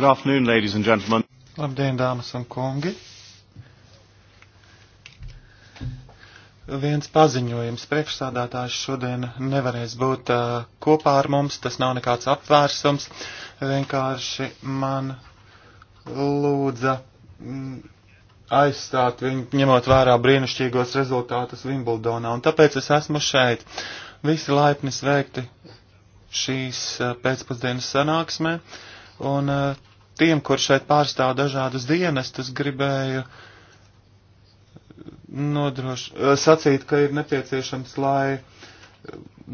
Good afternoon, ladies and gentlemen. Labdien, dāmas un kungi. Viens paziņojums priekšsādātājs šodien nevarēs būt uh, kopā ar mums, tas nav nekāds apvērsums, vienkārši man lūdza m, mm, aizstāt viņu, ņemot vērā brīnišķīgos rezultātus Vimbldonā, un tāpēc es esmu šeit. Visi laipni sveikti šīs uh, pēcpusdienas sanāksmē. Un uh, tiem, kur šeit pārstāv dažādas dienestas, gribēju nodroš, eh, sacīt, ka ir nepieciešams, lai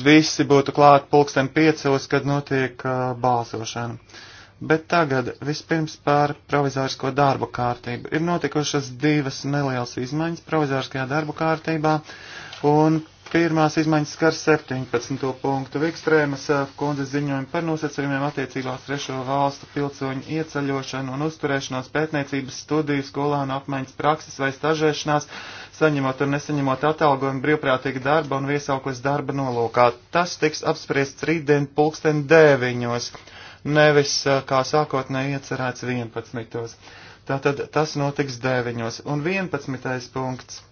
visi būtu klāt pulksten piecos, kad notiek uh, balsošana. Bet tagad vispirms par provizorisko darbu kārtību. Ir notikušas divas nelielas izmaiņas provizoriskajā darbu kārtībā, un Pirmās izmaiņas skar 17. punktu Vikstrēmas eh, kundzes ziņojumu par nosacījumiem attiecīgās trešo valstu pilsoņu ieceļošanu un uzturēšanos pētniecības studiju, skolānu apmaiņas prakses vai stažēšanās, saņemot un nesaņemot atalgojumu brīvprātīgi darba un viesauklis darba nolūkā. Tas tiks apspriests rītdien pulksten 9. nevis eh, kā sākotnēji iecerēts 11. Tātad tas notiks 9. un 11. punkts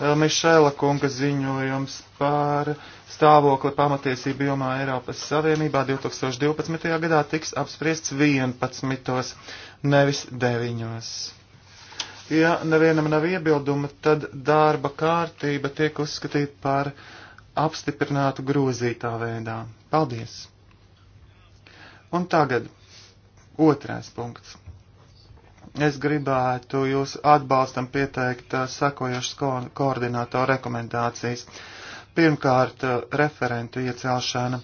Mišēla kunga ziņojums par stāvokli pamatiesību jomā Eiropas Savienībā 2012. gadā tiks apspriests 11. nevis 9. Ja nevienam nav iebilduma, tad darba kārtība tiek uzskatīta par apstiprinātu grozītā veidā. Paldies! Un tagad otrais punkts es gribētu jūs atbalstam pieteikt uh, sakojušas ko koordinātoru rekomendācijas. Pirmkārt, uh, referentu iecelšana.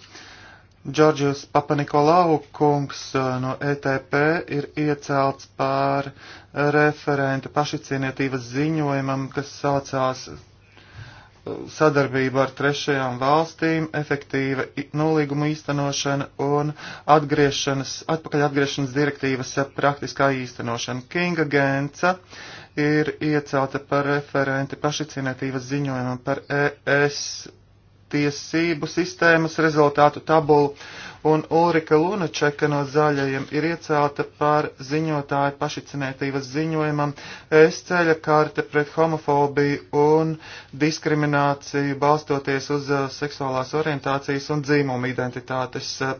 Džordžus Papanikolau kungs uh, no ETP ir iecelts pār referentu pašicienietības ziņojumam, kas saucās sadarbība ar trešajām valstīm, efektīva nolīguma īstenošana un atgriešanas, atpakaļ atgriešanas direktīvas eh, praktiskā īstenošana. Kinga Genca ir iecelta par referenti pašicinētības ziņojumam par ES tiesību sistēmas rezultātu tabulu, un Ulrika Lunačeka no zaļajiem ir iecelta par ziņotāju pašicinētības ziņojumam Es ceļa karte pret homofobiju un diskrimināciju balstoties uz uh, seksuālās orientācijas un dzīmumu identitātes uh,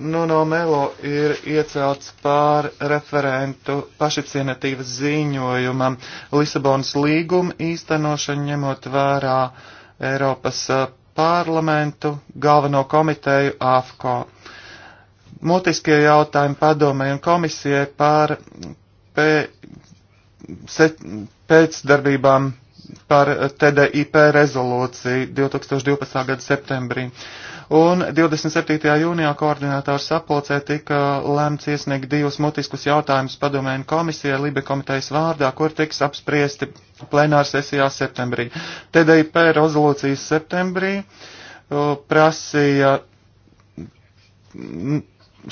Nuno Melo ir iecelts pār referentu pašicienatības ziņojumam Lisabonas līguma īstenošanu ņemot vērā Eiropas parlamentu galveno komiteju AFCO. Mutiskie jautājumi padomē un komisijai par pē, se, pēcdarbībām par TDIP rezolūciju 2012. gada septembrī. Uh, Un 27. jūnijā koordinātors sapulcē tika lemts iesniegt divus mutiskus jautājumus padomēnu komisijai Libe komitejas vārdā, kur tiks apspriesti plenāra sesijā septembrī. TDIP rezolūcijas septembrī uh, prasīja mm,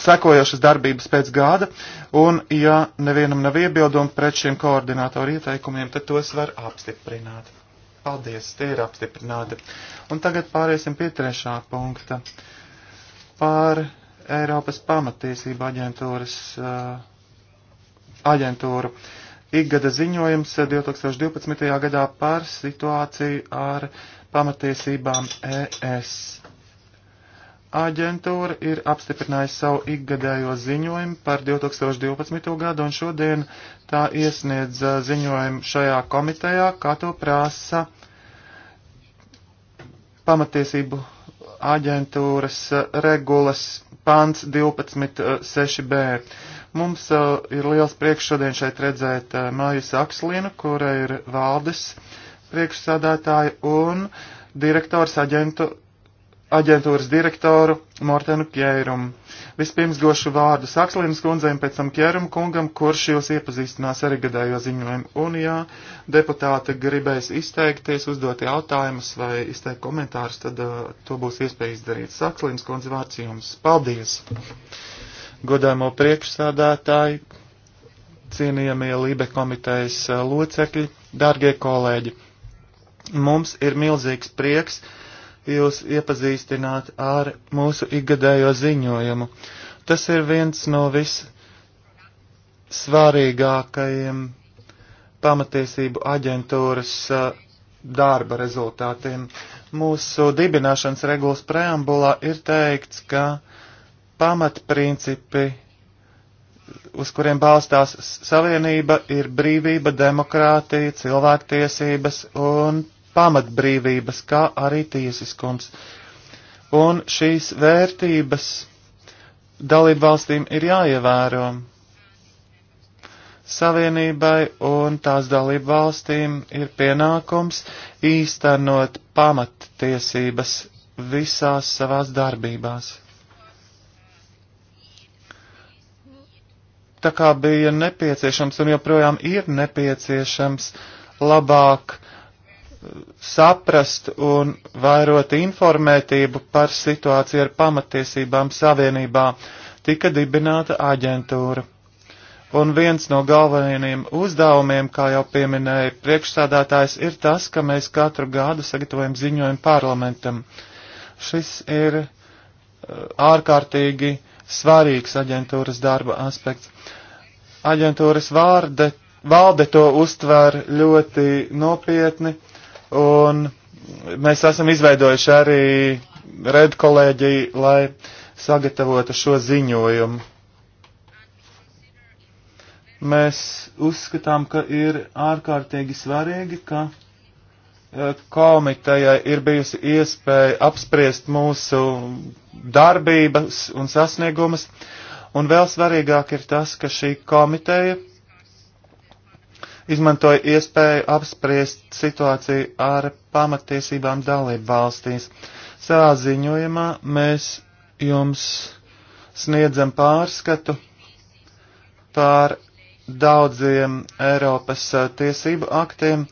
sekojošas darbības pēc gada, un ja nevienam nav iebildumi pret šiem koordinātoru ieteikumiem, tad tos var apstiprināt. Paldies, tie ir apstiprināti. Un tagad pāriesim pie trešā punkta par Eiropas pamatiesību aģentūras uh, aģentūru. Ikgada ziņojums 2012. Eh, gadā par situāciju ar pamatiesībām ES aģentūra ir apstiprinājusi savu ikgadējo ziņojumu par 2012. gadu, un šodien tā iesniedz ziņojumu šajā komitejā, kā to prasa pamatiesību aģentūras regulas pants 12.6b. Mums ir liels prieks šodien šeit redzēt Māju Sakslinu, kura ir valdes priekšsādātāja un direktors aģentu, aģentūras direktoru Mortenu Kjērumu. Vispirms došu vārdu Sakslīnas kundzei un pēc tam Kjērumu kungam, kurš jūs iepazīstinās arī gadējo ziņojumu. Un ja deputāti gribēs izteikties, uzdot jautājumus vai izteikt komentārus, tad uh, to būs iespēja izdarīt. Sakslīnas kundze vārds jums. Paldies! Godāmo priekšsādātāji, cienījamie Lībe komitejas uh, locekļi, dārgie kolēģi! Mums ir milzīgs prieks, uh, jūs iepazīstināt ar mūsu ikgadējo ziņojumu. Tas ir viens no vissvarīgākajiem pamatiesību aģentūras darba rezultātiem. Mūsu dibināšanas regulas preambulā ir teikts, ka pamatprincipi, uz kuriem balstās savienība, ir brīvība, demokrātija, cilvēktiesības un pamatbrīvības, kā arī tiesiskums. Un šīs vērtības dalību valstīm ir jāievēro. Savienībai un tās dalību valstīm ir pienākums īstenot pamattiesības visās savās darbībās. Tā kā bija nepieciešams un joprojām ir nepieciešams labāk saprast un vairot informētību par situāciju ar pamatiesībām savienībā, tika dibināta aģentūra. Un viens no galvenajiem uzdevumiem, kā jau pieminēja priekšstādātājs, ir tas, ka mēs katru gadu sagatavojam ziņojumu parlamentam. Šis ir uh, ārkārtīgi svarīgs aģentūras darba aspekts. Aģentūras vārde, valde to uztver ļoti nopietni, uh, Un mēs esam izveidojuši arī redkolēģiju, lai sagatavotu šo ziņojumu. Mēs uzskatām, ka ir ārkārtīgi svarīgi, ka e, komitejai ir bijusi iespēja apspriest mūsu darbības un sasniegumus, un vēl svarīgāk ir tas, ka šī komiteja izmantoja iespēju apspriest situāciju ar pamatiesībām dalību valstīs. Savā ziņojumā mēs jums sniedzam pārskatu pār daudziem Eiropas eh, tiesību aktiem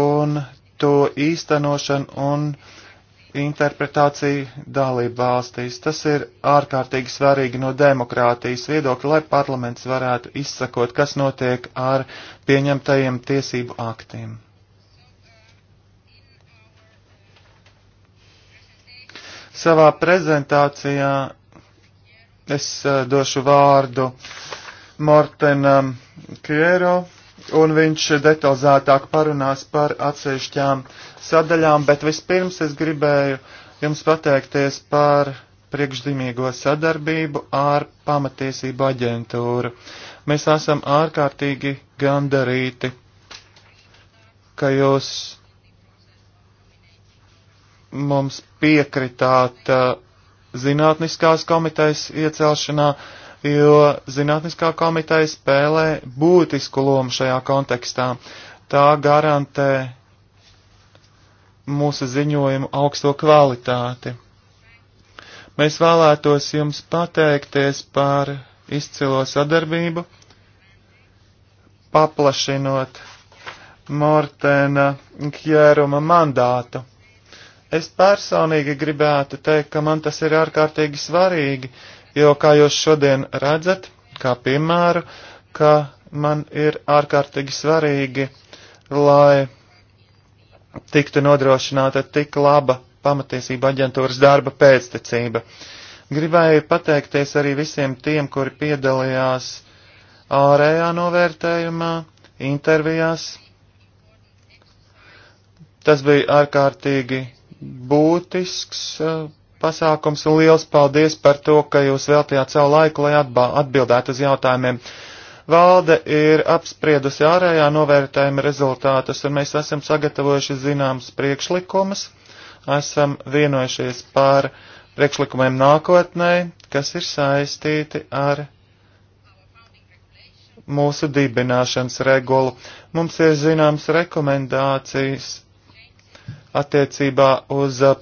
un to īstenošanu un uh, interpretāciju dalību valstīs. Tas ir ārkārtīgi svarīgi no demokrātijas viedokļa, lai parlaments varētu izsakot, kas notiek ar pieņemtajiem tiesību aktiem. Savā prezentācijā es eh, došu vārdu Mortenam um, Kiero, un viņš detalizētāk parunās par atsevišķām uh, sadaļām, bet vispirms es gribēju jums pateikties par priekšzīmīgo sadarbību ar pamatiesību aģentūru. Mēs esam ārkārtīgi gandarīti, ka jūs mums piekritāt uh, zinātniskās komitejas iecelšanā, jo zinātniskā komiteja spēlē būtisku lomu šajā kontekstā. Tā garantē mūsu ziņojumu augsto kvalitāti. Mēs vēlētos jums pateikties par izcilo sadarbību, paplašinot Mortena Kjēruma mandātu. Es personīgi gribētu teikt, ka man tas ir ārkārtīgi svarīgi, jo, kā jūs šodien redzat, kā piemēru, ka man ir ārkārtīgi svarīgi, lai tiktu nodrošināta tik laba pamatiesība aģentūras darba pēctecība. Gribēju pateikties arī visiem tiem, kuri piedalījās ārējā novērtējumā, intervijās. Tas bija ārkārtīgi būtisks uh, pasākums un liels paldies par to, ka jūs veltījāt savu laiku, lai atbildētu uz jautājumiem. Uh, Valde ir apspriedusi ārējā novērtējuma rezultātus, un mēs esam sagatavojuši zināmas priekšlikumus, esam vienojušies par priekšlikumiem nākotnē, kas ir saistīti ar mūsu dibināšanas regulu. Mums ir zināmas rekomendācijas attiecībā uz uh,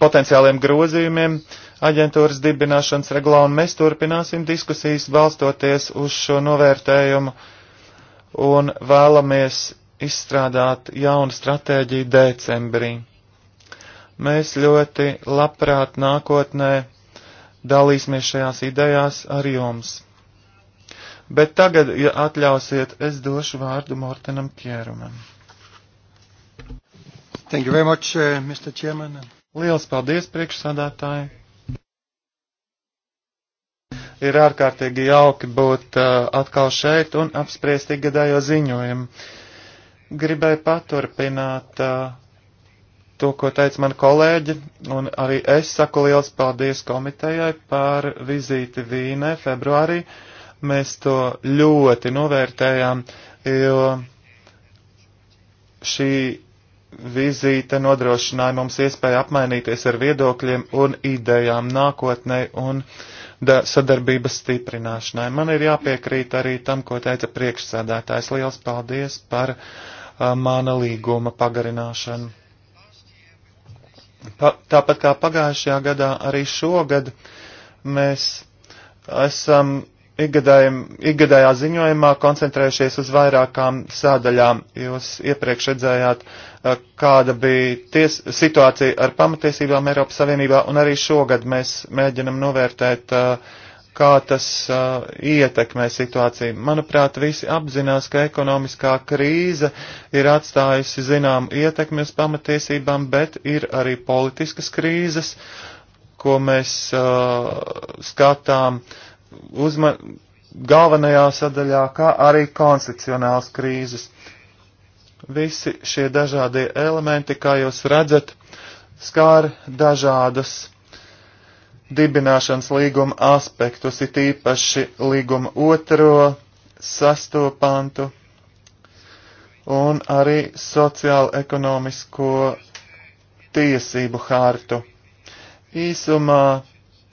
potenciāliem grozījumiem, uh, aģentūras dibināšanas regulā, un mēs turpināsim diskusijas balstoties uz šo novērtējumu un vēlamies izstrādāt jaunu stratēģiju decembrī. Mēs ļoti labprāt nākotnē dalīsimies šajās idejās ar jums. Bet tagad, ja atļausiet, es došu vārdu Mortenam Kjērumam. Thank you very much, uh, eh, Mr. Chairman. Liels paldies, priekšsādātāji! Ir ārkārtīgi jauki būt uh, atkal šeit un apspriest ikgadējo ziņojumu. Gribēju paturpināt uh, to, ko teica mani kolēģi, un arī es saku liels paldies komitejai par vizīti Vīnē februārī. Mēs to ļoti novērtējām, jo šī vizīte nodrošināja mums iespēju apmainīties ar viedokļiem un idejām nākotnē un uh, sadarbības stiprināšanai. Man ir jāpiekrīt arī tam, ko teica priekšsēdētājs. Liels paldies par uh, mana līguma pagarināšanu. Pa, tāpat kā pagājušajā gadā, arī šogad mēs esam Ikgadējā ziņojumā koncentrējušies uz vairākām sādaļām. Jūs iepriekš redzējāt, eh, kāda bija ties, situācija ar pamatiesībām Eiropas Savienībā, un arī šogad mēs mēģinam novērtēt, eh, kā tas eh, ietekmē situāciju. Manuprāt, visi apzinās, ka ekonomiskā krīze ir atstājusi zinām ietekmi uz pamatiesībām, bet ir arī politiskas krīzes, ko mēs skatām. Uh, uzma, galvenajā sadaļā, kā arī konstitucionāls krīzes. Visi šie dažādie elementi, kā jūs redzat, skār dažādas dibināšanas līguma aspektus, it īpaši līguma otro, sesto pantu un arī sociālo-ekonomisko tiesību hārtu. Īsumā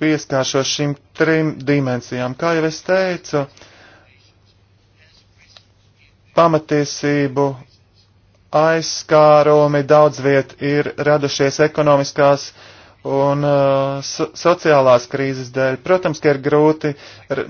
pieskāršos šīm trim dimensijām. Kā jau es teicu, pamatiesību aizskārumi daudz viet ir radušies ekonomiskās un uh, so sociālās krīzes dēļ. Protams, ka ir grūti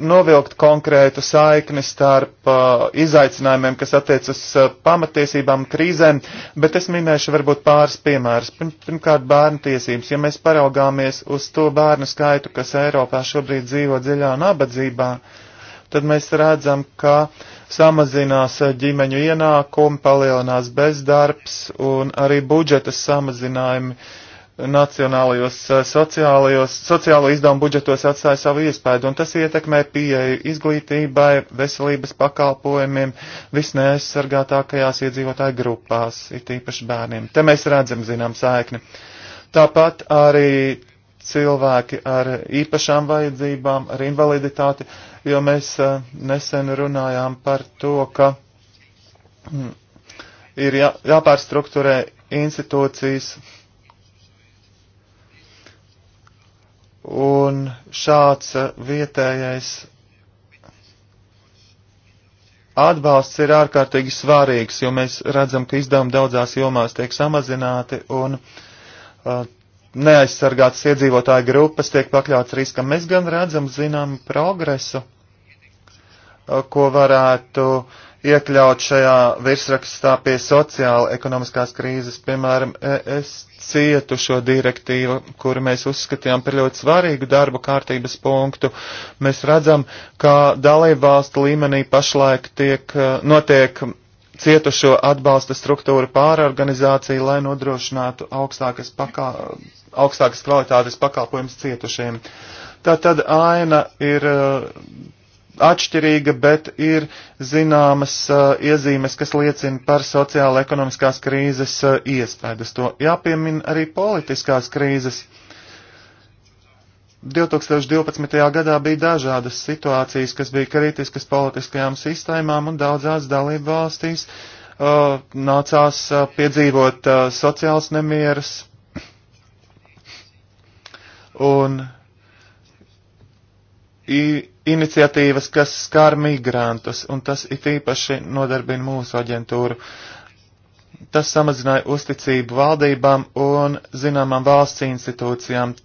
novilkt konkrētu saikni starp uh, izaicinājumiem, kas attiec uz uh, pamatiesībām krīzēm, bet es minēšu varbūt pāris piemērus. Pirm, pirmkārt, bērnu tiesības. Ja mēs paraugāmies uz to bērnu skaitu, kas Eiropā šobrīd dzīvo dziļā nabadzībā, tad mēs redzam, ka samazinās uh, ģimeņu ienākumi, palielinās bezdarbs un arī budžetas samazinājumi. Uh, nacionālajos eh, sociālajos, sociālo izdevumu budžetos atstāja savu iespēju, un tas ietekmē pieeju izglītībai, veselības pakalpojumiem visneaizsargātākajās iedzīvotāju grupās, it īpaši bērniem. Te mēs redzam, zinām, saikni. Tāpat arī cilvēki ar īpašām vajadzībām, ar invaliditāti, jo mēs eh, nesen runājām par to, ka mm, ir jā, jāpārstruktūrē institūcijas, Un šāds eh, vietējais atbalsts ir ārkārtīgi svarīgs, jo mēs redzam, ka izdevumi daudzās jomās tiek samazināti un uh, neaizsargātas iedzīvotāju grupas tiek pakļauts riskam. Mēs gan redzam zinām progresu, uh, ko varētu uh, iekļaut šajā virsrakstā pie sociāla ekonomiskās krīzes, piemēram, es cietu šo direktīvu, kuru mēs uzskatījām par ļoti svarīgu darbu kārtības punktu. Mēs redzam, ka dalībvalstu līmenī pašlaik tiek, eh, notiek cietušo atbalsta struktūra pārorganizācija, lai nodrošinātu augstākas, pakā, augstākas kvalitātes pakalpojumus cietušiem. Tā tad aina ir eh, atšķirīga, bet ir zināmas uh, iezīmes, kas liecina par sociāla ekonomiskās krīzes uh, eh, iespējas. To jāpiemin arī politiskās krīzes. 2012. gadā bija dažādas situācijas, kas bija kritiskas politiskajām sistēmām un daudzās dalību valstīs uh, nācās uh, piedzīvot uh, sociāls nemieras. Un iniciatīvas, kas skār migrantus, un tas it īpaši nodarbina mūsu aģentūru. Tas samazināja uzticību valdībām un zināmām valsts institūcijām.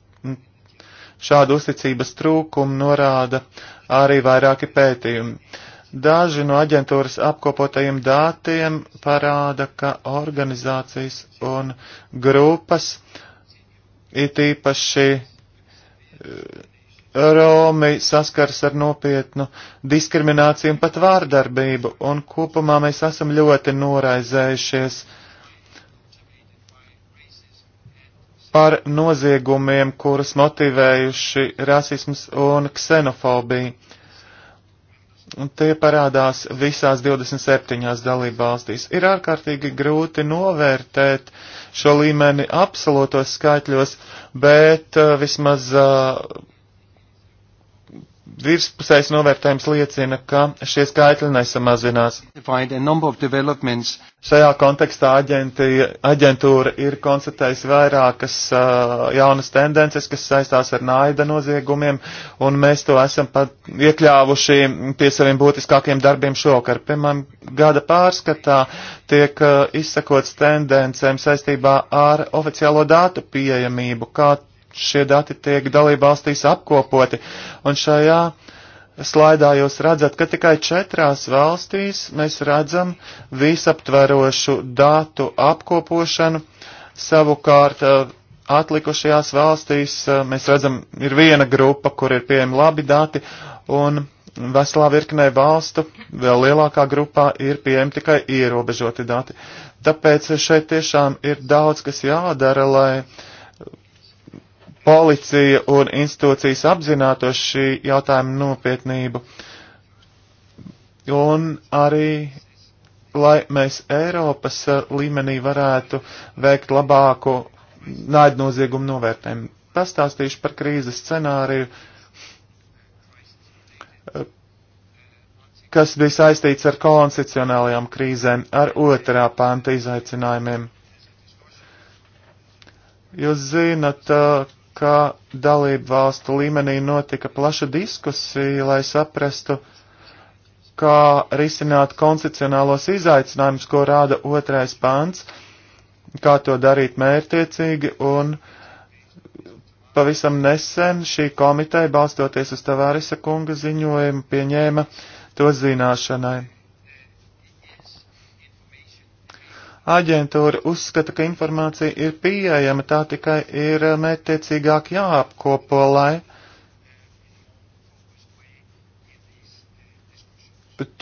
Šādu uzticības trūkumu norāda arī vairāki pētījumi. Daži no aģentūras apkopotajiem datiem parāda, ka organizācijas un grupas, it īpaši Romi saskars ar nopietnu diskrimināciju un pat vārdarbību, un kopumā mēs esam ļoti noraizējušies par noziegumiem, kurus motivējuši rasisms un ksenofobija. Un tie parādās visās 27 dalībvalstīs. Ir ārkārtīgi grūti novērtēt šo līmeni absolūtos skaitļos, bet uh, vismaz uh, Virspusējs novērtējums liecina, ka šie skaitļi nesamazinās. Šajā kontekstā aģenti, aģentūra ir konstatējusi vairākas uh, jaunas tendences, kas saistās ar naida noziegumiem, un mēs to esam pat iekļāvuši pie saviem būtiskākiem darbiem šokar. Piemēram, gada pārskatā tiek uh, izsakots tendencēm saistībā ar oficiālo datu pieejamību, kā šie dati tiek dalībvalstīs apkopoti. Un šajā slaidā jūs redzat, ka tikai četrās valstīs mēs redzam visaptverošu datu apkopošanu. Savukārt eh, atlikušajās valstīs eh, mēs redzam, ir viena grupa, kur ir pieejami labi dati, un veselā virknē valstu vēl lielākā grupā ir pieejami tikai ierobežoti dati. Tāpēc šeit tiešām ir daudz, kas jādara, lai policija un institūcijas apzinātos šī jautājuma nopietnību. Un arī, lai mēs Eiropas eh, līmenī varētu veikt labāku naidnoziegumu novērtējumu. Pastāstīšu par krīzes scenāriju, kas bija saistīts ar konstitucionālajām krīzēm, ar otrā panta izaicinājumiem. Jūs zinat, eh, ka dalību valstu līmenī notika plaša diskusija, lai saprastu, kā risināt koncepcionālos izaicinājumus, ko rāda otrais pāns, kā to darīt mērtiecīgi, un pavisam nesen šī komiteja, balstoties uz Tavārisa kunga ziņojumu, pieņēma to zināšanai. Aģentūra uzskata, ka informācija ir pieejama, tā tikai ir eh, mētiecīgāk jāapkopo, lai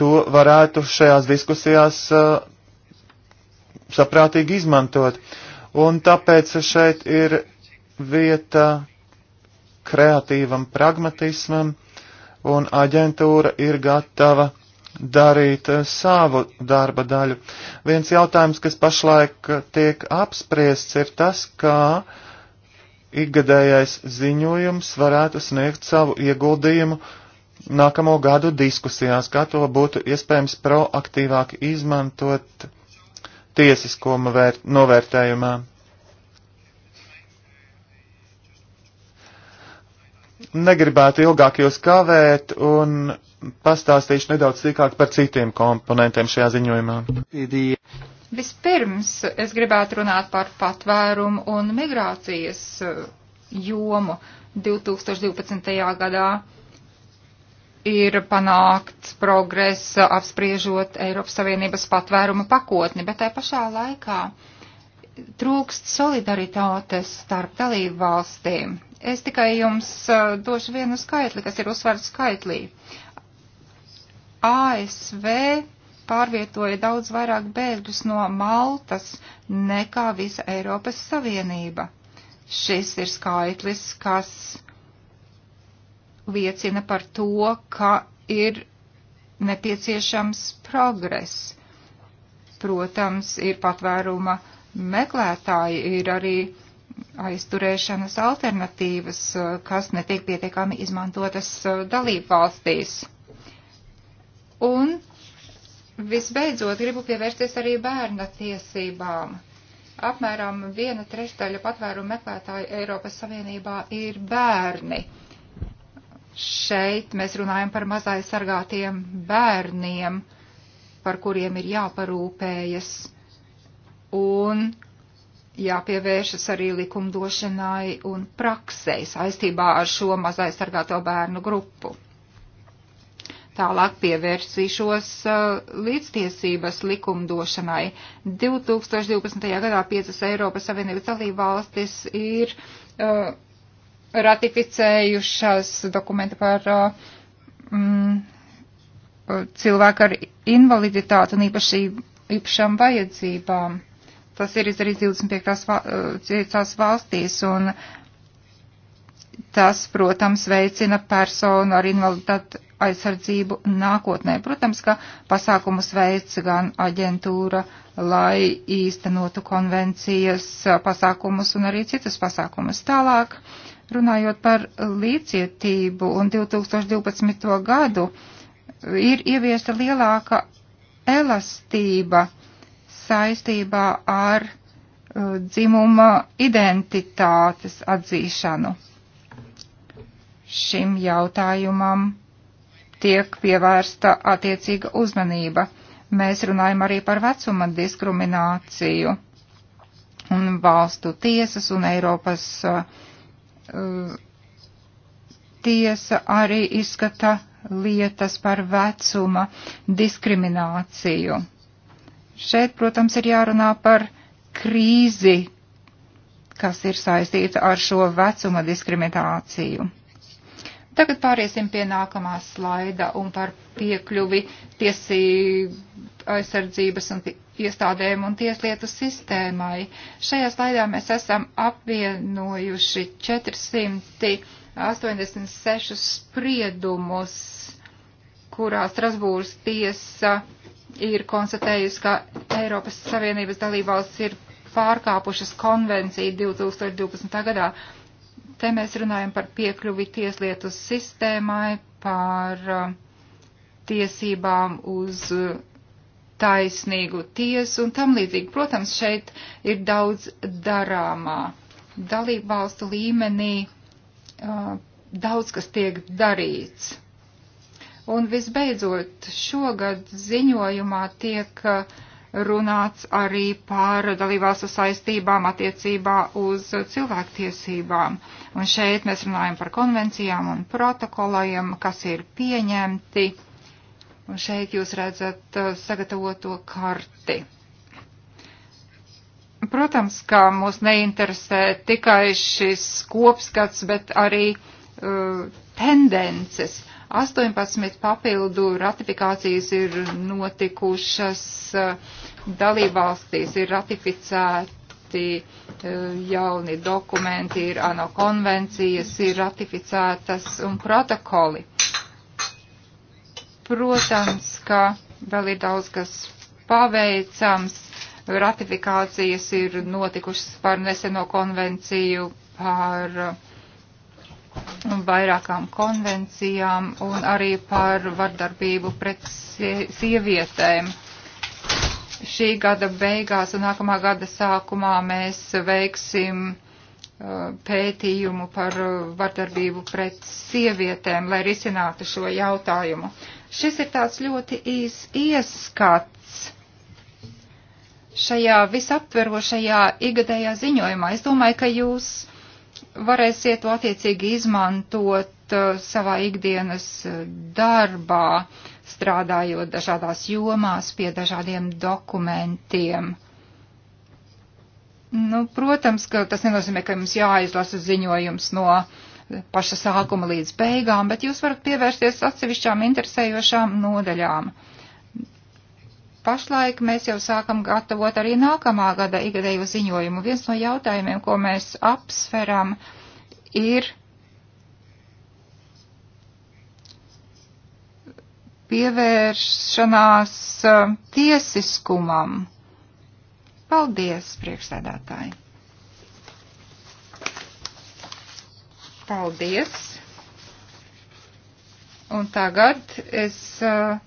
to varētu šajās diskusijās uh, saprātīgi izmantot. Un tāpēc šeit ir vieta kreatīvam pragmatismam, un aģentūra ir gatava darīt eh, savu darba daļu. Viens jautājums, kas pašlaik eh, tiek apspriests, ir tas, kā ikgadējais ziņojums varētu sniegt savu ieguldījumu nākamo gadu diskusijās, kā to būtu iespējams proaktīvāk izmantot tiesiskuma vērt, novērtējumā. negribētu ilgāk jūs kavēt un pastāstīšu nedaudz sīkāk par citiem komponentiem šajā ziņojumā. Vispirms es gribētu runāt par patvērumu un migrācijas eh, jomu 2012. gadā. Ir panākts progress eh, apspriežot Eiropas Savienības patvēruma pakotni, bet tai pašā laikā trūkst solidaritātes starp dalību valstīm. Es tikai jums uh, došu vienu skaitli, kas ir uzsvērts skaitlī. ASV pārvietoja daudz vairāk bēgļus no Maltas nekā visa Eiropas Savienība. Šis ir skaitlis, kas liecina par to, ka ir nepieciešams progress. Protams, ir patvēruma meklētāji, ir arī aizturēšanas alternatīvas, eh, kas netiek pietiekami izmantotas eh, dalību valstīs. Un visbeidzot, gribu pievērsties arī bērna tiesībām. Apmēram viena trešdaļa patvērumu meklētāju Eiropas Savienībā ir bērni. Šeit mēs runājam par mazaisargātiem bērniem, par kuriem ir jāparūpējas. Un jāpievēršas arī likumdošanai un praksē saistībā ar šo mazaizsargāto bērnu grupu. Tālāk pievērsīšos uh, līdztiesības likumdošanai. 2012. gadā piecas Eiropas Savienības dalībvalstis ir uh, ratificējušas dokumentu par uh, mm, uh, cilvēku ar invaliditāti un īpaši, īpašām vajadzībām. Tas ir izdarīts 25 eh, valstīs, un tas, protams, veicina personu ar invaliditāti aizsardzību nākotnē. Protams, ka pasākumus veic gan aģentūra, lai īstenotu konvencijas eh, pasākumus un arī citus pasākumus. Tālāk, runājot par līdzcietību un 2012. gadu, ir ieviesta lielāka elastība saistībā ar uh, dzimuma identitātes atzīšanu. Šim jautājumam tiek pievērsta attiecīga uzmanība. Mēs runājam arī par vecuma diskrimināciju un valstu tiesas un Eiropas uh, uh tiesa arī izskata lietas par vecuma diskrimināciju šeit, protams, ir jārunā par krīzi, kas ir saistīta ar šo vecuma diskrimināciju. Tagad pāriesim pie nākamā slaida un par piekļuvi tiesību aizsardzības un iestādēm un tieslietu sistēmai. Šajā slaidā mēs esam apvienojuši 486 spriedumus, kurā Strasbūras tiesa uh, ir konstatējusi, ka Eiropas Savienības dalībvalsts ir pārkāpušas konvenciju 2012. gadā. Te mēs runājam par piekļuvi tieslietu sistēmai, par uh, tiesībām uz uh, taisnīgu tiesu un tam līdzīgi. Protams, šeit ir daudz darāmā. Dalībvalstu līmenī uh, daudz kas tiek darīts. Un visbeidzot, šogad ziņojumā tiek eh, runāts arī par dalībvalstu saistībām attiecībā uz cilvēktiesībām. Un šeit mēs runājam par konvencijām un protokolajiem, kas ir pieņemti. Un šeit jūs redzat eh, sagatavoto karti. Protams, ka mūs neinteresē tikai šis kopskats, bet arī uh, tendences. Uh, 18 papildu ratifikācijas ir notikušas eh, dalībvalstīs, ir ratificēti eh, jauni dokumenti, ir ANO konvencijas, ir ratificētas un protokoli. Protams, ka vēl ir daudz kas paveicams. Ratifikācijas ir notikušas par neseno konvenciju par uh, vairākām konvencijām un arī par vardarbību pret sievietēm. Šī gada beigās un nākamā gada sākumā mēs veiksim uh, pētījumu par uh, vardarbību pret sievietēm, lai risinātu šo jautājumu. Šis ir tāds ļoti īs ieskats šajā visaptverošajā igadējā ziņojumā. Es domāju, ka jūs varēsiet to attiecīgi izmantot uh, savā ikdienas uh, darbā, strādājot dažādās jomās pie dažādiem dokumentiem. Nu, protams, ka tas nenozīmē, ka jums jāizlasa ziņojums no paša sākuma līdz beigām, bet jūs varat pievērsties atsevišķām interesējošām nodaļām. Uh, Pašlaik mēs jau sākam gatavot arī nākamā gada ikgadēju ziņojumu. Viens no jautājumiem, ko mēs apsveram, ir pievēršanās eh, tiesiskumam. Paldies, priekšsēdētāji! Paldies! Un tagad es uh,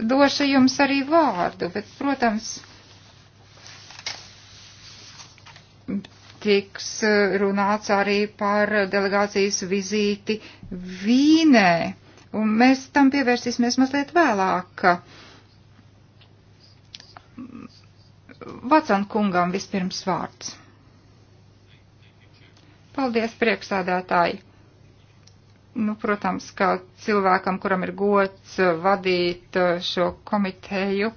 došu jums arī vārdu, bet, protams, tiks eh, runāts arī par delegācijas vizīti Vīnē, un mēs tam pievērsīsimies mazliet vēlāk. Vacan kungam vispirms vārds. Paldies, priekšsādātāji! Nu, protams, kā cilvēkam, kuram ir gods eh, vadīt eh, šo komiteju,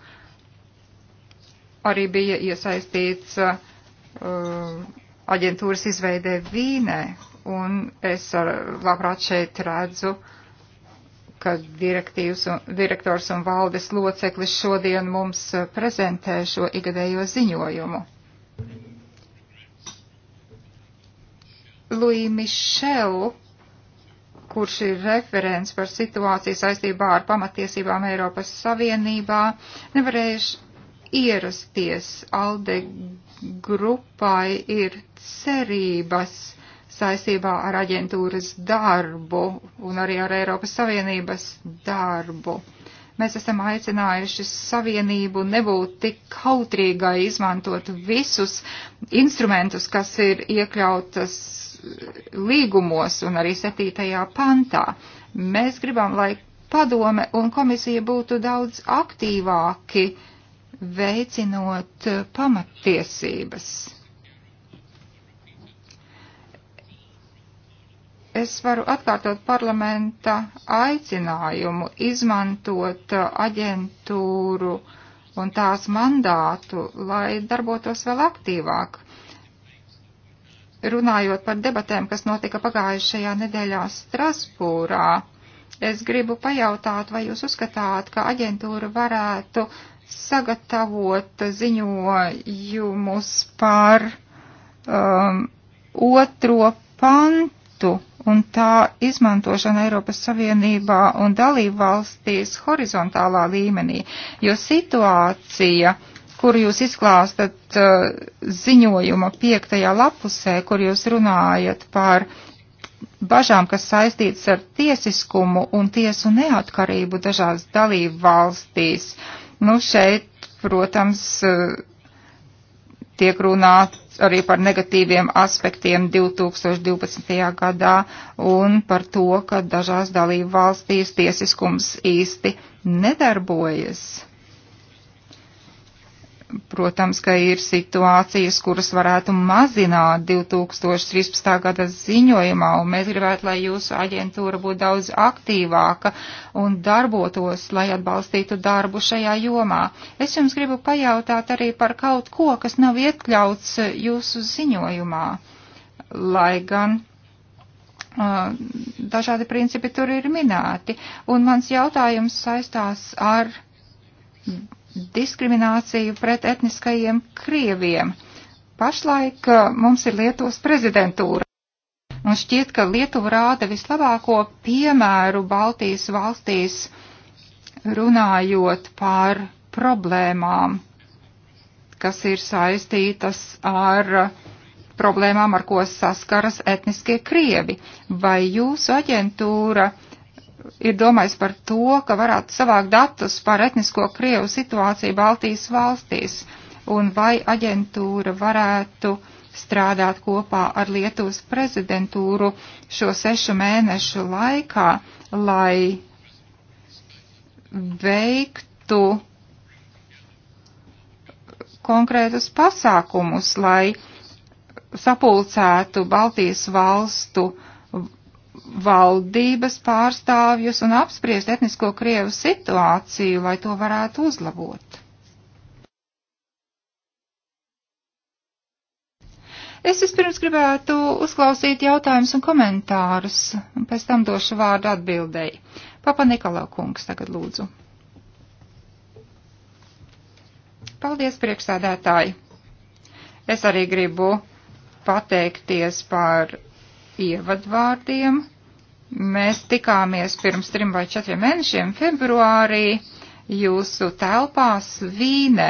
arī bija iesaistīts uh, aģentūras izveidē Vīnē, un es ar, labprāt šeit redzu, ka un, direktors un valdes loceklis šodien mums prezentē šo igadējo ziņojumu. Louis Michel kurš ir referents par situāciju saistībā ar pamatiesībām Eiropas Savienībā, nevarējuši ierasties. Alde grupai ir cerības saistībā ar aģentūras darbu un arī ar Eiropas Savienības darbu mēs esam aicinājuši savienību nebūt tik kautrīgai izmantot visus instrumentus, kas ir iekļautas līgumos un arī 7. pantā. Mēs gribam, lai padome un komisija būtu daudz aktīvāki veicinot pamattiesības. es varu atkārtot parlamenta aicinājumu izmantot aģentūru un tās mandātu, lai darbotos vēl aktīvāk. Runājot par debatēm, kas notika pagājušajā nedēļā Strasbūrā, es gribu pajautāt, vai jūs uzskatāt, ka aģentūra varētu sagatavot ziņojumus par um, otro pantu un tā izmantošana Eiropas Savienībā un dalību valstīs horizontālā līmenī, jo situācija uh, kuru jūs izklāstat uh, ziņojuma piektajā lapusē, kur jūs runājat par bažām, kas saistīts ar tiesiskumu un tiesu neatkarību dažās dalību valstīs. Nu, šeit, protams, uh, tiek runāts arī par negatīviem aspektiem 2012. gadā un par to, ka dažās dalību valstīs tiesiskums īsti nedarbojas. Protams, ka ir situācijas, kuras varētu mazināt 2013. gada ziņojumā, un mēs gribētu, lai jūsu aģentūra būtu daudz aktīvāka un darbotos, lai atbalstītu darbu šajā jomā. Es jums gribu pajautāt arī par kaut ko, kas nav iekļauts jūsu ziņojumā, lai gan uh, dažādi principi tur ir minēti, un mans jautājums saistās ar diskrimināciju pret etniskajiem krieviem. Pašlaik uh, mums ir Lietuvas prezidentūra. Un šķiet, ka Lietuva rāda vislabāko piemēru Baltijas valstīs runājot par problēmām, kas ir saistītas ar uh, problēmām, ar ko saskaras etniskie krievi. Vai jūsu aģentūra uh, ir domājis par to, ka varētu savākt datus par etnisko Krievu situāciju Baltijas valstīs un vai aģentūra varētu strādāt kopā ar Lietuvas prezidentūru šo sešu mēnešu laikā, lai veiktu konkrētus pasākumus, lai sapulcētu Baltijas valstu uh, valdības pārstāvjus un apspriest etnisko krievu situāciju, lai to varētu uzlabot. Es vispirms gribētu uzklausīt jautājumus un komentārus, un pēc tam došu vārdu atbildēji. Papa Nikolau kungs tagad lūdzu. Paldies, priekšsēdētāji! Es arī gribu pateikties par ievadvārdiem Mēs tikāmies pirms trim vai četriem mēnešiem februārī jūsu telpās Vīnē.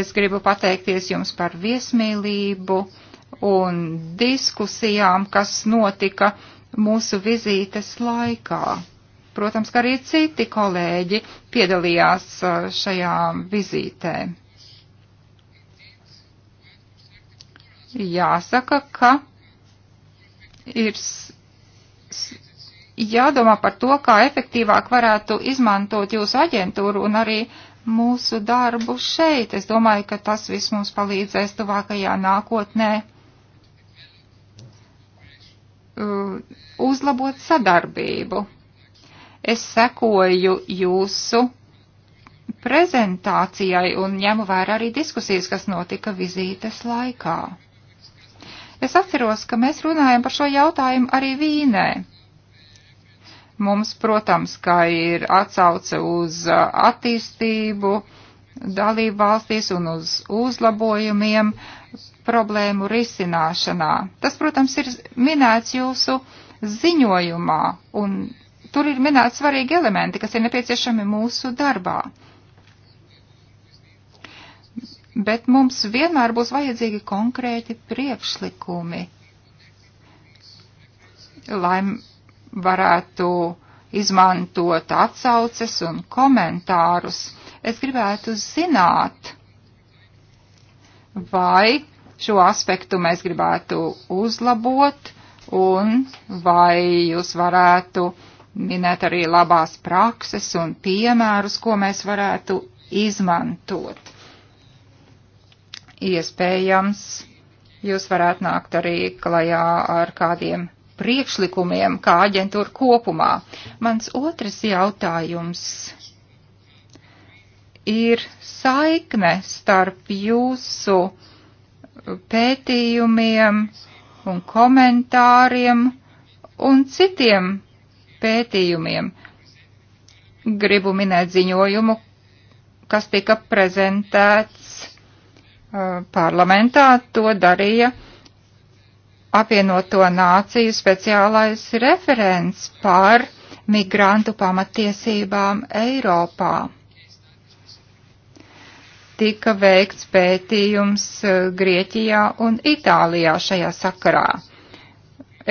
Es gribu pateikties jums par viesmīlību un diskusijām, kas notika mūsu vizītes laikā. Protams, ka arī citi kolēģi piedalījās šajā vizītē. Jāsaka, ka ir jādomā par to, kā efektīvāk varētu izmantot jūsu aģentūru un arī mūsu darbu šeit. Es domāju, ka tas viss mums palīdzēs tuvākajā nākotnē uh, uzlabot sadarbību. Es sekoju jūsu prezentācijai un ņemu vērā arī diskusijas, kas notika vizītes laikā. Es atceros, ka mēs runājam par šo jautājumu arī Vīnē. Mums, protams, kā ir atsauce uz attīstību dalību valstīs un uz uzlabojumiem problēmu risināšanā. Tas, protams, ir minēts jūsu ziņojumā, un tur ir minēti svarīgi elementi, kas ir nepieciešami mūsu darbā bet mums vienmēr būs vajadzīgi konkrēti priekšlikumi, lai varētu izmantot atsauces un komentārus. Es gribētu zināt, vai šo aspektu mēs gribētu uzlabot un vai jūs varētu minēt arī labās prakses un piemērus, ko mēs varētu izmantot iespējams jūs varētu nākt arī klajā ar kādiem priekšlikumiem, kā aģentūra kopumā. Mans otrs jautājums ir saikne starp jūsu pētījumiem un komentāriem un citiem pētījumiem. Gribu minēt ziņojumu, kas tika prezentēts parlamentā to darīja apvienoto nāciju speciālais referents par migrantu pamatiesībām Eiropā. Tika veikts pētījums eh, Grieķijā un Itālijā šajā sakarā.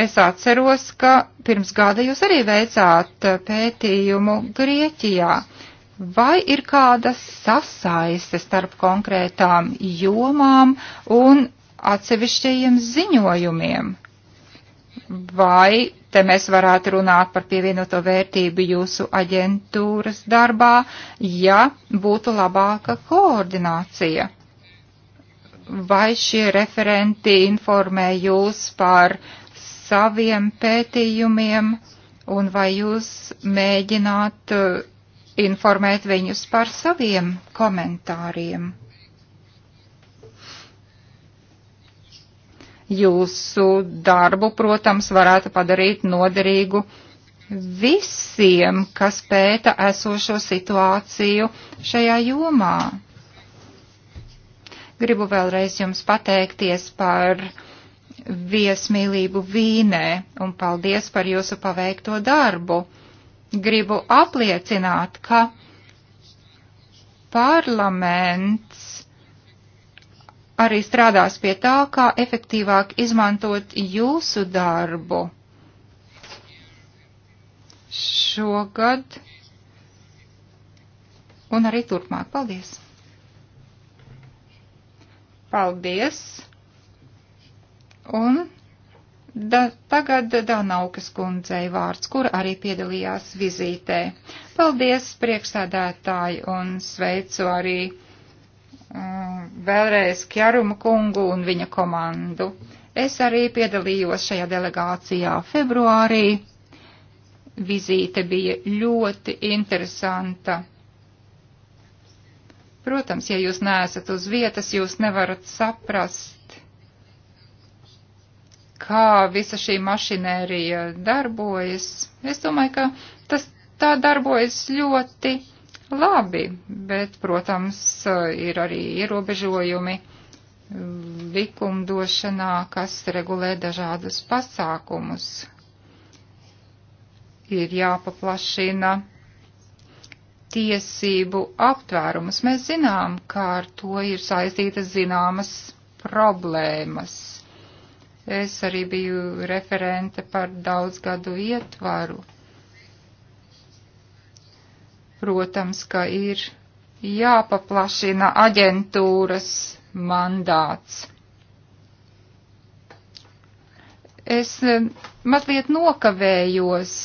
Es atceros, ka pirms gada jūs arī veicāt eh, pētījumu Grieķijā. Uh, vai ir kāda sasaiste starp konkrētām jomām un atsevišķajiem ziņojumiem? Vai te mēs varētu runāt par pievienoto vērtību jūsu aģentūras darbā, ja būtu labāka koordinācija? Vai šie referenti informē jūs par saviem pētījumiem un vai jūs mēģināt uh, informēt viņus par saviem komentāriem. Jūsu darbu, protams, varētu padarīt noderīgu visiem, kas pēta esošo situāciju šajā jomā. Gribu vēlreiz jums pateikties par viesmīlību Vīnē un paldies par jūsu paveikto darbu gribu apliecināt, ka parlaments arī strādās pie tā, kā efektīvāk izmantot jūsu darbu. Šogad un arī turpmāk. Paldies! Paldies! Un Da, tagad Danaukas kundzei vārds, kur arī piedalījās vizītē. Paldies priekšsēdētāji un sveicu arī um, vēlreiz Kjaruma kungu un viņa komandu. Es arī piedalījos šajā delegācijā februārī. Vizīte bija ļoti interesanta. Protams, ja jūs neesat uz vietas, jūs nevarat saprast kā visa šī mašinērija darbojas. Es domāju, ka tas tā darbojas ļoti labi, bet, protams, ir arī ierobežojumi likumdošanā, kas regulē dažādus pasākumus. Ir jāpaplašina tiesību aptvērumus. Mēs zinām, ka ar to ir saistītas zināmas problēmas Es arī biju referente par daudzgadu ietvaru. Protams, ka ir jāpaplašina aģentūras mandāts. Es eh, mazliet nokavējos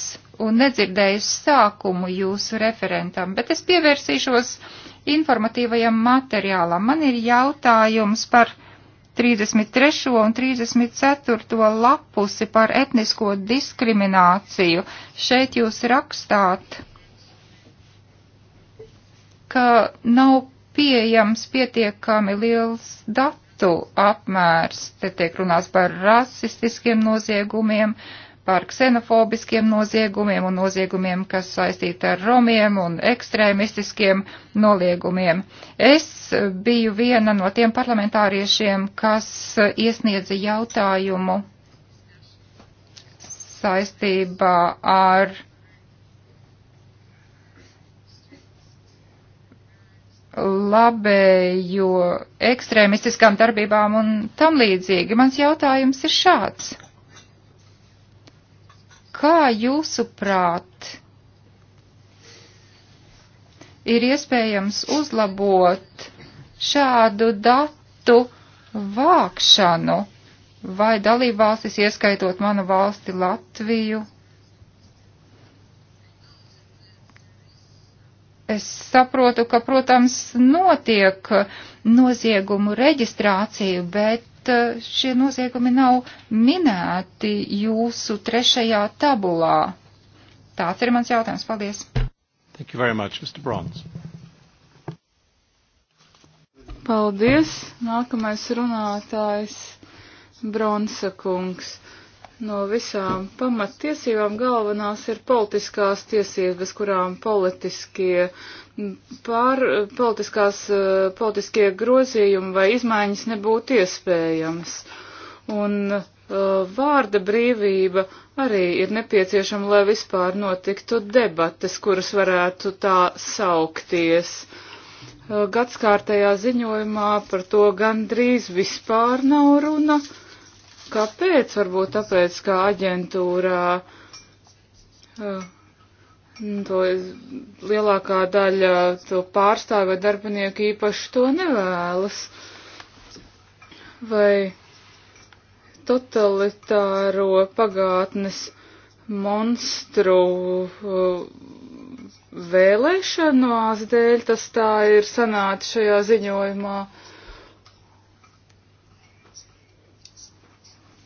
un nedzirdēju sākumu jūsu referentam, bet es pievērsīšos informatīvajam materiālam. Man ir jautājums par 33. un 34. lapusi par etnisko diskrimināciju. Šeit jūs rakstāt, ka nav pieejams pietiekami liels datu apmērs. Te tiek runāts par rasistiskiem noziegumiem, uh, par ksenofobiskiem noziegumiem un noziegumiem, kas saistīti ar romiem un ekstrēmistiskiem noliegumiem. Es biju viena no tiem parlamentāriešiem, kas iesniedza jautājumu saistībā ar labējo ekstrēmistiskām darbībām un tam līdzīgi. Mans jautājums ir šāds Kā jūsuprāt ir iespējams uzlabot šādu datu vākšanu vai dalībvalstis, ieskaitot manu valsti Latviju? Es saprotu, ka, protams, notiek noziegumu reģistrāciju, bet bet eh, šie noziegumi nav minēti jūsu trešajā tabulā. Tāds ir mans jautājums. Paldies. Thank you very much, Mr. Bronze. Paldies. Nākamais runātājs Bronsa kungs no visām pamattiesībām galvenās ir politiskās tiesības, bez kurām politiskie, pār, politiskās, eh, politiskie grozījumi vai izmaiņas nebūtu iespējams. Un uh, vārda brīvība arī ir nepieciešama, lai vispār notiktu debates, kuras varētu tā saukties. Uh, gadskārtajā ziņojumā par to gandrīz vispār nav runa. Uh, Kāpēc? Varbūt tāpēc, ka aģentūrā uh, to lielākā daļa to pārstāvja darbinieku īpaši to nevēlas. Vai totalitāro pagātnes monstru uh, vēlēšanās dēļ tas tā ir sanāca šajā ziņojumā. Uh,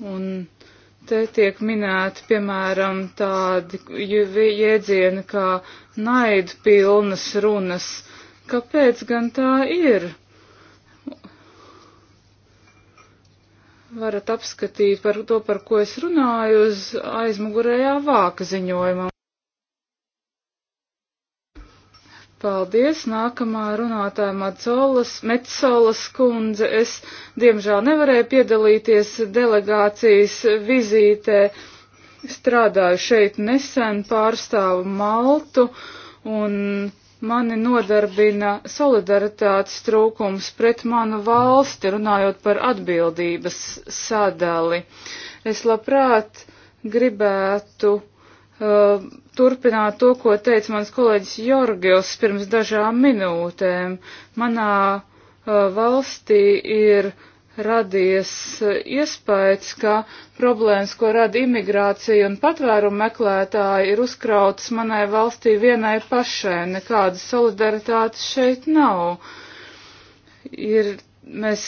Un te tiek minēti, piemēram, tādi jēdzieni kā naidu pilnas runas. Kāpēc gan tā ir? Varat apskatīt par to, par ko es runāju uz aizmugurējā vāka ziņojumā. Paldies, nākamā runātāja Macolas, Metsolas kundze. Es, diemžēl, nevarēju piedalīties delegācijas vizītē. Strādāju šeit nesen, pārstāvu Maltu un mani nodarbina solidaritātes trūkums pret manu valsti, runājot par atbildības sadali. Es labprāt gribētu uh, turpināt to, ko teica mans kolēģis Jorgils pirms dažām minūtēm. Manā uh, valstī ir radies uh, iespējas, ka problēmas, ko rada imigrācija un patvērumu meklētāji, ir uzkrautas manai valstī vienai pašai. Nekādas solidaritātes šeit nav. Ir mēs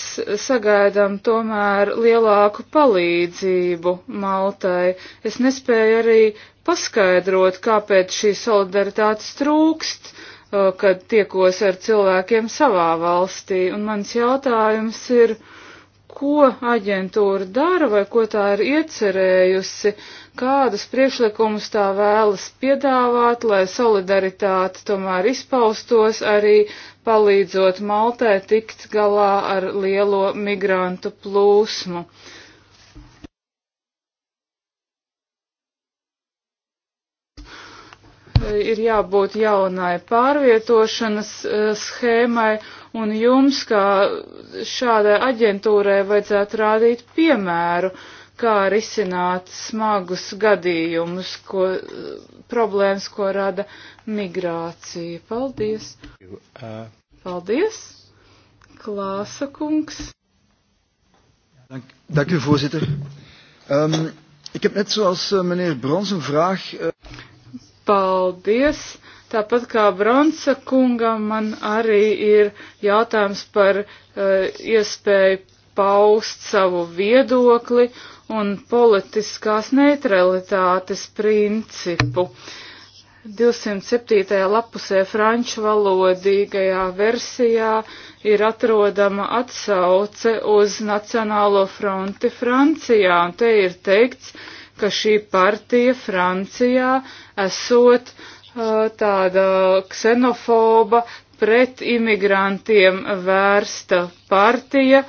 sagaidām tomēr lielāku palīdzību Maltai. Es nespēju arī paskaidrot, kāpēc šī solidaritātes trūkst, uh, kad tiekos ar cilvēkiem savā valstī. Un mans jautājums ir, uh, ko aģentūra dara vai ko tā ir iecerējusi, kādus priekšlikumus tā vēlas piedāvāt, lai solidaritāte tomēr izpaustos arī palīdzot Maltē tikt galā ar lielo migrantu plūsmu. Ir jābūt jaunai pārvietošanas eh, schēmai un jums, kā šādai aģentūrai, vajadzētu rādīt piemēru, kā risināt smagus gadījumus, ko, problēmas, ko rada migrācija. Paldies! Uh, Paldies! Klāsa kungs! Dank, dank u, voorzitter. Um, ik heb net zoals uh, meneer Brons een vraag. Uh... Paldies! Tāpat kā Bronsa kungam, man arī ir jautājums par uh, iespēju paust savu viedokli un politiskās neutralitātes principu. 207. lapusē franču valodīgajā versijā ir atrodama atsauce uz Nacionālo fronti Francijā, un te ir teikts, ka šī partija Francijā esot uh, Eh, tāda ksenofoba pret imigrantiem vērsta partija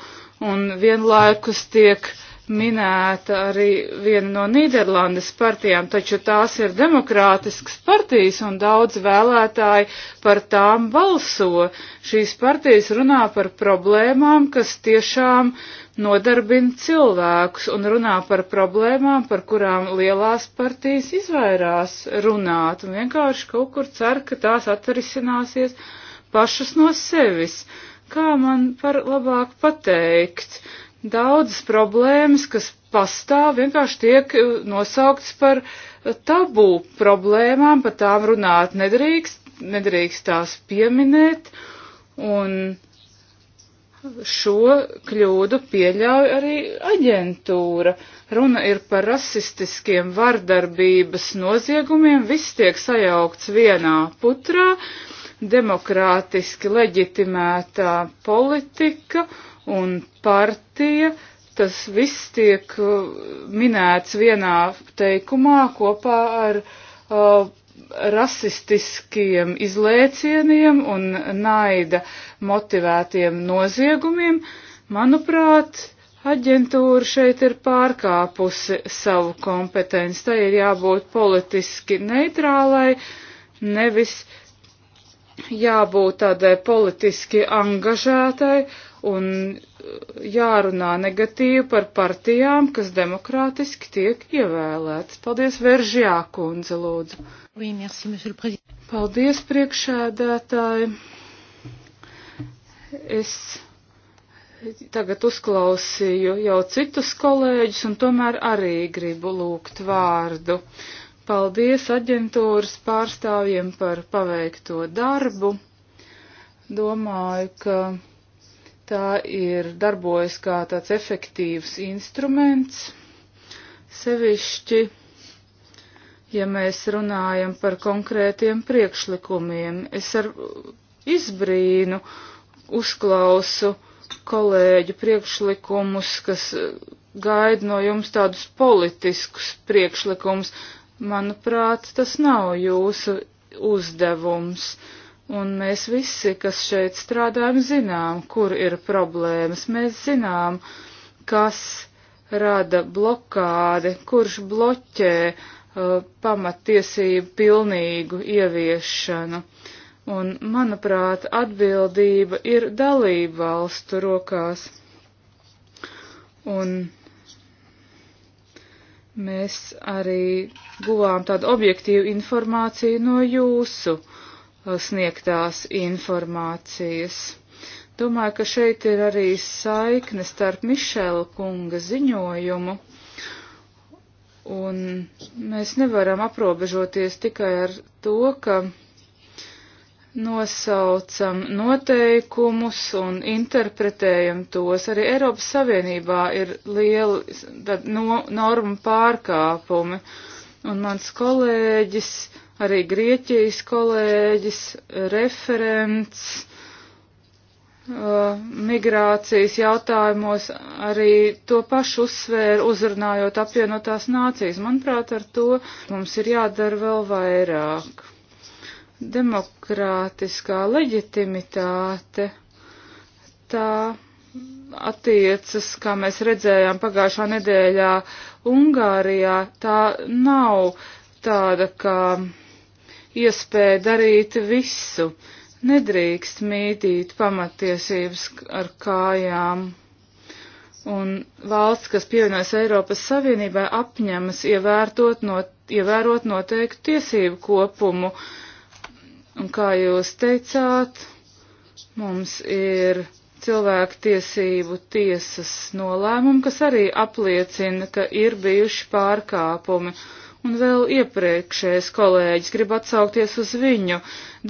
un vienlaikus tiek minēta arī viena no Nīderlandes partijām, taču tās ir demokrātiskas partijas un daudz vēlētāji par tām balso. Šīs partijas runā par problēmām, kas tiešām uh, nodarbina cilvēkus un runā par problēmām, par kurām lielās partijas izvairās runāt un vienkārši kaut kur cer, ka tās atrisināsies pašas no sevis. Kā man par labāk pateikt? Daudzas problēmas, kas pastāv, vienkārši tiek nosauktas par tabū problēmām, par tām runāt nedrīkst, nedrīkst tās pieminēt. Un šo kļūdu pieļauj arī aģentūra. Runa ir par rasistiskiem vardarbības noziegumiem, viss tiek sajaukts vienā putrā, demokrātiski leģitimētā politika un partija, tas viss tiek uh, minēts vienā teikumā kopā ar uh, rasistiskiem izlēcieniem un naida motivētiem noziegumiem, manuprāt, aģentūra šeit ir pārkāpusi savu kompetenci. Tai ir jābūt politiski neitrālai, nevis jābūt tādai politiski angažētai un jārunā negatīvi par partijām, kas demokrātiski tiek ievēlētas. Paldies, Veržjā kundze, lūdzu. Oui, merci, Paldies, priekšēdētāji. Es tagad uzklausīju jau citus kolēģus un tomēr arī gribu lūgt vārdu. Paldies aģentūras pārstāvjiem par paveikto darbu. Domāju, ka tā ir darbojas kā tāds efektīvs instruments, sevišķi, ja mēs runājam par konkrētiem priekšlikumiem. Es ar izbrīnu uh, uzklausu kolēģu priekšlikumus, kas gaida no jums tādus politiskus priekšlikumus. Manuprāt, tas nav jūsu uzdevums. Un mēs visi, kas šeit strādājam, zinām, kur ir problēmas. Mēs zinām, kas rada blokādi, kurš bloķē uh, pamatiesību pilnīgu ieviešanu. Uh, un, manuprāt, atbildība ir dalība valstu rokās. Un mēs arī guvām tādu objektīvu informāciju no jūsu uh, sniegtās informācijas. Domāju, ka šeit ir arī saikne starp Mišela kunga ziņojumu, un mēs nevaram aprobežoties tikai ar to, ka nosaucam noteikumus un interpretējam tos. Arī Eiropas Savienībā ir lieli no, normu pārkāpumi. Un mans kolēģis, arī Grieķijas kolēģis, referents uh, migrācijas jautājumos arī to pašu uzsvēru, uzrunājot apvienotās nācijas. Manuprāt, ar to mums ir jādara vēl vairāk demokrātiskā leģitimitāte, tā attiecas, kā mēs redzējām pagājušā nedēļā Ungārijā, tā nav tāda kā iespēja darīt visu. Nedrīkst mītīt pamatiesības ar kājām. Un valsts, kas pievienojas Eiropas Savienībai, apņemas ievērtot no, ievērot noteiktu tiesību kopumu, uh, Un kā jūs teicāt, mums ir cilvēktiesību tiesas nolēmumi, kas arī apliecina, ka ir bijuši pārkāpumi. Un vēl iepriekšējais kolēģis grib atsaukties uz viņu.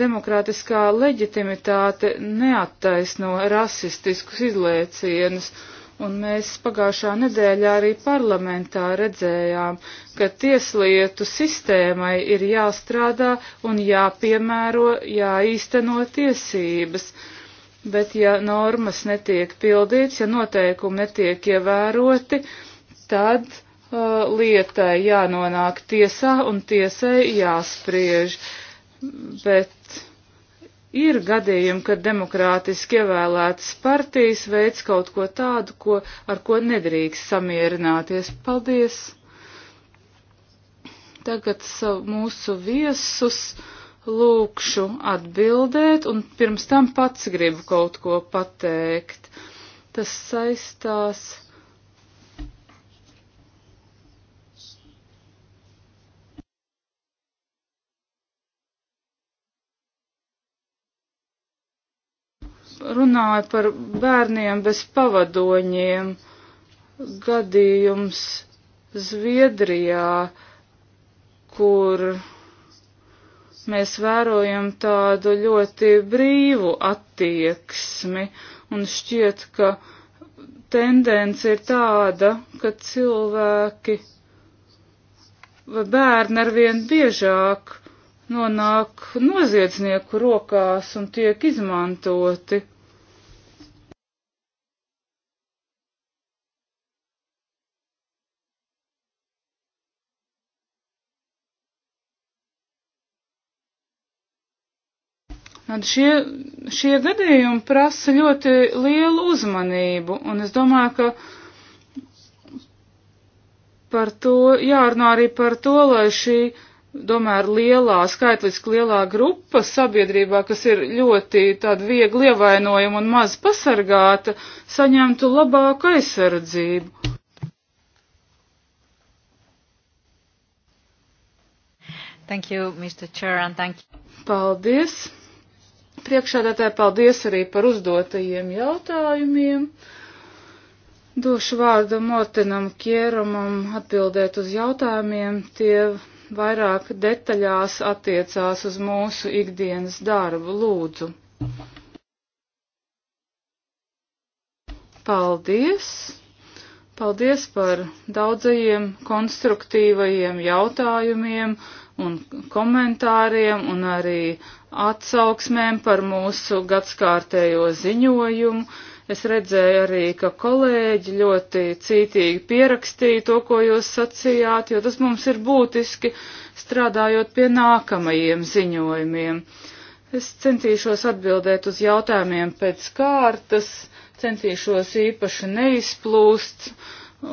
Demokrātiskā leģitimitāte neattaisno rasistiskus izliecienus Un mēs pagājušā nedēļā arī parlamentā redzējām, ka tieslietu sistēmai ir jāstrādā un jāpiemēro, jāīsteno tiesības. Bet ja normas netiek pildīts, ja noteikumi netiek ievēroti, tad uh, lietai jānonāk tiesā un tiesai jāspriež. Bet Ir gadījumi, kad demokrātiski ievēlētas partijas veids kaut ko tādu, ko, ar ko nedrīkst samierināties. Paldies! Tagad mūsu viesus lūkšu atbildēt, un pirms tam pats gribu kaut ko pateikt. Tas saistās runāja par bērniem bez pavadoņiem. Gadījums Zviedrijā, kur mēs vērojam tādu ļoti brīvu attieksmi un šķiet, ka tendence ir tāda, ka cilvēki vai bērni arvien biežāk nonāk noziedznieku rokās un tiek izmantoti. Tad šie, šie gadījumi prasa ļoti lielu uzmanību, un es domāju, ka par to jārunā arī par to, lai šī domāju, lielā, skaitliski lielā grupa sabiedrībā, kas ir ļoti tāda viegli ievainojama un maz pasargāta, saņemtu labāku aizsardzību. Thank you, Mr. Chair, and thank you. Paldies. Priekšādātāji, paldies arī par uzdotajiem jautājumiem. Došu vārdu Mortenam Kieramam atbildēt uz jautājumiem. Tie vairāk detaļās attiecās uz mūsu ikdienas darbu. Lūdzu! Paldies! Paldies par daudzajiem konstruktīvajiem jautājumiem un komentāriem un arī atsauksmēm par mūsu gadskārtējo ziņojumu. Es redzēju arī, ka kolēģi ļoti cītīgi pierakstīja to, ko jūs sacījāt, jo tas mums ir būtiski strādājot pie nākamajiem ziņojumiem. Es centīšos atbildēt uz jautājumiem pēc kārtas, centīšos īpaši neizplūst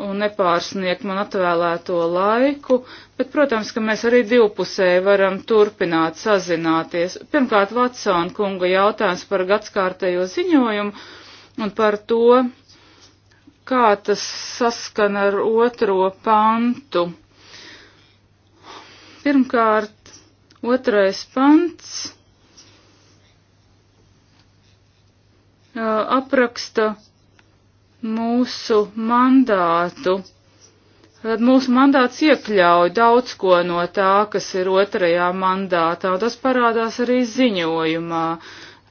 un nepārsniegt man atvēlēto laiku, bet, protams, ka mēs arī divpusēji varam turpināt sazināties. Pirmkārt, Vatsona kunga jautājums par gadskārtējo ziņojumu un par to, kā tas saskana ar otro pantu. Pirmkārt, otrais pants apraksta mūsu mandātu. Tad mūsu mandāts iekļauj daudz ko no tā, kas ir otrajā mandātā, un tas parādās arī ziņojumā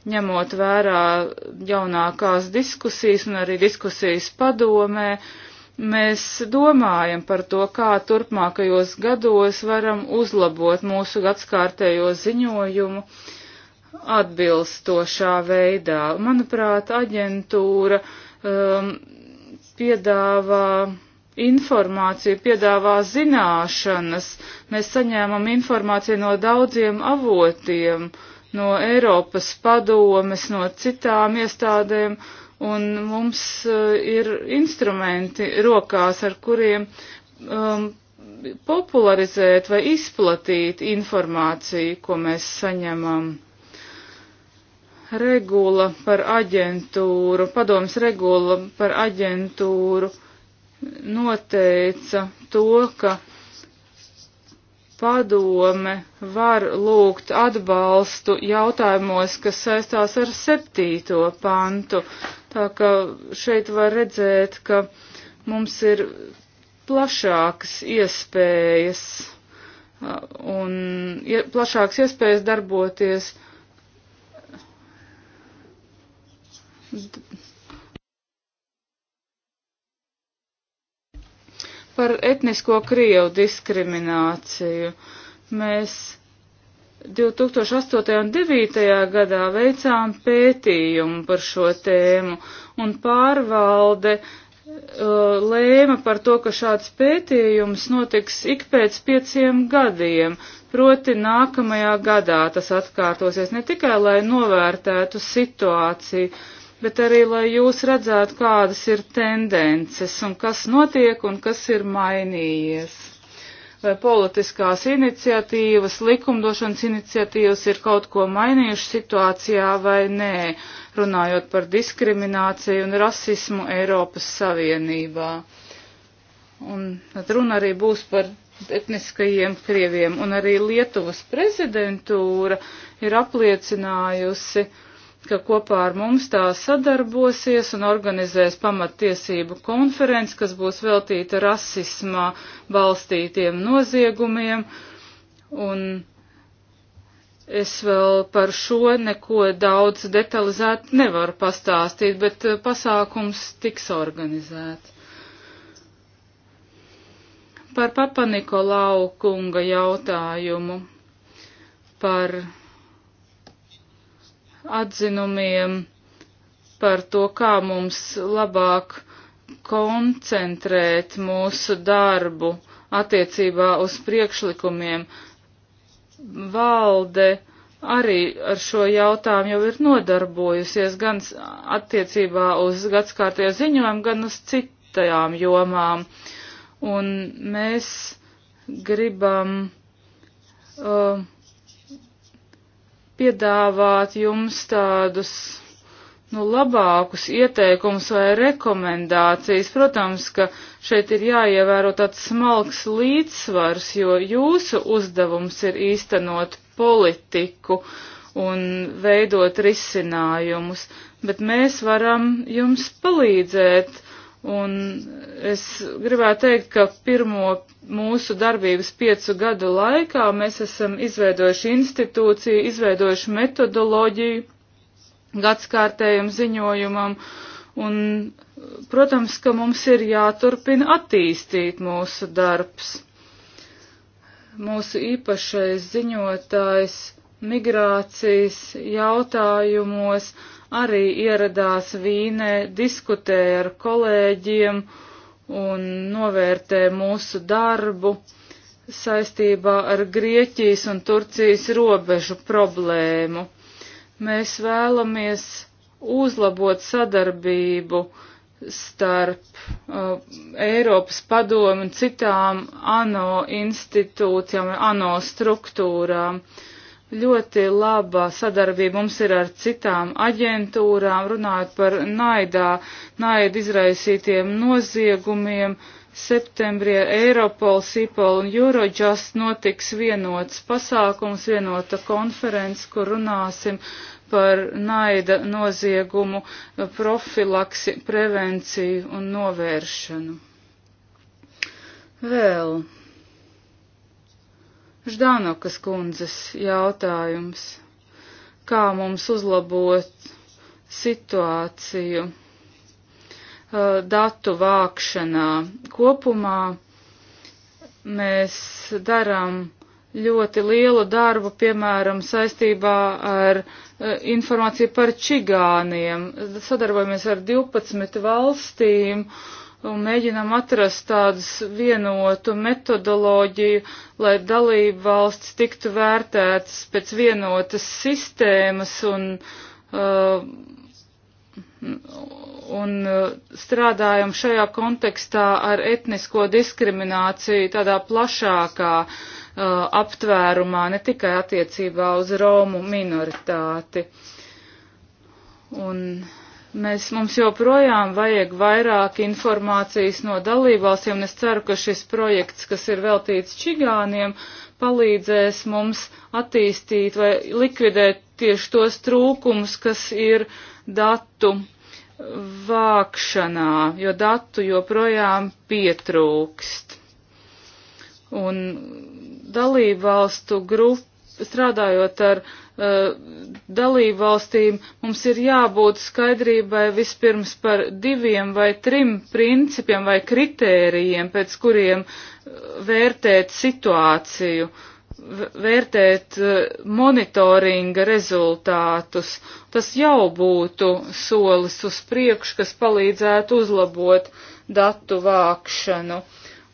ņemot vērā jaunākās diskusijas un arī diskusijas padomē, mēs domājam par to, kā turpmākajos gados varam uzlabot mūsu gadskārtējo ziņojumu atbilstošā veidā. Manuprāt, aģentūra um, piedāvā informāciju, piedāvā zināšanas. Mēs saņēmam informāciju no daudziem avotiem. Uh, no Eiropas padomes, no citām iestādēm, un mums uh, ir instrumenti rokās, ar kuriem um, popularizēt vai izplatīt informāciju, ko mēs saņemam. Regula par aģentūru, padomas regula par aģentūru noteica to, ka padome var lūgt atbalstu jautājumos, kas saistās ar septīto pantu. Tā ka šeit var redzēt, ka mums ir plašākas iespējas un plašākas iespējas darboties Par etnisko Krievu diskrimināciju mēs 2008. un 2009. gadā veicām pētījumu par šo tēmu, un pārvalde uh, lēma par to, ka šāds pētījums notiks ik pēc pieciem gadiem, proti nākamajā gadā tas atkārtosies ne tikai, lai novērtētu situāciju, bet arī, lai jūs redzētu, kādas ir tendences un kas notiek un kas ir mainījies. Vai politiskās iniciatīvas, likumdošanas iniciatīvas ir kaut ko mainījuši situācijā vai nē, runājot par diskrimināciju un rasismu Eiropas Savienībā. Un tad runa arī būs par etniskajiem krieviem, un arī Lietuvas prezidentūra ir apliecinājusi, uh, ka kopā ar mums tā sadarbosies un organizēs pamattiesību konferenci, kas būs veltīta rasismā balstītiem noziegumiem. Un es vēl par šo neko daudz detalizēt nevaru pastāstīt, bet eh, pasākums tiks organizēts. Par Papaniko laukunga jautājumu par atzinumiem par to, kā mums labāk koncentrēt mūsu darbu attiecībā uz priekšlikumiem. Valde arī ar šo jautājumu jau ir nodarbojusies gan attiecībā uz gadskārtie ziņojumu, gan uz citajām jomām. Un mēs gribam uh, piedāvāt jums tādus nu, labākus ieteikumus vai rekomendācijas. Protams, ka šeit ir jāievēro tāds smalks līdzsvars, jo jūsu uzdevums ir īstenot politiku un veidot risinājumus, bet mēs varam jums palīdzēt Un es gribētu teikt, ka pirmo mūsu darbības piecu gadu laikā mēs esam izveidojuši institūciju, izveidojuši metodoloģiju gadskārtējam ziņojumam. Un, protams, ka mums ir jāturpina attīstīt mūsu darbs. Mūsu īpašais ziņotājs migrācijas jautājumos arī ieradās Vīnē, diskutēja ar kolēģiem un novērtēja mūsu darbu saistībā ar Grieķijas un Turcijas robežu problēmu. Mēs vēlamies uzlabot sadarbību starp uh, Eiropas padomu un citām ANO institūcijām, ANO struktūrām. Uh, Ļoti laba sadarbība mums ir ar citām aģentūrām, runājot par naidā, naida izraisītiem noziegumiem. Septembrī Eiropol, Sipol un Eurojust notiks vienots pasākums, vienota konferences, kur runāsim par naida noziegumu profilaksi, prevenciju un novēršanu. Vēl. Well. Ždānokas kundzes jautājums. Kā mums uzlabot situāciju uh, datu vākšanā? Kopumā mēs darām ļoti lielu darbu, piemēram, saistībā ar uh, informāciju par čigāniem. Sadarbojamies ar 12 valstīm un mēģinam atrast tādus vienotu metodoloģiju, lai dalību valsts tiktu vērtētas pēc vienotas sistēmas un, uh, un uh, strādājam šajā kontekstā ar etnisko diskrimināciju tādā plašākā uh, aptvērumā, ne tikai attiecībā uz Romu minoritāti. Un, uh, Mēs, mums joprojām vajag vairāk informācijas no dalībvalstīm, un es ceru, ka šis projekts, kas ir veltīts čigāniem, palīdzēs mums attīstīt vai likvidēt tieši tos trūkumus, kas ir datu vākšanā, jo datu joprojām pietrūkst. Un dalībvalstu grupu, strādājot ar Eh, dalībvalstīm mums ir jābūt skaidrībai vispirms par diviem vai trim principiem vai kritērijiem, pēc kuriem eh, vērtēt situāciju, vērtēt eh, monitoringa rezultātus. Tas jau būtu solis uz priekšu, kas palīdzētu uzlabot datu vākšanu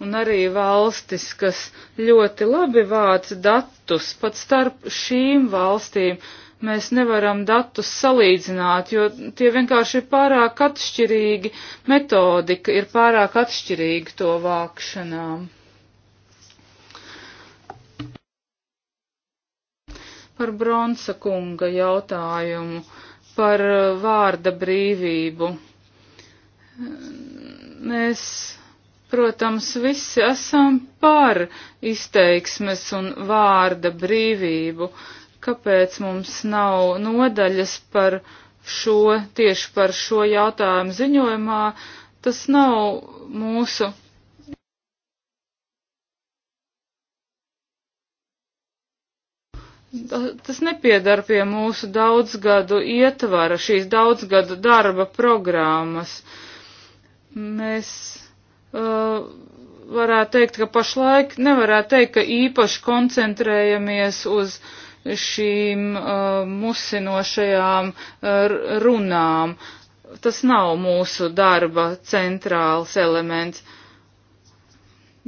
un arī valstis, kas ļoti labi vāc datus, pat starp šīm valstīm mēs nevaram datus salīdzināt, jo tie vienkārši ir pārāk atšķirīgi, metodika ir pārāk atšķirīga to vākšanām. Par Bronsa kunga jautājumu, par vārda brīvību. Mēs Protams, visi esam par izteiksmes un vārda brīvību. Kāpēc mums nav nodaļas par šo, tieši par šo jautājumu ziņojumā? Tas nav mūsu Tas nepiedar pie mūsu daudzgadu ietvara, šīs daudzgadu darba programmas. Mēs Uh, varētu teikt, ka pašlaik nevarētu teikt, ka īpaši koncentrējamies uz šīm uh, musinošajām uh, runām. Tas nav mūsu darba centrāls elements,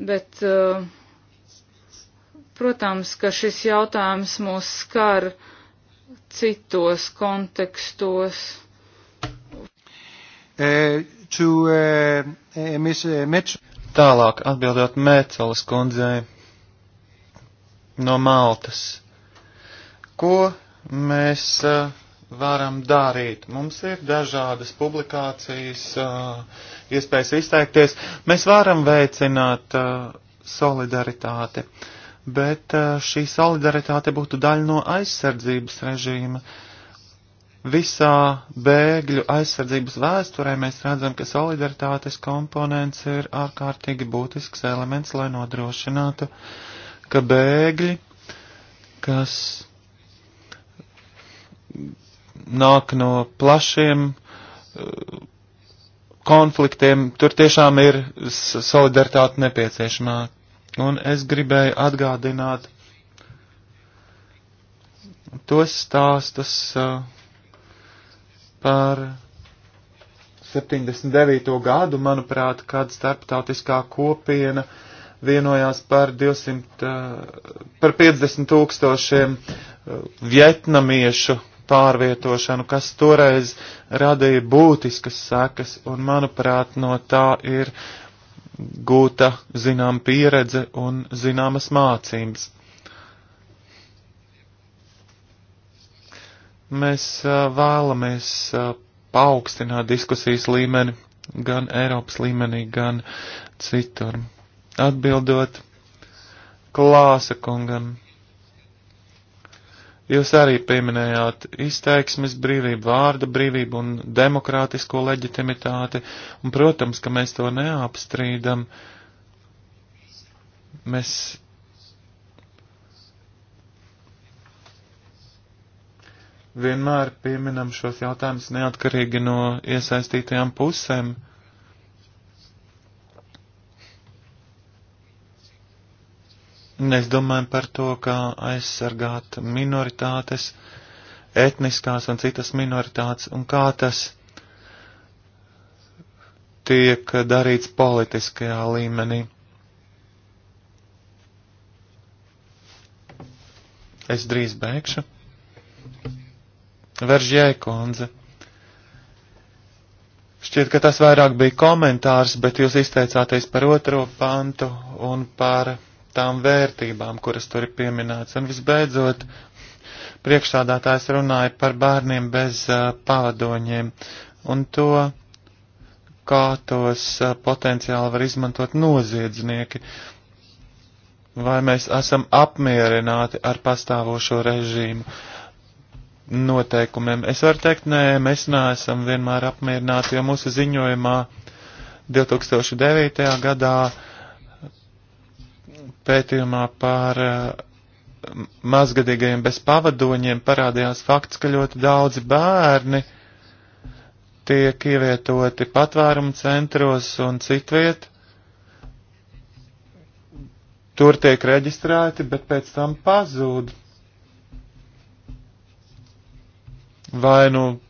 bet, uh, protams, ka šis jautājums mūs skar citos kontekstos. Uh. E to uh, uh Ms. Uh, Mitchell. Tālāk atbildot Mēcelas kundzei no Maltas. Ko mēs uh, varam darīt? Mums ir dažādas publikācijas, uh, iespējas izteikties. Mēs varam veicināt uh, solidaritāti, bet uh, šī solidaritāte būtu daļa no aizsardzības režīma. Uh, Visā bēgļu aizsardzības vēsturē mēs redzam, ka solidaritātes komponents ir ārkārtīgi būtisks elements, lai nodrošinātu, ka bēgļi, kas nāk no plašiem eh, konfliktiem, tur tiešām ir solidaritāte nepieciešamā. Un es gribēju atgādināt tos stāstus, uh, par 79. gadu, manuprāt, kad starptautiskā kopiena vienojās par 200, eh, par 50 tūkstošiem eh, vietnamiešu pārvietošanu, kas toreiz radīja būtiskas sekas, un manuprāt, no tā ir gūta zinām pieredze un zināmas mācības. Mēs vēlamies paaugstināt diskusijas līmeni gan Eiropas līmenī, gan citur. Atbildot klāsa kungam. Jūs arī pieminējāt izteiksmes brīvību, vārda brīvību un demokrātisko leģitimitāti, un, protams, ka mēs to neapstrīdam. Mēs vienmēr pieminam šos jautājumus neatkarīgi no iesaistītajām pusēm. Mēs domājam par to, kā aizsargāt minoritātes, etniskās un citas minoritātes, un kā tas tiek darīts politiskajā līmenī. Es drīz beigšu. Veržjē kundze. Šķiet, ka tas vairāk bija komentārs, bet jūs izteicāties par otro pantu un par tām vērtībām, kuras tur ir pieminēts. Un visbeidzot, priekšsādātājs runāja par bērniem bez uh, pavadoņiem un to, kā tos uh, potenciāli var izmantot noziedznieki. Vai mēs esam apmierināti ar pastāvošo režīmu? Uh, noteikumiem. Es varu teikt, nē, mēs neesam vienmēr apmierināti, jo mūsu ziņojumā 2009. gadā pētījumā par eh, mazgadīgajiem bez pavadoņiem parādījās fakts, ka ļoti daudzi bērni tiek ievietoti patvērumu centros un citviet. Tur tiek reģistrēti, bet pēc tam pazūd. vai nu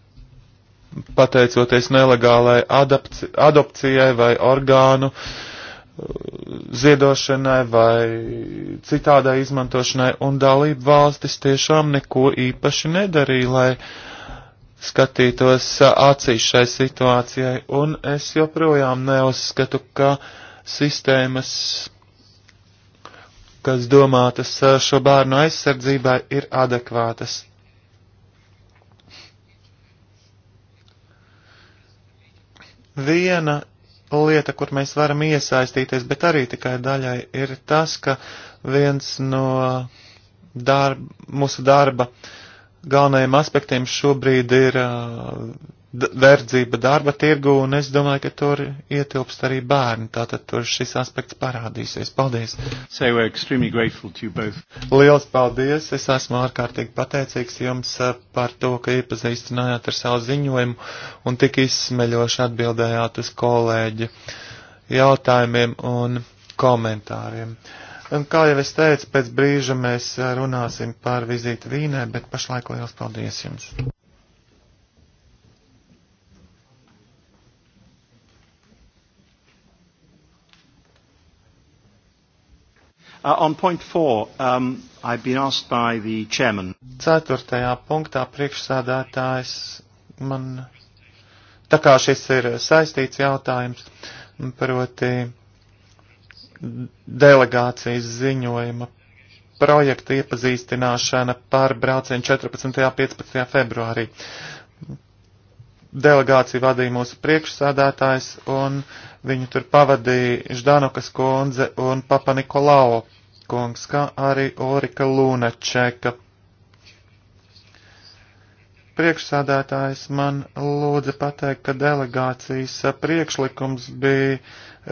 pateicoties nelegālai adopcijai vai orgānu uh, ziedošanai vai citādai izmantošanai, un dalību valstis tiešām neko īpaši nedarīja, lai skatītos uh, acīs šai situācijai, un es joprojām neuzskatu, ka sistēmas, kas domātas uh, šo bērnu aizsardzībai, ir adekvātas Viena lieta, kur mēs varam iesaistīties, bet arī tikai daļai, ir tas, ka viens no darb, mūsu darba galvenajiem aspektiem šobrīd ir uh, verdzība darba tirgu, un es domāju, ka tur ietilpst arī bērni, tātad tur šis aspekts parādīsies. Paldies! So Liels paldies! Es esmu ārkārtīgi pateicīgs jums uh, par to, ka iepazīstinājāt ar savu ziņojumu un tik izsmeļoši atbildējāt uz kolēģi jautājumiem un komentāriem. Un kā jau es teicu, pēc brīža mēs uh, runāsim par vizīti Vīnē, bet pašlaik liels paldies jums! Uh, on point four, um, I've been asked by the chairman. Ceturtajā punktā priekšsādātājs man, tā kā šis ir saistīts jautājums, proti delegācijas ziņojuma projekta iepazīstināšana par braucienu 14. un 15. februārī. Uh, delegāciju vadīja mūsu priekšsādātājs, un viņu tur pavadīja Ždanukas kundze un Papa Nikolao kungs, kā arī Ulrika Lunačeka. Priekšsādātājs man lūdza pateikt, ka delegācijas priekšlikums bija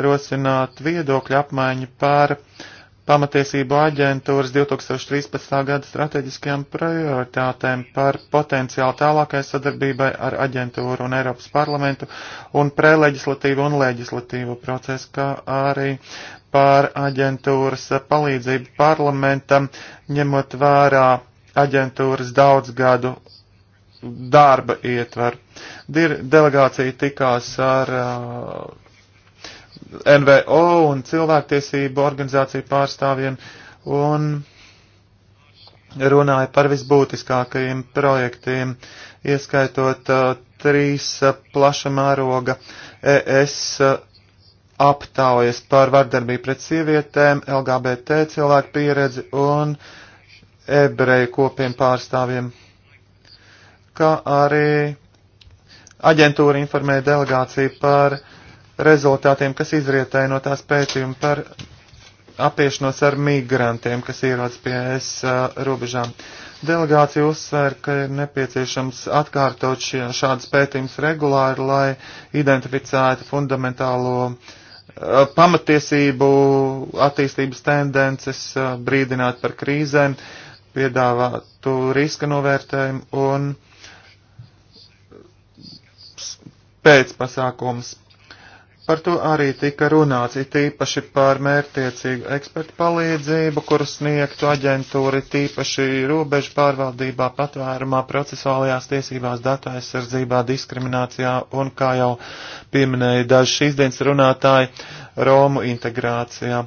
rosināt viedokļu apmaiņu par uh, pamatiesību aģentūras 2013. gada strateģiskajām prioritātēm par potenciālu tālākai sadarbībai ar aģentūru un Eiropas parlamentu un preleģislatīvu un leģislatīvu procesu, kā arī par aģentūras palīdzību parlamentam, ņemot vērā aģentūras daudzgadu darba ietvaru. Delegācija tikās ar uh, NVO un cilvēktiesību organizāciju pārstāvjiem un runāja par visbūtiskākajiem projektiem, ieskaitot uh, trīs uh, plaša mēroga ES uh, aptaujas par vardarbību pret sievietēm, LGBT cilvēku pieredzi un ebreju kopiem pārstāvjiem, kā arī aģentūra informēja delegāciju par uh, rezultātiem, kas izrietēja no tās pētījuma par apiešanos ar migrantiem, kas ierodas pie es uh, robežām. Delegācija uzsver, ka ir nepieciešams atkārtot šie, šādas pētījumas regulāri, lai identificētu fundamentālo uh, pamatiesību attīstības tendences, uh, brīdināt par krīzēm, piedāvātu riska novērtējumu un pēcpasākums Par to arī tika runāts, it īpaši par mērtiecīgu ekspertu palīdzību, kuru sniegtu aģentūri tīpaši robežu pārvaldībā, patvērumā, procesuālajās tiesībās, datu aizsardzībā, diskriminācijā un, kā jau pieminēja daži šīs dienas runātāji, Romu integrācijā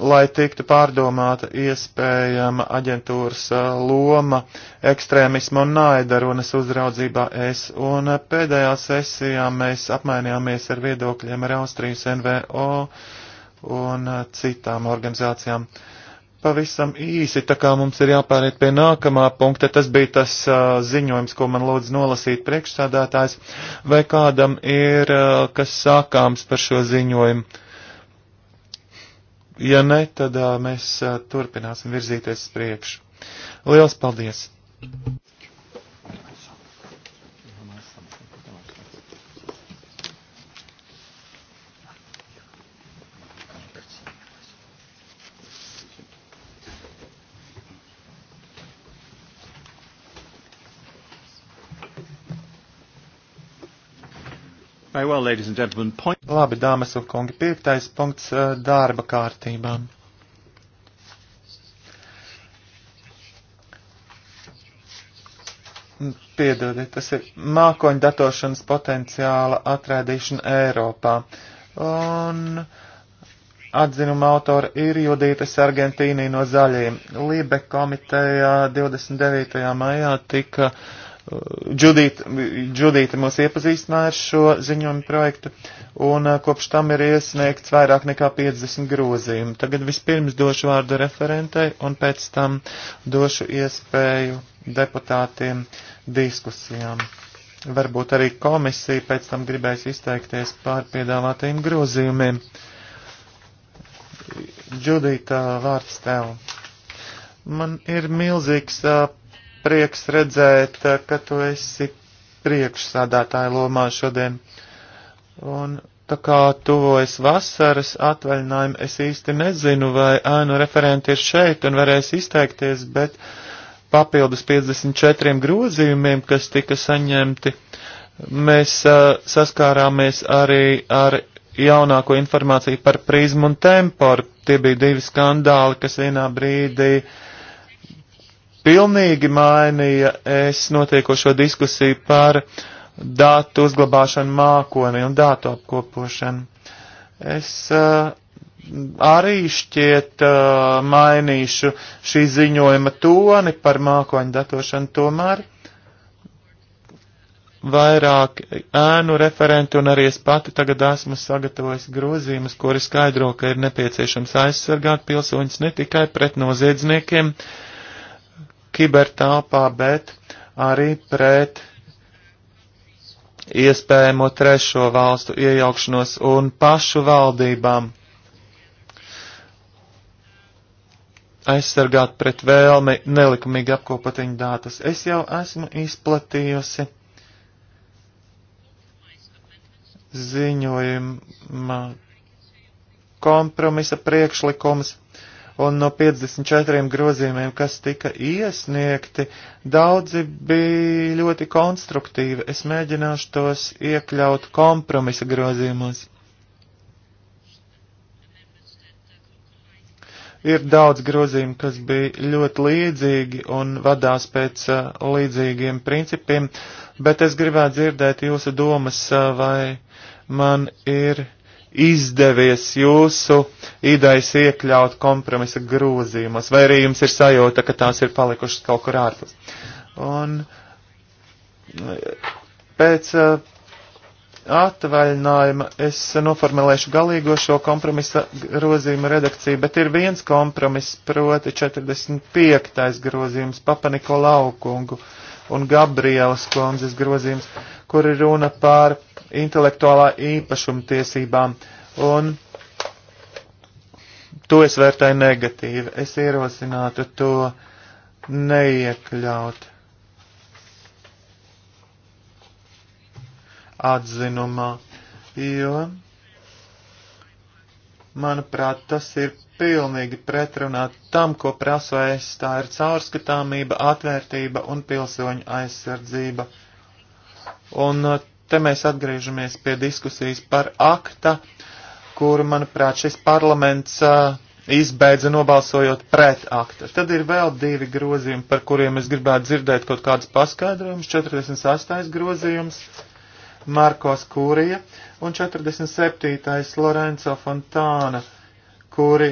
lai tiktu pārdomāta iespējama aģentūras loma ekstrēmismu un naidarunas uzraudzībā es. Un pēdējā sesijā mēs apmainījāmies ar viedokļiem ar Austrijas NVO un citām organizācijām. Pavisam īsi, tā kā mums ir jāpāriet pie nākamā punkta, tas bija tas uh, ziņojums, ko man lūdz nolasīt priekšsādātājs, vai kādam ir uh, kas sākāms par šo ziņojumu. Ja ne, tad mēs turpināsim virzīties priekšu. Lielas paldies! Well, point... Labi, dāmas un kungi, piektais punkts eh, darba kārtībām. Mm, piedodiet, tas ir mākoņu datošanas potenciāla atrādīšana Eiropā. Un atzinuma autora ir Judīta Sargentīnī no Zaļiem. Lībe komiteja 29. maijā tika uh, Džudīta, Džudīta mūs iepazīstināja ar šo ziņojumu projektu, un kopš tam ir iesniegts vairāk nekā 50 grozījumu. Tagad vispirms došu vārdu referentai, un pēc tam došu iespēju deputātiem diskusijām. Varbūt arī komisija pēc tam gribēs izteikties pār piedāvātajiem grozījumiem. Džudīta, vārds tev. Man ir milzīgs prieks redzēt, eh, ka tu esi priekšsādātāja lomā šodien. Un tā kā tuvojas vasaras atvaļinājumi, es īsti nezinu, vai ēnu referenti ir šeit un varēs izteikties, bet papildus 54 grozījumiem, kas tika saņemti, mēs uh, saskārāmies arī ar jaunāko informāciju par prizmu un temporu. Tie bija divi skandāli, kas vienā brīdī uh, pilnīgi mainīja es notiekošo diskusiju par datu uzglabāšanu mākoni un datu apkopošanu. Es uh, arī šķiet uh, mainīšu šī ziņojuma toni par mākoņu datošanu tomēr. Vairāk ēnu referenti un arī es pati tagad esmu sagatavojis grozījumus, kuri skaidro, ka ir nepieciešams aizsargāt pilsoņus ne tikai pret noziedzniekiem, uh, kibertāpā, bet arī pret iespējamo trešo valstu iejaukšanos un pašu valdībām. aizsargāt pret vēlmi nelikumīgi apkopot viņu datus. Es jau esmu izplatījusi ziņojuma kompromisa priekšlikums un no 54 grozījumiem, kas tika iesniegti, daudzi bija ļoti konstruktīvi. Es mēģināšu tos iekļaut kompromisa grozījumos. Ir daudz grozījumu, kas bija ļoti līdzīgi un vadās pēc uh, līdzīgiem principiem, bet es gribētu dzirdēt jūsu domas, uh, vai man ir izdevies jūsu idejas iekļaut kompromisa grozījumos, vai arī jums ir sajūta, ka tās ir palikušas kaut kur ārpus. Un pēc eh, atvaļinājuma es noformulēšu galīgo šo kompromisa grozījumu redakciju, bet ir viens kompromiss, proti 45. grozījums Papaniko laukungu un Gabrielas konzes grozījums, kur ir runa par intelektuālā īpašuma tiesībām, un to es vērtēju negatīvi. Es ierosinātu to neiekļaut atzinumā, jo, manuprāt, tas ir pilnīgi pretrunā tam, ko prasu es. Tā ir caurskatāmība, atvērtība un pilsoņu aizsardzība. Un Te mēs atgriežamies pie diskusijas par akta, kuru, manuprāt, šis parlaments uh, izbeidza nobalsojot pret aktu. Tad ir vēl divi grozījumi, par kuriem es gribētu dzirdēt kaut kādus paskaidrojumus. 48. grozījums Markos Kūrija un 47. Lorenzo Fontāna, kuri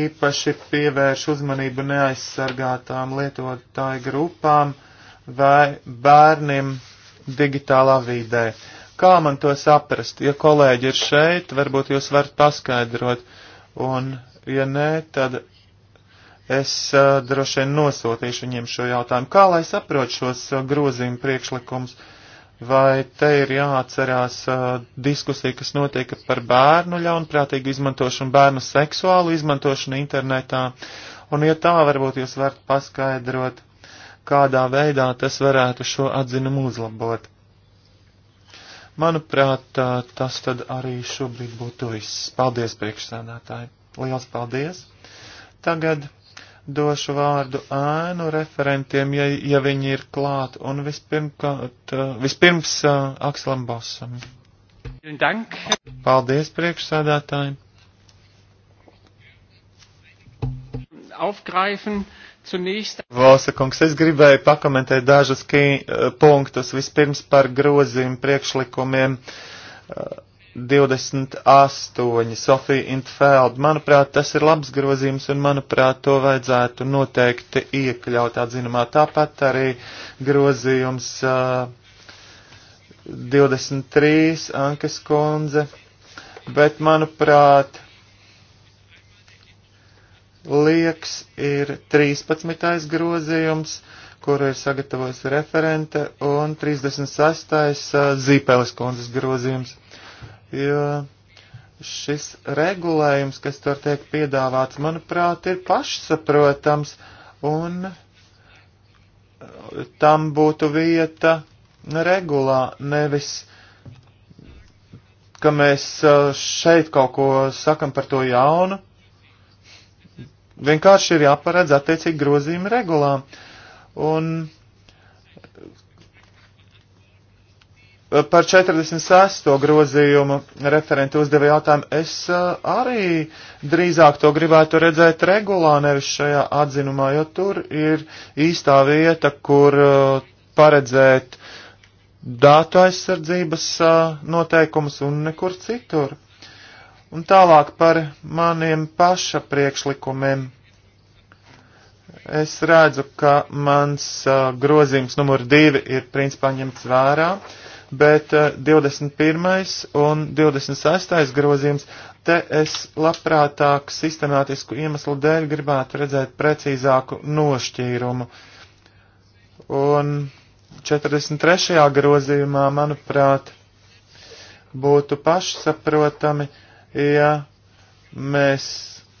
īpaši pievērš uzmanību neaizsargātām lietotāju grupām vai bērniem digitālā vidē. Kā man to saprast? Ja kolēģi ir šeit, varbūt jūs varat paskaidrot, un ja nē, tad es uh, droši vien nosūtīšu viņiem šo jautājumu. Kā lai saprot šos uh, grozījumu priekšlikumus? Vai te ir jāatcerās uh, diskusija, kas notika par bērnu ļaunprātīgu izmantošanu, bērnu seksuālu izmantošanu internetā? Un ja tā, varbūt jūs varat paskaidrot, kādā veidā tas varētu šo atzinumu uzlabot. Manuprāt, tas tad arī šobrīd būtu viss. Paldies, priekšsēdētāji! Liels paldies! Tagad došu vārdu ēnu referentiem, ja, ja viņi ir klāt, un vispirmkārt, vispirms uh, Akselam Bosam. Dank. Paldies, priekšsēdētāji! Aufgreifen. Zunīst. Valsa kungs, es gribēju pakomentēt dažus ki, eh, punktus. Vispirms par grozījumu priekšlikumiem 28. Eh, Sofija Intfeld. Manuprāt, tas ir labs grozījums un, manuprāt, to vajadzētu noteikti iekļaut atzinumā. Tāpat arī grozījums 23. Eh, Ankas kundze. Bet, manuprāt, Lieks ir 13. grozījums, kuru ir sagatavojis referente, un 36. Uh, zīpeles kundzes grozījums. Jo šis regulējums, kas tur tiek piedāvāts, manuprāt, ir pašsaprotams, un uh, tam būtu vieta regulā, nevis, ka mēs uh, šeit kaut ko sakam par to jaunu, Vienkārši ir jāparedz attiecīgi grozījumi regulā. Un par 46. grozījumu referenti uzdeva jautājumu. Es eh, arī drīzāk to gribētu redzēt regulā, nevis šajā atzinumā, jo tur ir īstā vieta, kur eh, paredzēt dātu aizsardzības eh, noteikumus un nekur citur. Un tālāk par maniem paša priekšlikumiem. Es redzu, ka mans uh, grozījums numur divi ir principā ņemts vērā, bet uh, 21. un 26. grozījums te es labprātāk sistemātisku iemeslu dēļ gribētu redzēt precīzāku nošķīrumu. Un 43. grozījumā, manuprāt, būtu pašsaprotami, uh, ja mēs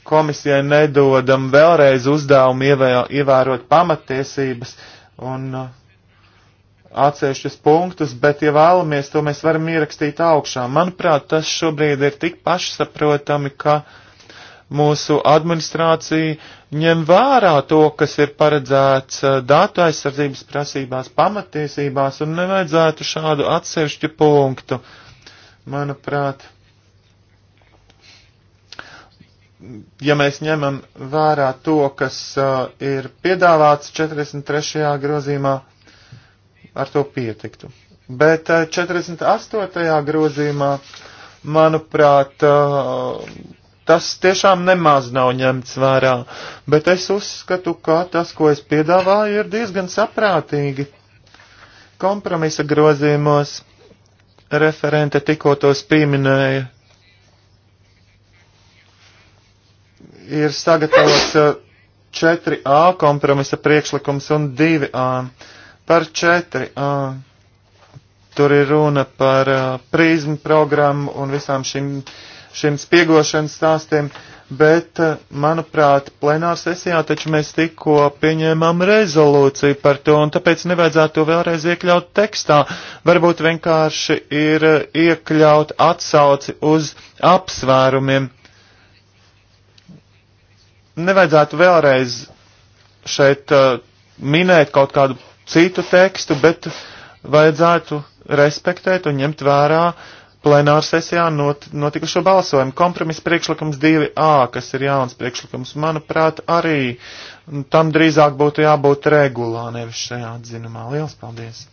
komisijai nedodam vēlreiz uzdevumu ievērot pamatiesības un uh, atsevišķus punktus, bet, ja vēlamies, to mēs varam ierakstīt augšā. Manuprāt, tas šobrīd ir tik pašsaprotami, ka mūsu administrācija ņem vērā to, kas ir paredzēts uh, datu aizsardzības prasībās, pamatiesībās, un nevajadzētu šādu atsevišķu punktu. Manuprāt, ja mēs ņemam vērā to, kas uh, ir piedāvāts 43. grozīmā, ar to pietiktu. Bet uh, 48. grozīmā, manuprāt, uh, tas tiešām nemaz nav ņemts vērā, bet es uzskatu, ka tas, ko es piedāvāju, ir diezgan saprātīgi. Kompromisa grozījumos referente tikko tos pieminēja ir sagatavots 4A uh, kompromisa priekšlikums un 2A. Par 4A tur ir runa par uh, prizmu programmu un visām šīm, šīm spiegošanas stāstiem, bet, uh, manuprāt, plenāra sesijā taču mēs tikko pieņēmām rezolūciju par to, un tāpēc nevajadzētu to vēlreiz iekļaut tekstā. Varbūt vienkārši ir iekļaut atsauci uz apsvērumiem nevajadzētu vēlreiz šeit uh, minēt kaut kādu citu tekstu, bet vajadzētu respektēt un ņemt vērā plenāru sesijā not, notikušo balsojumu. Kompromiss priekšlikums 2A, kas ir jauns priekšlikums, manuprāt, arī tam drīzāk būtu jābūt regulā, nevis šajā atzinumā. Liels paldies!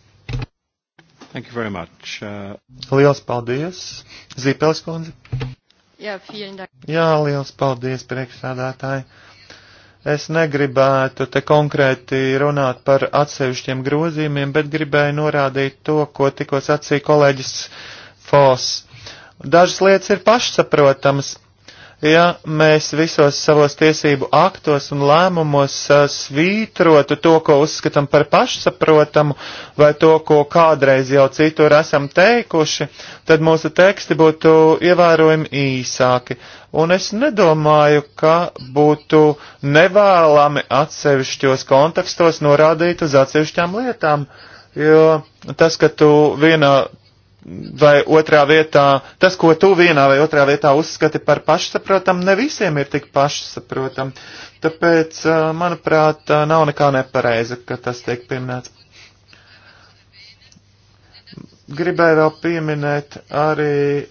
Thank you very much. Uh... Liels paldies! Zīpels kundze! Jā, Jā liels paldies, priekšsādātāji. Es negribētu te konkrēti runāt par atsevišķiem grozījumiem, bet gribēju norādīt to, ko tikko sacīja kolēģis Fos. Dažas lietas ir pašsaprotamas ja mēs visos savos tiesību aktos un lēmumos uh, svītrotu to, ko uzskatām par pašsaprotamu, vai to, ko kādreiz jau citur esam teikuši, tad mūsu teksti būtu ievērojami īsāki. Un es nedomāju, ka būtu nevēlami atsevišķos kontekstos norādīt uz atsevišķām lietām, jo tas, ka tu vienā vai otrā vietā, tas, ko tu vienā vai otrā vietā uzskati par pašsaprotam, ne visiem ir tik pašsaprotam. Tāpēc, manuprāt, nav nekā nepareiza, ka tas tiek pieminēts. Gribēju vēl pieminēt arī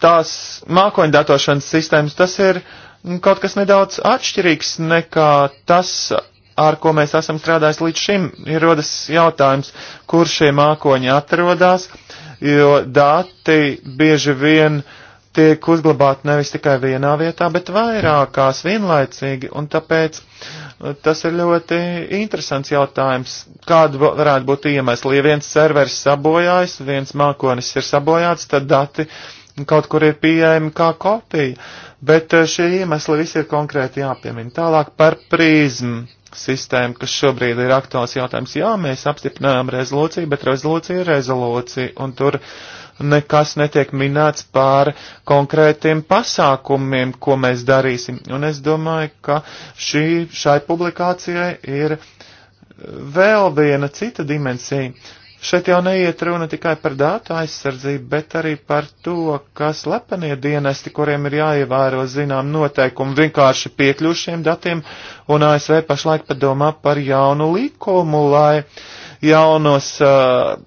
tās mākoņdatošanas sistēmas. Tas ir kaut kas nedaudz atšķirīgs nekā tas, ar ko mēs esam strādājis līdz šim, ir rodas jautājums, kur šie mākoņi atrodas, jo dati bieži vien tiek uzglabāti nevis tikai vienā vietā, bet vairākās vienlaicīgi, un tāpēc uh, tas ir ļoti interesants jautājums, kāda varētu būt iemesli. Ja viens servers sabojājas, viens mākonis ir sabojāts, tad dati kaut kur ir pieejami kā kopija, bet uh, šie iemesli visi ir konkrēti jāpiemina. Tālāk par prīzmu sistēmu, kas šobrīd ir aktuāls jautājums. Jā, mēs apstiprinājām rezolūciju, bet rezolūcija ir rezolūcija, un tur nekas netiek minēts pār konkrētiem pasākumiem, ko mēs darīsim. Un es domāju, ka šī, šai publikācijai ir vēl viena cita dimensija. Šeit jau neiet runa tikai par datu aizsardzību, bet arī par to, ka slepenie dienesti, kuriem ir jāievēro zinām noteikumi, vienkārši piekļūst šiem datiem, un ASV pašlaik padomā par jaunu likumu, lai jaunos uh,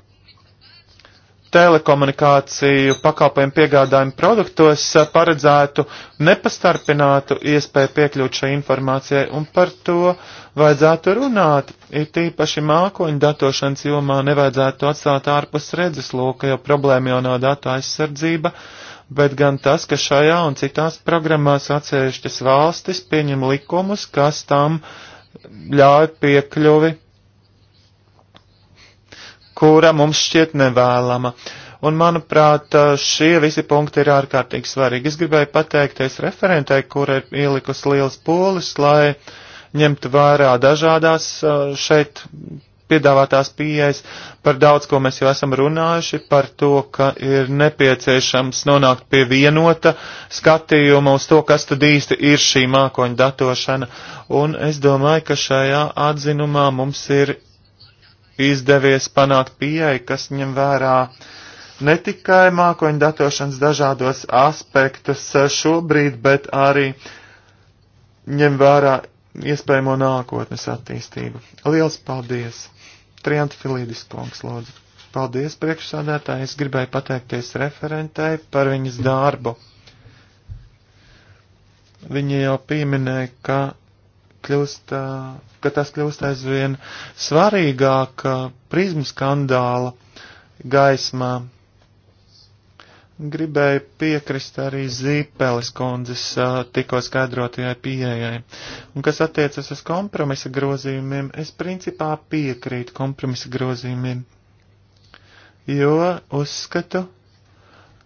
telekomunikāciju pakalpojumu piegādājumu produktos eh, paredzētu nepastarpinātu iespēju piekļūt šai informācijai, un par to vajadzētu runāt. Ir tīpaši mākoņu datošanas jomā nevajadzētu atstāt ārpus redzesloka, jo problēma jau nav datu aizsardzība, bet gan tas, ka šajā un citās programmās atsevišķas valstis pieņem likumus, kas tam ļauj piekļuvi kura mums šķiet nevēlama. Un, manuprāt, šie visi punkti ir ārkārtīgi svarīgi. Es gribēju pateikties referentei, kura ir ielikusi liels pūlis, lai ņemtu vērā dažādās eh, šeit piedāvātās pieejas. Par daudz, ko mēs jau esam runājuši, par to, ka ir nepieciešams nonākt pie vienota skatījuma uz to, kas tad īsti ir šī mākoņa datošana. Un es domāju, ka šajā atzinumā mums ir izdevies panākt pieeja, kas ņem vērā ne tikai mākoņu datošanas dažādos aspektus šobrīd, bet arī ņem vērā iespējamo nākotnes attīstību. Liels paldies! Trianta Filīdis kungs, lūdzu. Paldies priekšsādātāji, es gribēju pateikties referentei par viņas darbu. Viņa jau pieminēja, ka kļūst, ka tas kļūst aizvien svarīgāk prizmu skandāla gaismā. Gribēju piekrist arī Zīpeles kundzes tikko skaidrotajai pieejai. Un kas attiecas uz kompromisa grozījumiem, es principā piekrītu kompromisa grozījumiem, jo uzskatu,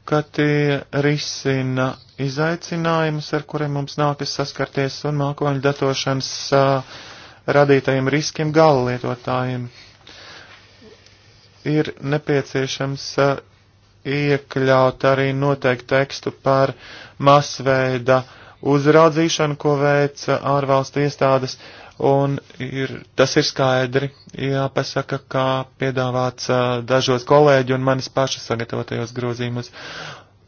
ka tie risina izaicinājumus, ar kuriem mums nākas saskarties un mākoņu datošanas uh, radītajiem riskiem gala lietotājiem. Ir nepieciešams uh, iekļaut arī noteiktu tekstu par masveida uzraudzīšanu, ko veica ārvalstu iestādes, un ir, tas ir skaidri jāpasaka, kā piedāvāts dažos kolēģi un manis paša sagatavotajos grozījumus.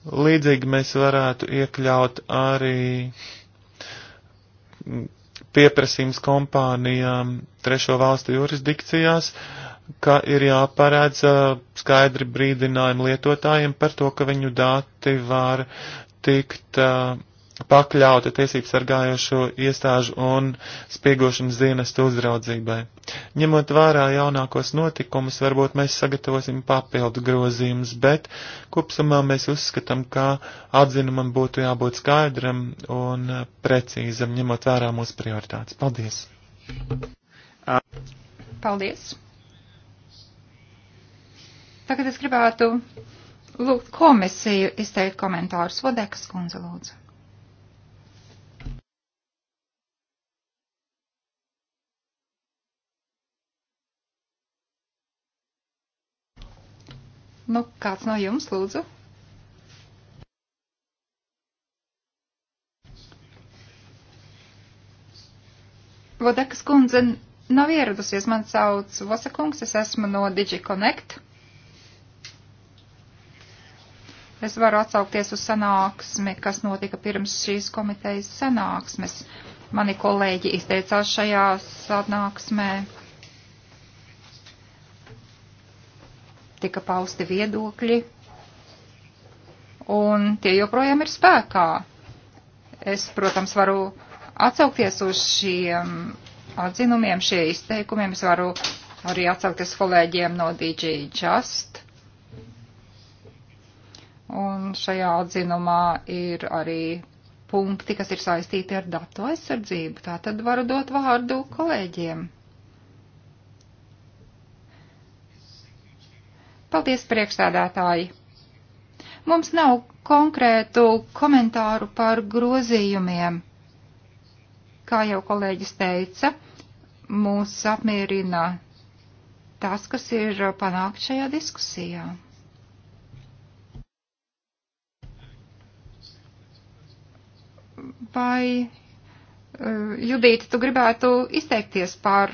Līdzīgi mēs varētu iekļaut arī pieprasījums kompānijām trešo valstu jurisdikcijās, ka ir jāparādz skaidri brīdinājumi lietotājiem par to, ka viņu dati var tikt uh, pakļauti tiesību sargājošo iestāžu un spiegošanas dienestu uzraudzībai. Ņemot vērā jaunākos notikumus, varbūt mēs sagatavosim papildu grozījumus, bet kopsumā mēs uzskatām, ka atzinumam būtu jābūt skaidram un precīzam, ņemot vērā mūsu prioritātes. Paldies! Paldies! Tagad es gribētu lūgt komisiju izteikt komentārus. Vodekas kundze lūdzu. Nu, kāds no jums, lūdzu? Vodekas kundze nav ieradusies. Man sauc Vosakungs, es esmu no DigiConnect. Es varu atsaukties uz sanāksmi, kas notika pirms šīs komitejas sanāksmes. Mani kolēģi izteicās šajā sanāksmē tika pausti viedokļi, un tie joprojām ir spēkā. Es, protams, varu atsaukties uz šiem atzinumiem, šie izteikumiem. Es varu arī atsaukties kolēģiem no DJ Just. Un šajā atzinumā ir arī punkti, kas ir saistīti ar datu aizsardzību. Tā tad varu dot vārdu kolēģiem. Paldies, priekšstādātāji! Mums nav konkrētu komentāru par grozījumiem. Kā jau kolēģis teica, mūs apmierina tas, kas ir panākt šajā diskusijā. Vai, eh, Judīti, tu gribētu izteikties par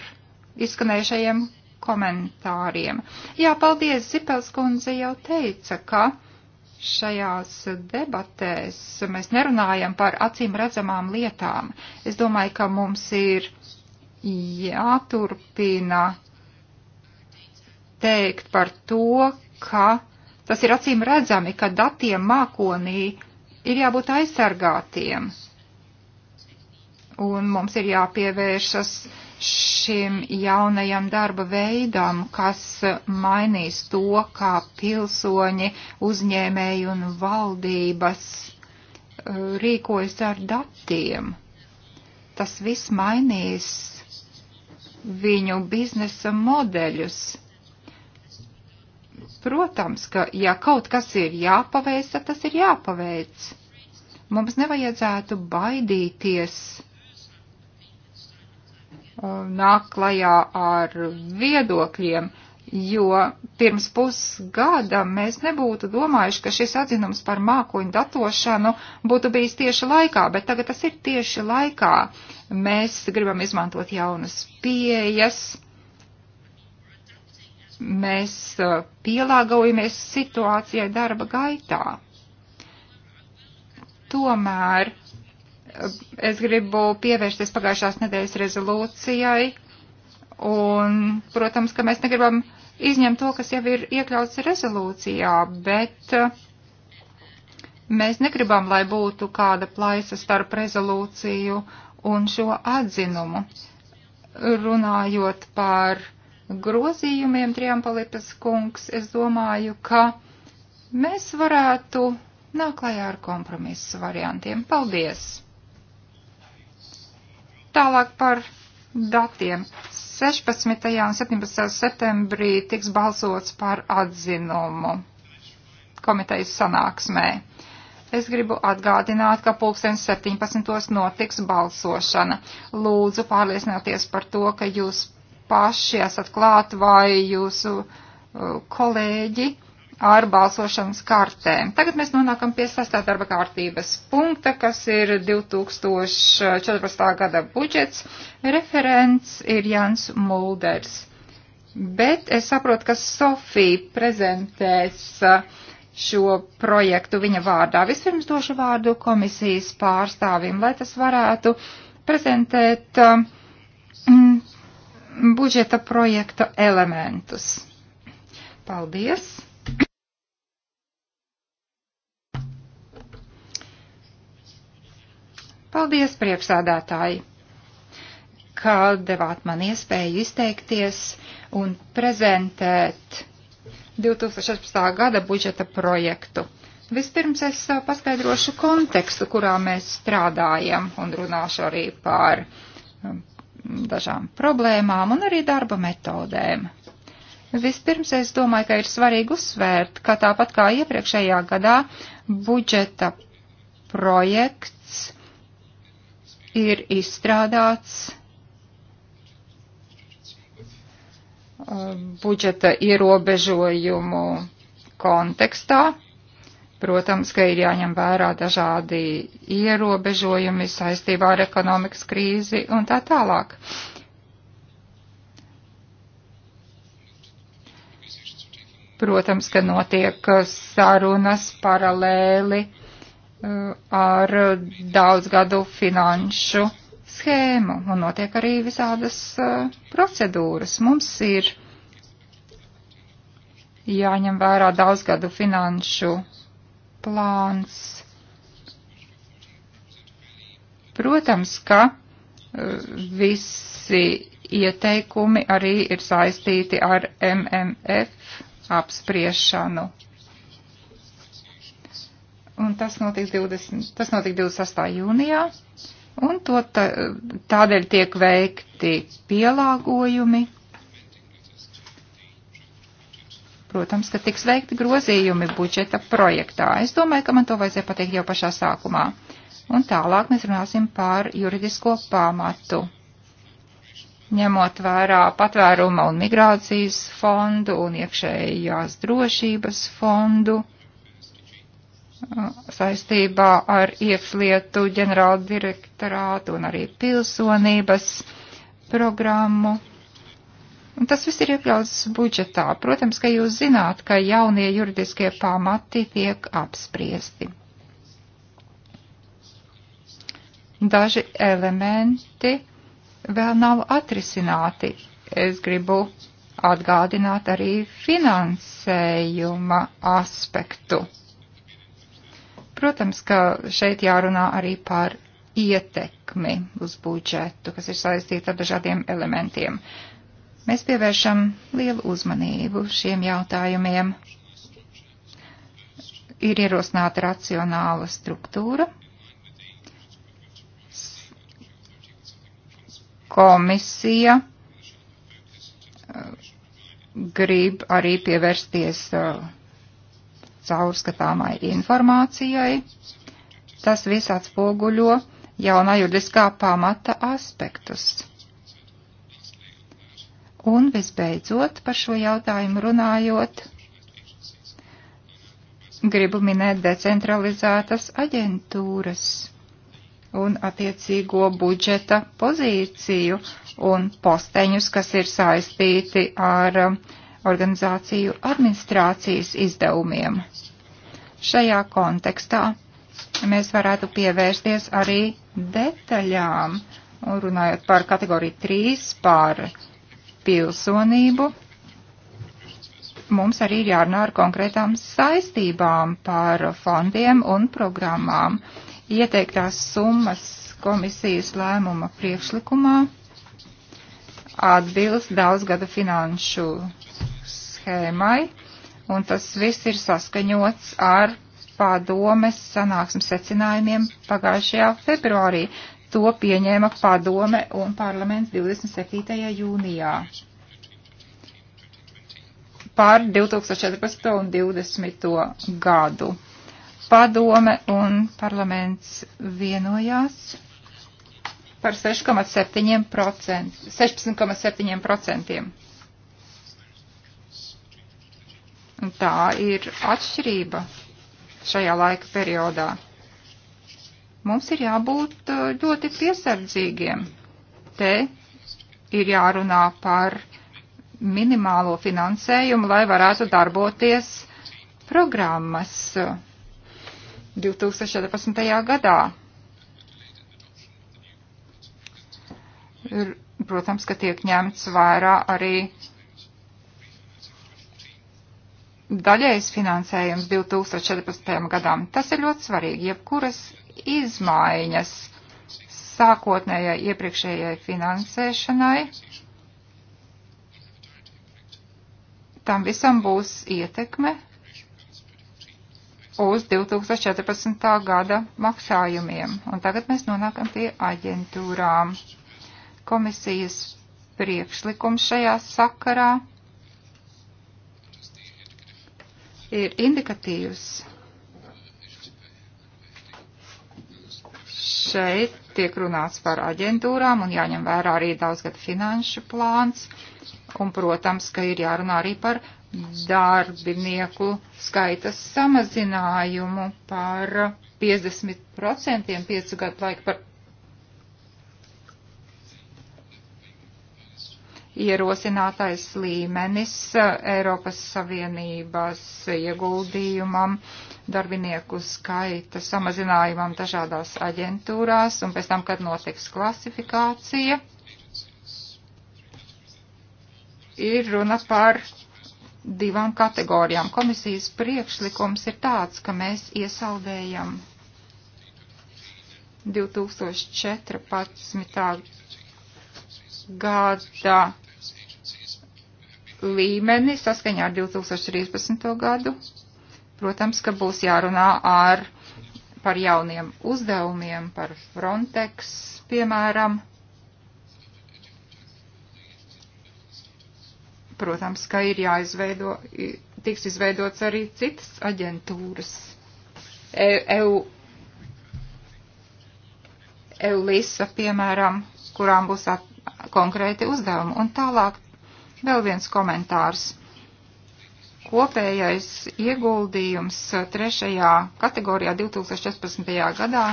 izskanējušajiem komentāriem. Jā, paldies, Zipelskundze jau teica, ka šajās debatēs mēs nerunājam par acīm redzamām lietām. Es domāju, ka mums ir jāturpina teikt par to, ka tas ir acīm redzami, ka datiem mākonī ir jābūt aizsargātiem. Un mums ir jāpievēršas uh, šim jaunajam darba veidam, kas mainīs to, kā pilsoņi, uzņēmēji un valdības eh, rīkojas ar datiem. Tas viss mainīs viņu biznesa modeļus. Protams, ka ja kaut kas ir jāpaveic, tad tas ir jāpaveic. Mums nevajadzētu baidīties Uh, nāk klajā ar viedokļiem, jo pirms pusgada mēs nebūtu domājuši, ka šis atzinums par mākoņu datošanu būtu bijis tieši laikā, bet tagad tas ir tieši laikā. Mēs gribam izmantot jaunas pieejas, mēs uh, pielāgojamies situācijai darba gaitā. Tomēr es gribu pievērsties pagājušās nedēļas rezolūcijai. Un, protams, ka mēs negribam izņemt to, kas jau ir iekļauts rezolūcijā, bet uh, mēs negribam, lai būtu kāda plaisa starp rezolūciju un šo atzinumu. Runājot par grozījumiem, Triampalipas kungs, es domāju, ka mēs varētu nāk klajā ar kompromisu variantiem. Paldies! Tālāk par datiem. 16. un 17. septembrī tiks balsots par atzinumu komitejas sanāksmē. Es gribu atgādināt, ka pulksten 17. notiks balsošana. Lūdzu pārliecināties par to, ka jūs paši esat klāt vai jūsu uh, kolēģi ar balsošanas kartēm. Tagad mēs nonākam pie sastā darba kārtības punkta, kas ir 2014. gada budžets. Referents ir Jans Mulders. Bet es saprotu, ka Sofija prezentēs uh, šo projektu viņa vārdā. Vispirms došu vārdu komisijas pārstāvim, lai tas varētu prezentēt uh, mm, budžeta projekta elementus. Paldies! Paldies, priekšsādātāji, ka devāt man iespēju izteikties un prezentēt 2016. gada budžeta projektu. Vispirms es paskaidrošu kontekstu, kurā mēs strādājam un runāšu arī par um, dažām problēmām un arī darba metodēm. Vispirms es domāju, ka ir svarīgi uzsvērt, ka tāpat kā iepriekšējā gadā budžeta projekts ir izstrādāts uh, budžeta ierobežojumu kontekstā. Protams, ka ir jāņem vērā dažādi ierobežojumi saistībā ar ekonomikas krīzi un tā tālāk. Protams, ka notiek sarunas paralēli Uh, ar daudzgadu finanšu schēmu un notiek arī visādas uh, procedūras. Mums ir jāņem vērā daudzgadu finanšu plāns. Protams, ka uh, visi ieteikumi arī ir saistīti ar MMF apspriešanu un tas notiks 20, tas notika 28. jūnijā, un to tā, tādēļ tiek veikti pielāgojumi. Protams, ka tiks veikti grozījumi budžeta projektā. Es domāju, ka man to vajadzēja pateikt jau pašā sākumā. Un tālāk mēs runāsim par juridisko pamatu ņemot vērā patvēruma un migrācijas fondu un iekšējās drošības fondu saistībā ar iekšlietu ģenerāla direktorātu un arī pilsonības programmu. Un tas viss ir iekļauts budžetā. Protams, ka jūs zināt, ka jaunie juridiskie pamati tiek apspriesti. Daži elementi vēl nav atrisināti. Es gribu atgādināt arī finansējuma aspektu Protams, ka šeit jārunā arī par ietekmi uz budžetu, kas ir saistīta ar dažādiem elementiem. Mēs pievēršam lielu uzmanību šiem jautājumiem. Ir ierosināta racionāla struktūra. Komisija uh, grib arī pievērsties uh, caurskatāmai informācijai. Tas viss atspoguļo jaunā juridiskā pamata aspektus. Un visbeidzot par šo jautājumu runājot, gribu minēt decentralizētas aģentūras un attiecīgo budžeta pozīciju un posteņus, kas ir saistīti ar uh, organizāciju administrācijas izdevumiem. Šajā kontekstā mēs varētu pievērsties arī detaļām, runājot par kategoriju 3, par pilsonību. Mums arī ir jārunā ar konkrētām saistībām par fondiem un programmām. Ieteiktās summas komisijas lēmuma priekšlikumā atbilst daudzgada finanšu schēmai, un tas viss ir saskaņots ar padomes sanāksmes secinājumiem pagājušajā februārī. To pieņēma padome un parlaments 27. jūnijā. Pār 2014. un 2020. gadu. Padome un parlaments vienojās par 6,7%. 16,7%. Un nu, tā ir atšķirība šajā laika periodā. Mums ir jābūt uh, ļoti piesardzīgiem. Te ir jārunā par minimālo finansējumu, lai varētu darboties programmas 2014. Uh, gadā. Protams, ka tiek ņemts vērā arī daļais finansējums 2014. gadam. Tas ir ļoti svarīgi. Jebkuras izmaiņas sākotnējai iepriekšējai finansēšanai, tam visam būs ietekme uz 2014. gada maksājumiem. Un tagad mēs nonākam pie aģentūrām. Komisijas priekšlikums šajā sakarā ir indikatīvs. Šeit tiek runāts par aģentūrām un jāņem vērā arī daudzgada finanšu plāns. Un, protams, ka ir jārunā arī par darbinieku skaita samazinājumu par 50% piecu gadu laiku par ierosinātais līmenis Eiropas Savienības ieguldījumam, darbinieku skaita samazinājumam dažādās aģentūrās un pēc tam, kad notiks klasifikācija, ir runa par divām kategorijām. Komisijas priekšlikums ir tāds, ka mēs iesaldējam 2014. gada līmeni saskaņā ar 2013. gadu. Protams, ka būs jārunā ar, par jauniem uzdevumiem, par Frontex, piemēram. Protams, ka ir jāizveido, tiks izveidots arī citas aģentūras. EU, e EULISA, piemēram, kurām būs konkrēti uzdevumi. Un tālāk Vēl viens komentārs. Kopējais ieguldījums trešajā kategorijā 2014. gadā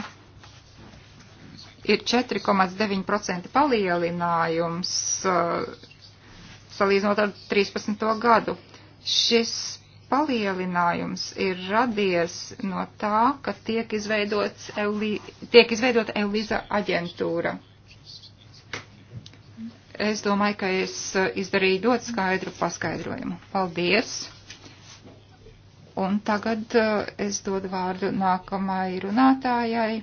ir 4,9% palielinājums eh, salīdzinot ar 13. gadu. Šis palielinājums ir radies no tā, ka tiek, tiek izveidota Eliza aģentūra. Es domāju, ka es uh, izdarīju ļoti skaidru paskaidrojumu. Paldies! Un tagad uh, es dodu vārdu nākamai runātājai.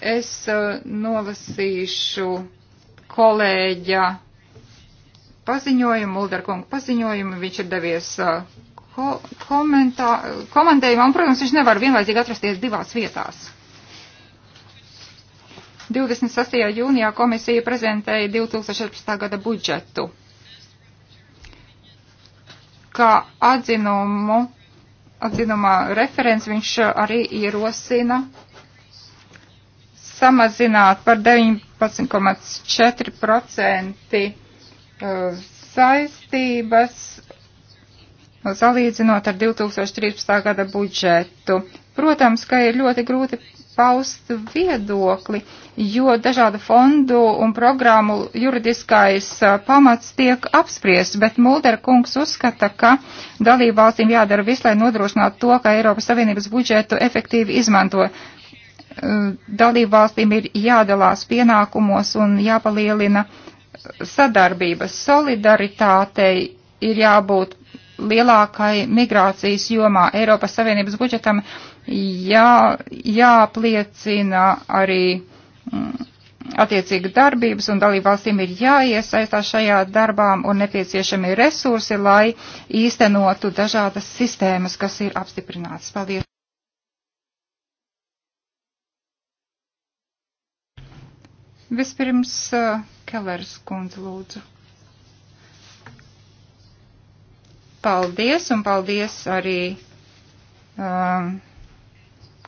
Es uh, nolasīšu kolēģa paziņojumu, Mulderkunga paziņojumu. Viņš ir devies ko komentā, komandējumā, un, protams, viņš nevar vienlaicīgi atrasties divās vietās. 28. jūnijā komisija prezentēja 2016. gada budžetu. Kā atzinumu, atzinumā referents viņš arī ierosina samazināt par 19,4% uh, saistības, salīdzinot ar 2013. gada budžetu. Protams, ka ir ļoti grūti paust viedokli, jo dažādu fondu un programmu juridiskais uh, pamats tiek apspriests, bet Mulder kungs uzskata, ka dalību valstīm jādara viss, lai nodrošinātu to, ka Eiropas Savienības budžetu efektīvi izmanto. Uh, dalību valstīm ir jādalās pienākumos un jāpalielina sadarbības solidaritātei ir jābūt lielākai migrācijas jomā Eiropas Savienības budžetam jā, jāpliecina arī mm, attiecīga darbības un dalībvalstīm ir jāiesaistās šajā darbām un nepieciešami resursi, lai īstenotu dažādas sistēmas, kas ir apstiprinātas. Paldies! Vispirms eh, Kellers kundze lūdzu. Paldies un paldies arī um,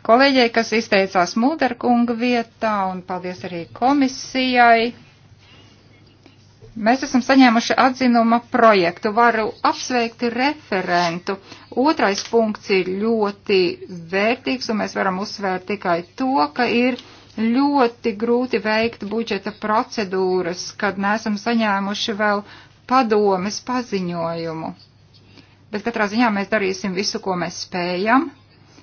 kolēģei, kas izteicās Mulderkunga vietā, un paldies arī komisijai. Mēs esam saņēmuši atzinuma projektu. Varu apsveikt referentu. Otrais punkts ir ļoti vērtīgs, un mēs varam uzsvērt tikai to, ka ir ļoti grūti veikt budžeta procedūras, kad neesam saņēmuši vēl padomes paziņojumu. Bet katrā ziņā mēs darīsim visu, ko mēs spējam,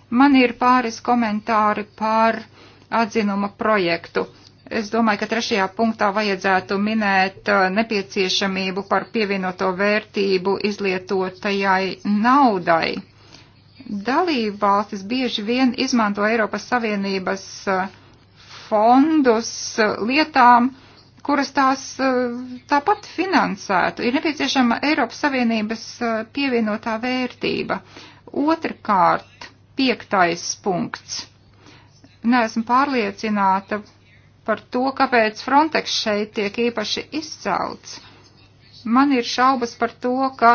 Man ir pāris komentāri par atzinuma projektu. Es domāju, ka trešajā punktā vajadzētu minēt uh, nepieciešamību par pievienoto vērtību izlietotajai naudai. Dalībvalstis bieži vien izmanto Eiropas Savienības uh, fondus uh, lietām, kuras tās tāpat finansētu. Ir nepieciešama Eiropas Savienības pievienotā vērtība. Otrkārt, Piektais punkts. Neesmu pārliecināta par to, kāpēc Frontex šeit tiek īpaši izcelts. Man ir šaubas par to, ka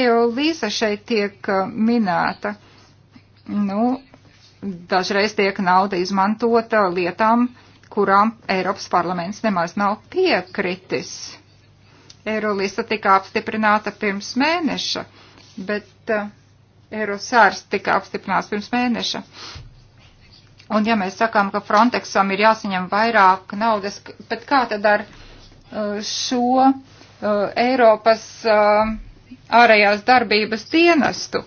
Eolīza šeit tiek uh, minēta. Nu, dažreiz tiek nauda izmantota lietām, kurām Eiropas parlaments nemaz nav piekritis. Eirolista tika apstiprināta pirms mēneša, bet uh, Eirosārs tika apstiprināts pirms mēneša. Un ja mēs sakām, ka Frontexam ir jāsaņem vairāk naudas, bet kā tad ar uh, šo uh, Eiropas uh, ārējās darbības dienestu?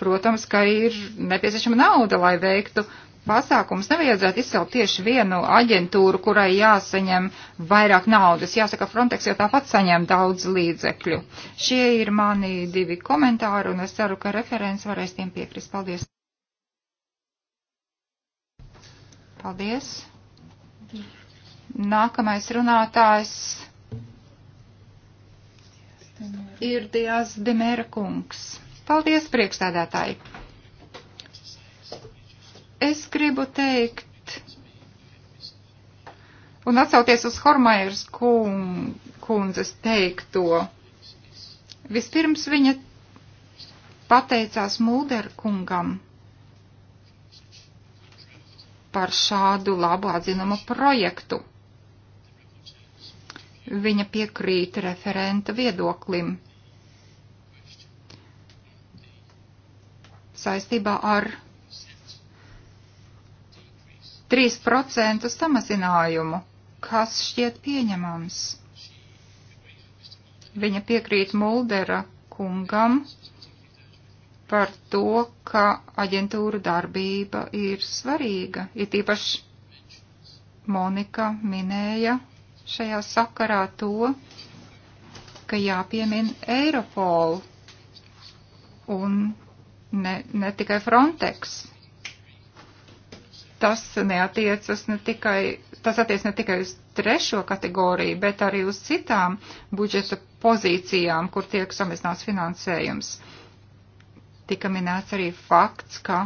Protams, ka ir nepieciešama nauda, lai veiktu uh, pasākums nevajadzētu izcelt tieši vienu aģentūru, kurai jāsaņem vairāk naudas. Jāsaka, Frontex jau tāpat saņem daudz līdzekļu. Šie ir mani divi komentāri, un es ceru, ka referents varēs tiem piekrist. Paldies! Paldies! Nākamais runātājs ir Dijas Demēra kungs. Paldies, priekšstādātāji! Es gribu teikt, un atsauties uz Hormairas kundzes teikto, vispirms viņa pateicās Mulder kungam par šādu labu atzinumu projektu. Viņa piekrīt referenta viedoklim saistībā ar 3% samazinājumu, kas šķiet pieņemams. Viņa piekrīt Muldera kungam par to, ka aģentūra darbība ir svarīga. Ir tīpaši Monika minēja šajā sakarā to, ka jāpiemin Eiropolu un ne, ne tikai Frontex tas neatiecas ne tikai, tas attiec ne tikai uz trešo kategoriju, bet arī uz citām budžeta pozīcijām, kur tiek samazināts finansējums. Tika minēts arī fakts, ka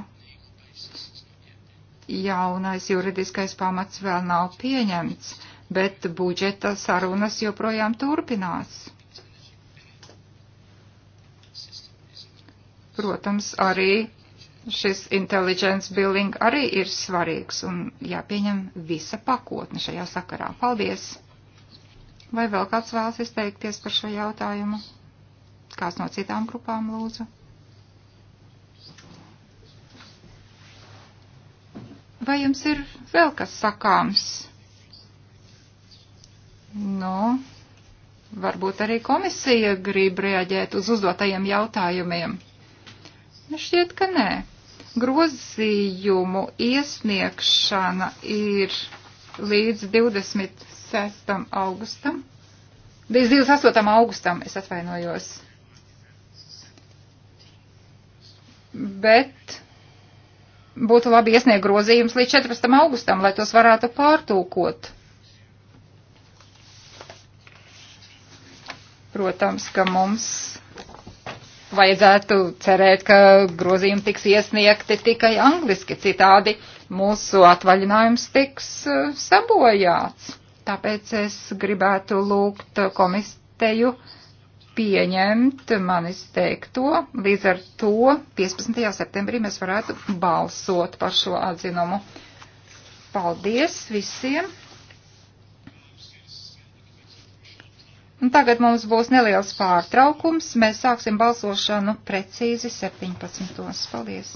jaunais juridiskais pamats vēl nav pieņemts, bet budžeta sarunas joprojām turpinās. Protams, arī šis intelligence building arī ir svarīgs un jāpieņem visa pakotne šajā sakarā. Paldies! Vai vēl kāds vēlas izteikties par šo jautājumu? Kāds no citām grupām lūdzu? Vai jums ir vēl kas sakāms? Nu, varbūt arī komisija grib reaģēt uz uzdotajiem jautājumiem. Nu, šķiet, ka nē. Grozījumu iesniegšana ir līdz 26. augustam. Līdz 28. augustam es atvainojos. Bet būtu labi iesniegt grozījumus līdz 14. augustam, lai tos varētu pārtūkot. Protams, ka mums vajadzētu cerēt, ka grozījumi tiks iesniegti tikai angliski, citādi mūsu atvaļinājums tiks eh, sabojāts. Tāpēc es gribētu lūgt komisteju pieņemt manis teikto. Līdz ar to 15. septembrī mēs varētu balsot par šo atzinumu. Paldies visiem! Un tagad mums būs neliels pārtraukums. Mēs sāksim balsošanu precīzi 17. Paldies!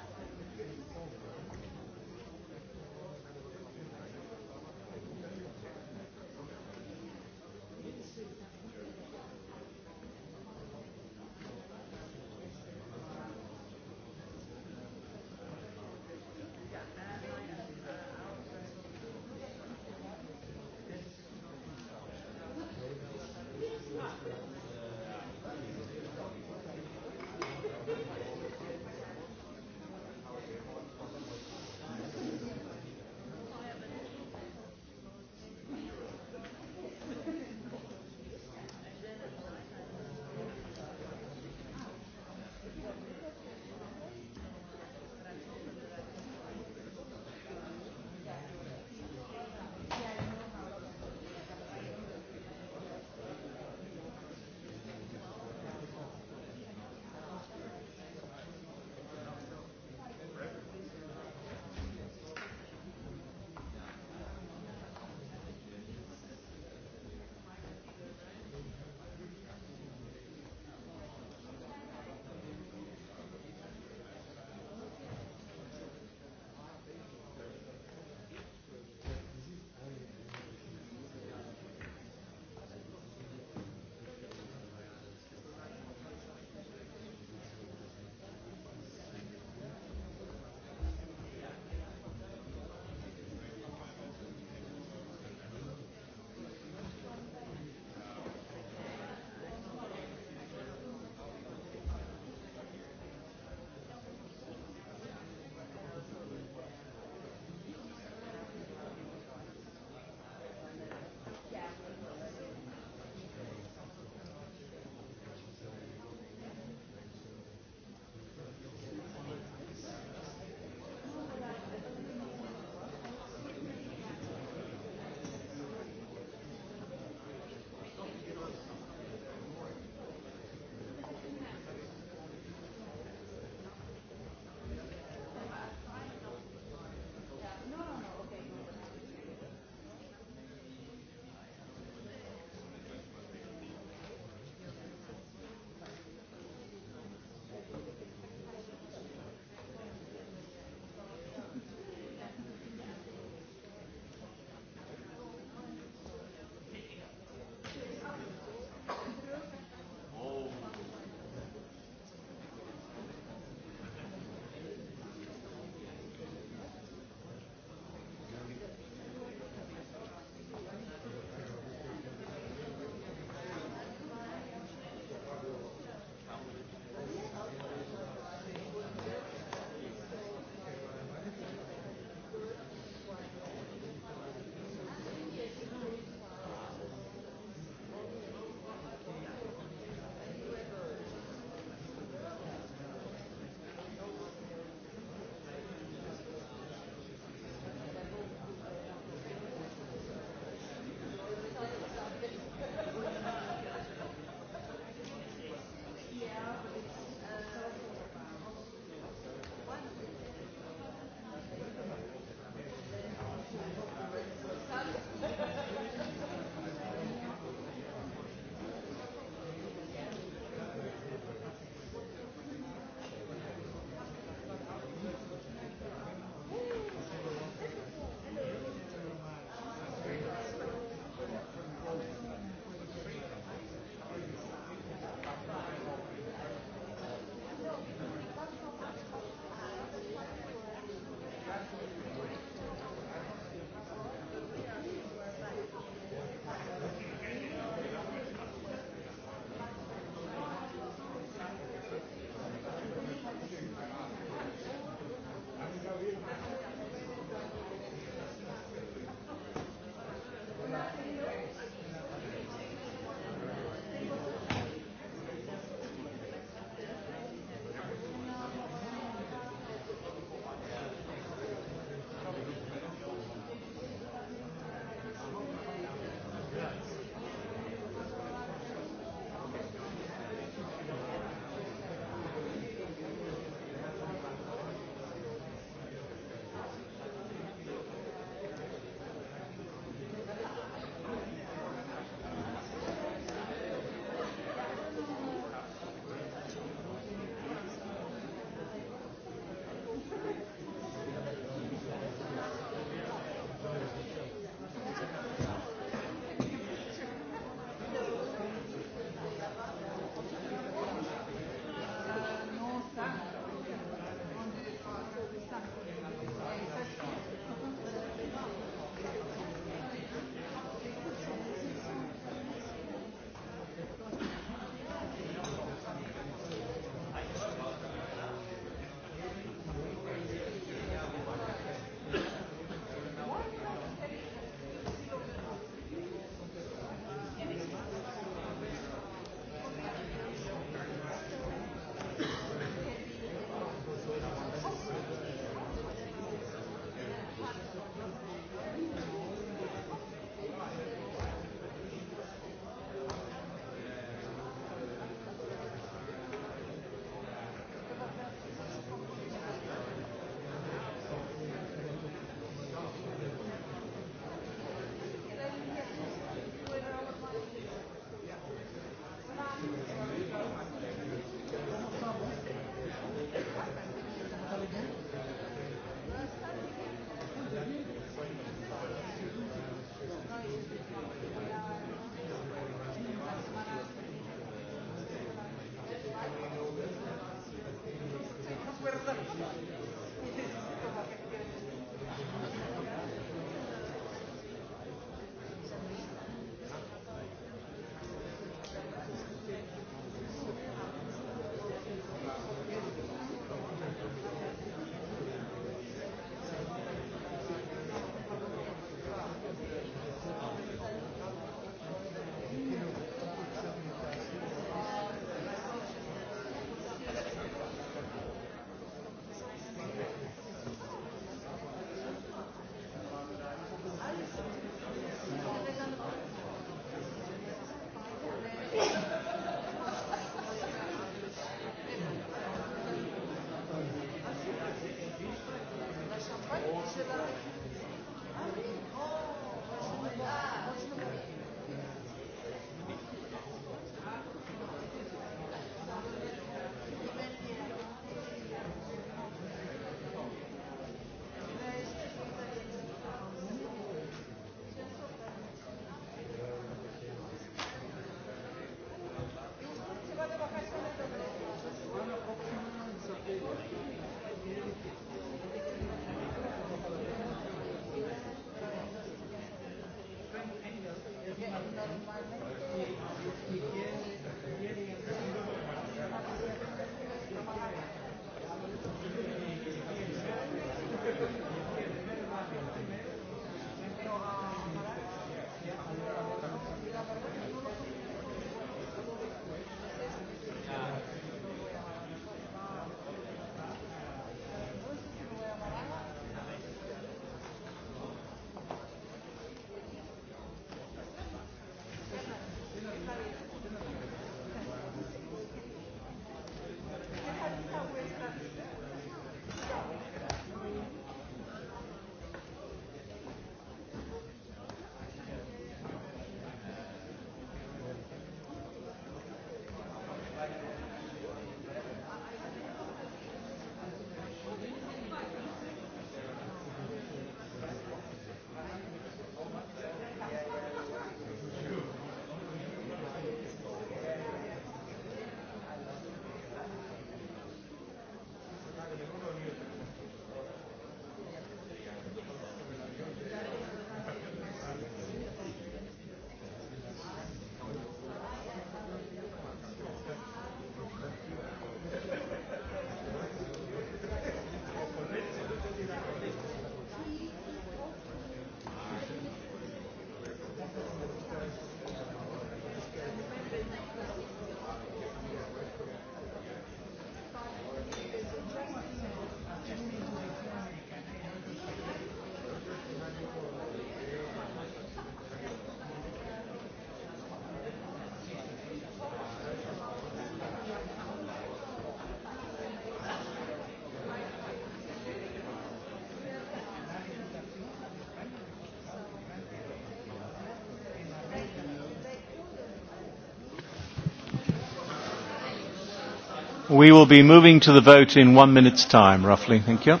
We will be moving to the vote in one minute's time, roughly. Thank you.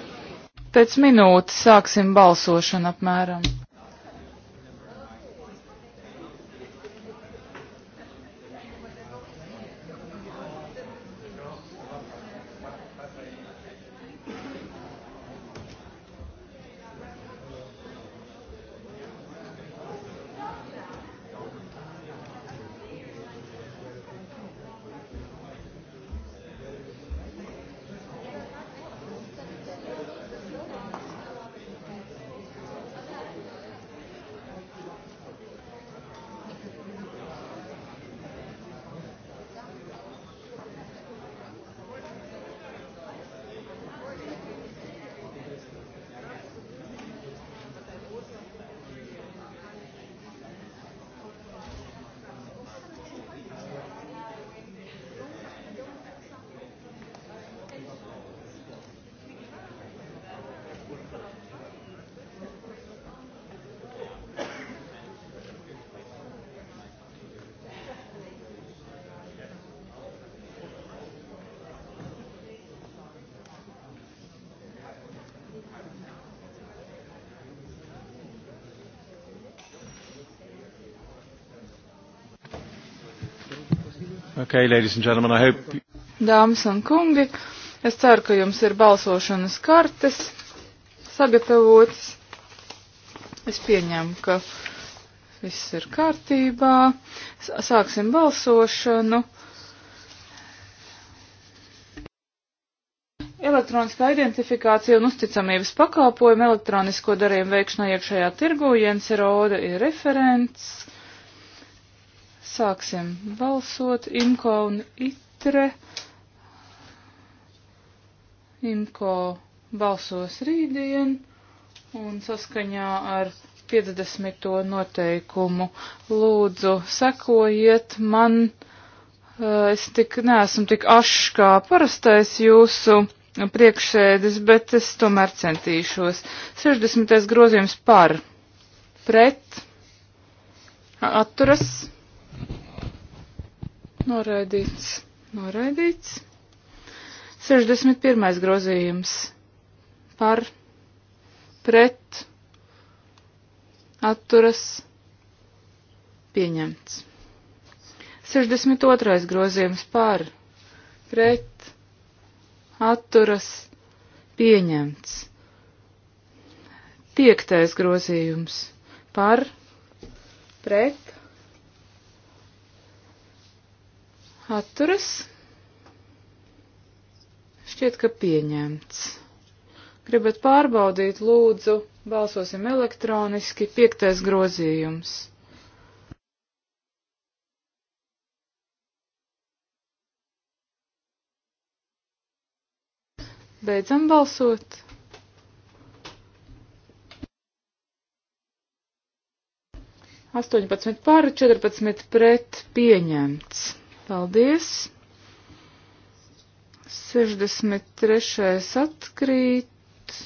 Pēc minūtes sāksim balsošanu apmēram. Okay, ladies and gentlemen, I hope. Dāmas un kungi, es ceru, ka jums ir balsošanas kartes sagatavotas. Es pieņemu, ka viss ir kārtībā. Sāksim balsošanu. Elektroniskā identifikācija un uzticamības pakalpojuma elektronisko darījumu veikšanai iekšējā tirgu Jens Rode ir referents. Sāksim balsot. Imko un itre. Imko balsos rītdien un saskaņā ar 50. noteikumu lūdzu sekojiet man. Eh, es tik neesmu tik ašs kā parastais jūsu priekšsēdis, bet es tomēr centīšos. 60. grozījums par, pret, atturas, Noraidīts. Noraidīts. 61. grozījums. Par. Pret. Atturas. Pieņemts. 62. grozījums. Par. Pret. Atturas. Pieņemts. Piektais grozījums. Par. Pret atturas. Šķiet, ka pieņemts. Gribat pārbaudīt, lūdzu, balsosim elektroniski, piektais grozījums. Beidzam balsot. Astoņpadsmit pār, četrpadsmit pret pieņemts. Paldies! 63. atkrīt.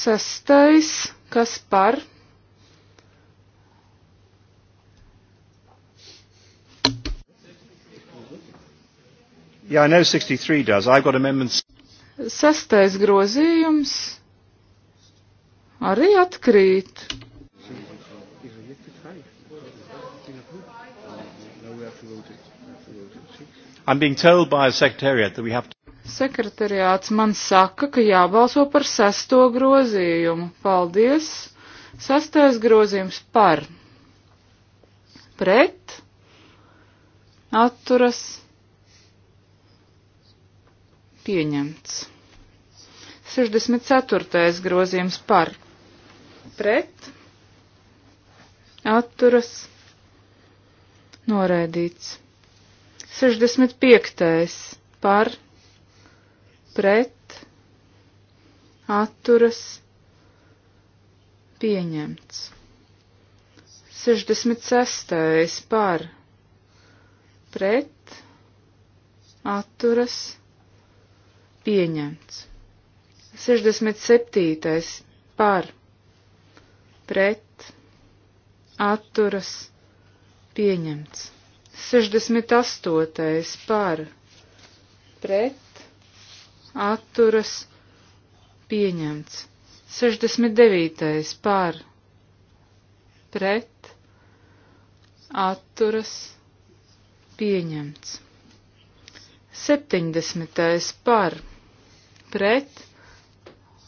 Sastais, kas par? Yeah, I know 63 does. I've got amendments. Sastais grozījums arī atkrīt. Sekretariāts man saka, ka jābalso par sesto grozījumu. Paldies! Sastais grozījums par. Pret. Atturas. Pieņemts. 64. grozījums par. Pret. Atturas Noraidīts. 65. par, pret, atturas, pieņemts. 66. par, pret, atturas, pieņemts. 67. par, pret, atturas, pieņemts pieņemts. 68. par pret atturas pieņemts. 69. par pret atturas pieņemts. 70. par pret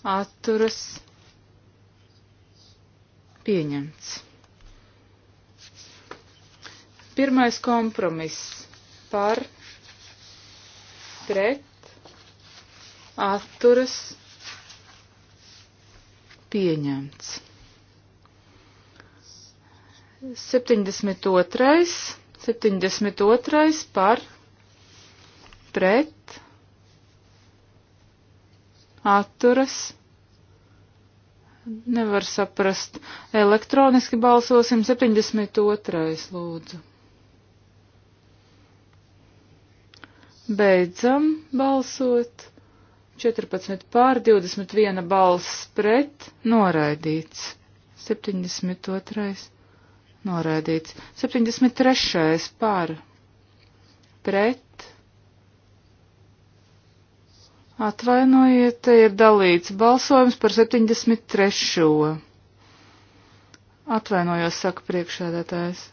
atturas pieņemts. Pirmais kompromiss par, pret, atturas, pieņemts. 72. 72. par, pret, atturas, pieņemts nevar saprast. Elektroniski balsosim 72. lūdzu. Beidzam balsot. 14 pār 21 balss pret noraidīts. 72. noraidīts. 73. pār pret. Atvainojiet, te ir dalīts balsojums par 73. Atvainojos, saka priekšēdētājs.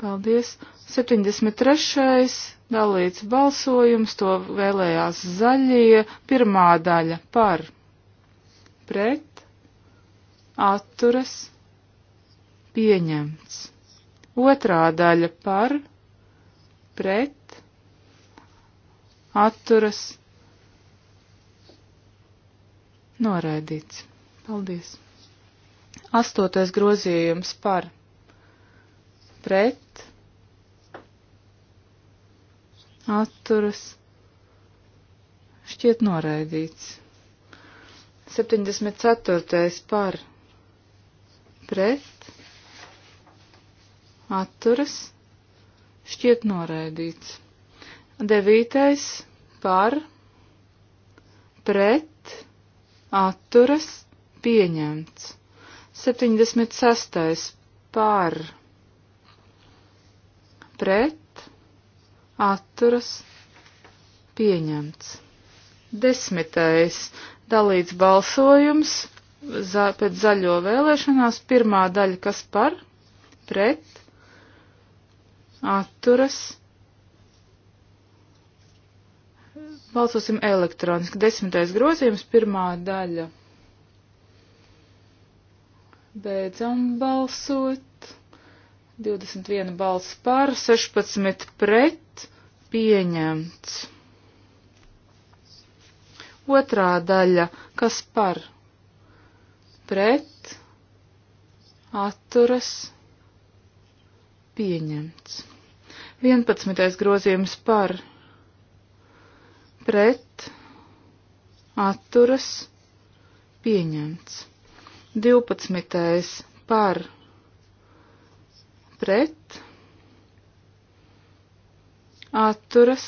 Paldies. 73. dalīts balsojums, to vēlējās zaļie. Pirmā daļa par pret atturas pieņemts. Otrā daļa par pret atturas noraidīts. Paldies. Astotais grozījums par pret pret, atturas, šķiet noraidīts. 74. par, pret, atturas, šķiet noraidīts. 9. par, pret, atturas, pieņemts. 76. par, pret, pret, atturas, pieņemts. Desmitais dalīts balsojums za, pēc zaļo vēlēšanās, pirmā daļa, kas par, pret, atturas, pieņemts. Balsosim elektroniski. Desmitais grozījums, pirmā daļa. Beidzam balsot. 21 balss par, 16 pret, pieņemts. Otrā daļa, kas par, pret, atturas, pieņemts. 11. grozījums par, pret, atturas, pieņemts. 12. par, pret pret, atturas,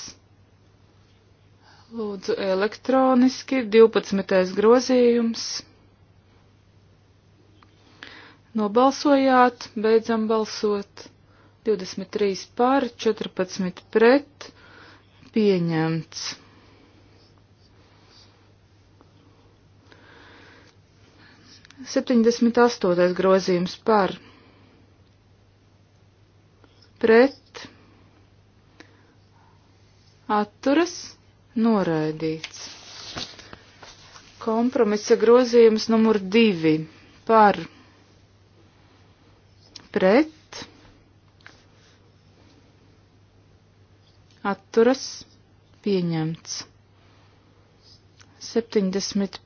lūdzu elektroniski, 12. grozījums. Nobalsojāt, beidzam balsot, 23 pār, 14 pret, pieņemts. Septiņdesmit astotais grozījums par pret, atturas, noraidīts. Kompromisa grozījums numur divi par pret, atturas, pieņemts. 75.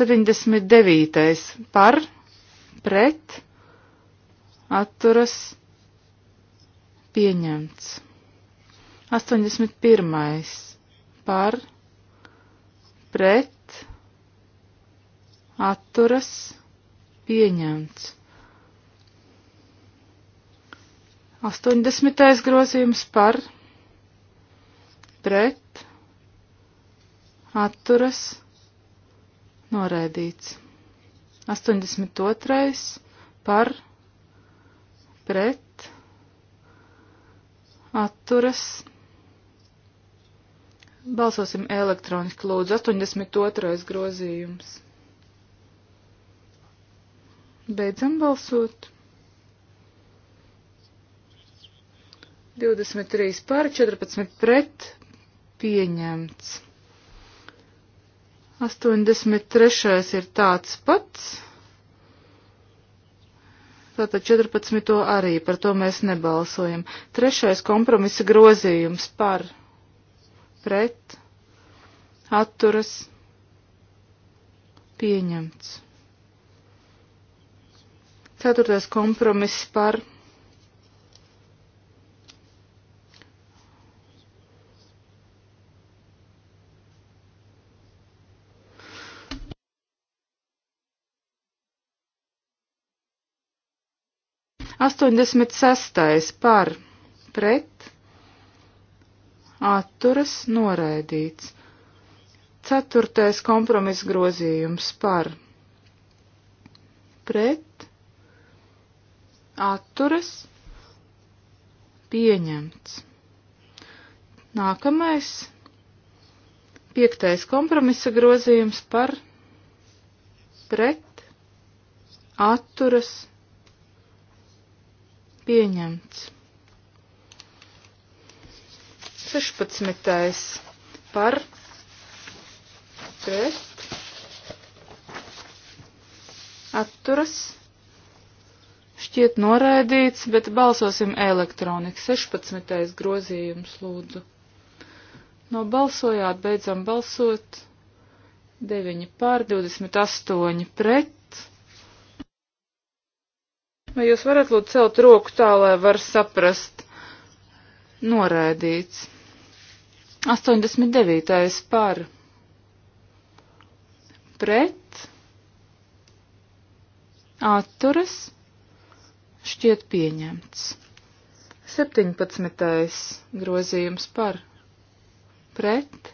79. par pret, atturas pieņemts. 81. par pret atturas pieņemts. 80. grozījums par pret atturas noraidīts. 82. par pret pret, atturas. Balsosim elektroniski, lūdzu, 82. grozījums. Beidzam balsot. 23 pār 14 pret pieņemts. 83. ir tāds pats. Tātad 14. arī par to mēs nebalsojam. Trešais kompromisa grozījums par pret atturas pieņemts. Ceturtais kompromiss par pret 86. par pret atturas noraidīts. 4. kompromiss grozījums par pret atturas pieņemts. Nākamais piektais kompromisa grozījums par pret atturas pieņemts. 16. par pret atturas šķiet noraidīts, bet balsosim elektroniski. 16. grozījums lūdzu. Nobalsojāt, beidzam balsot. 9 pār 28 pret Vai jūs varat lūdzu celt roku tā, lai var saprast? Noraidīts. 89. par. Pret. Atturas. Šķiet pieņemts. 17. grozījums par. Pret.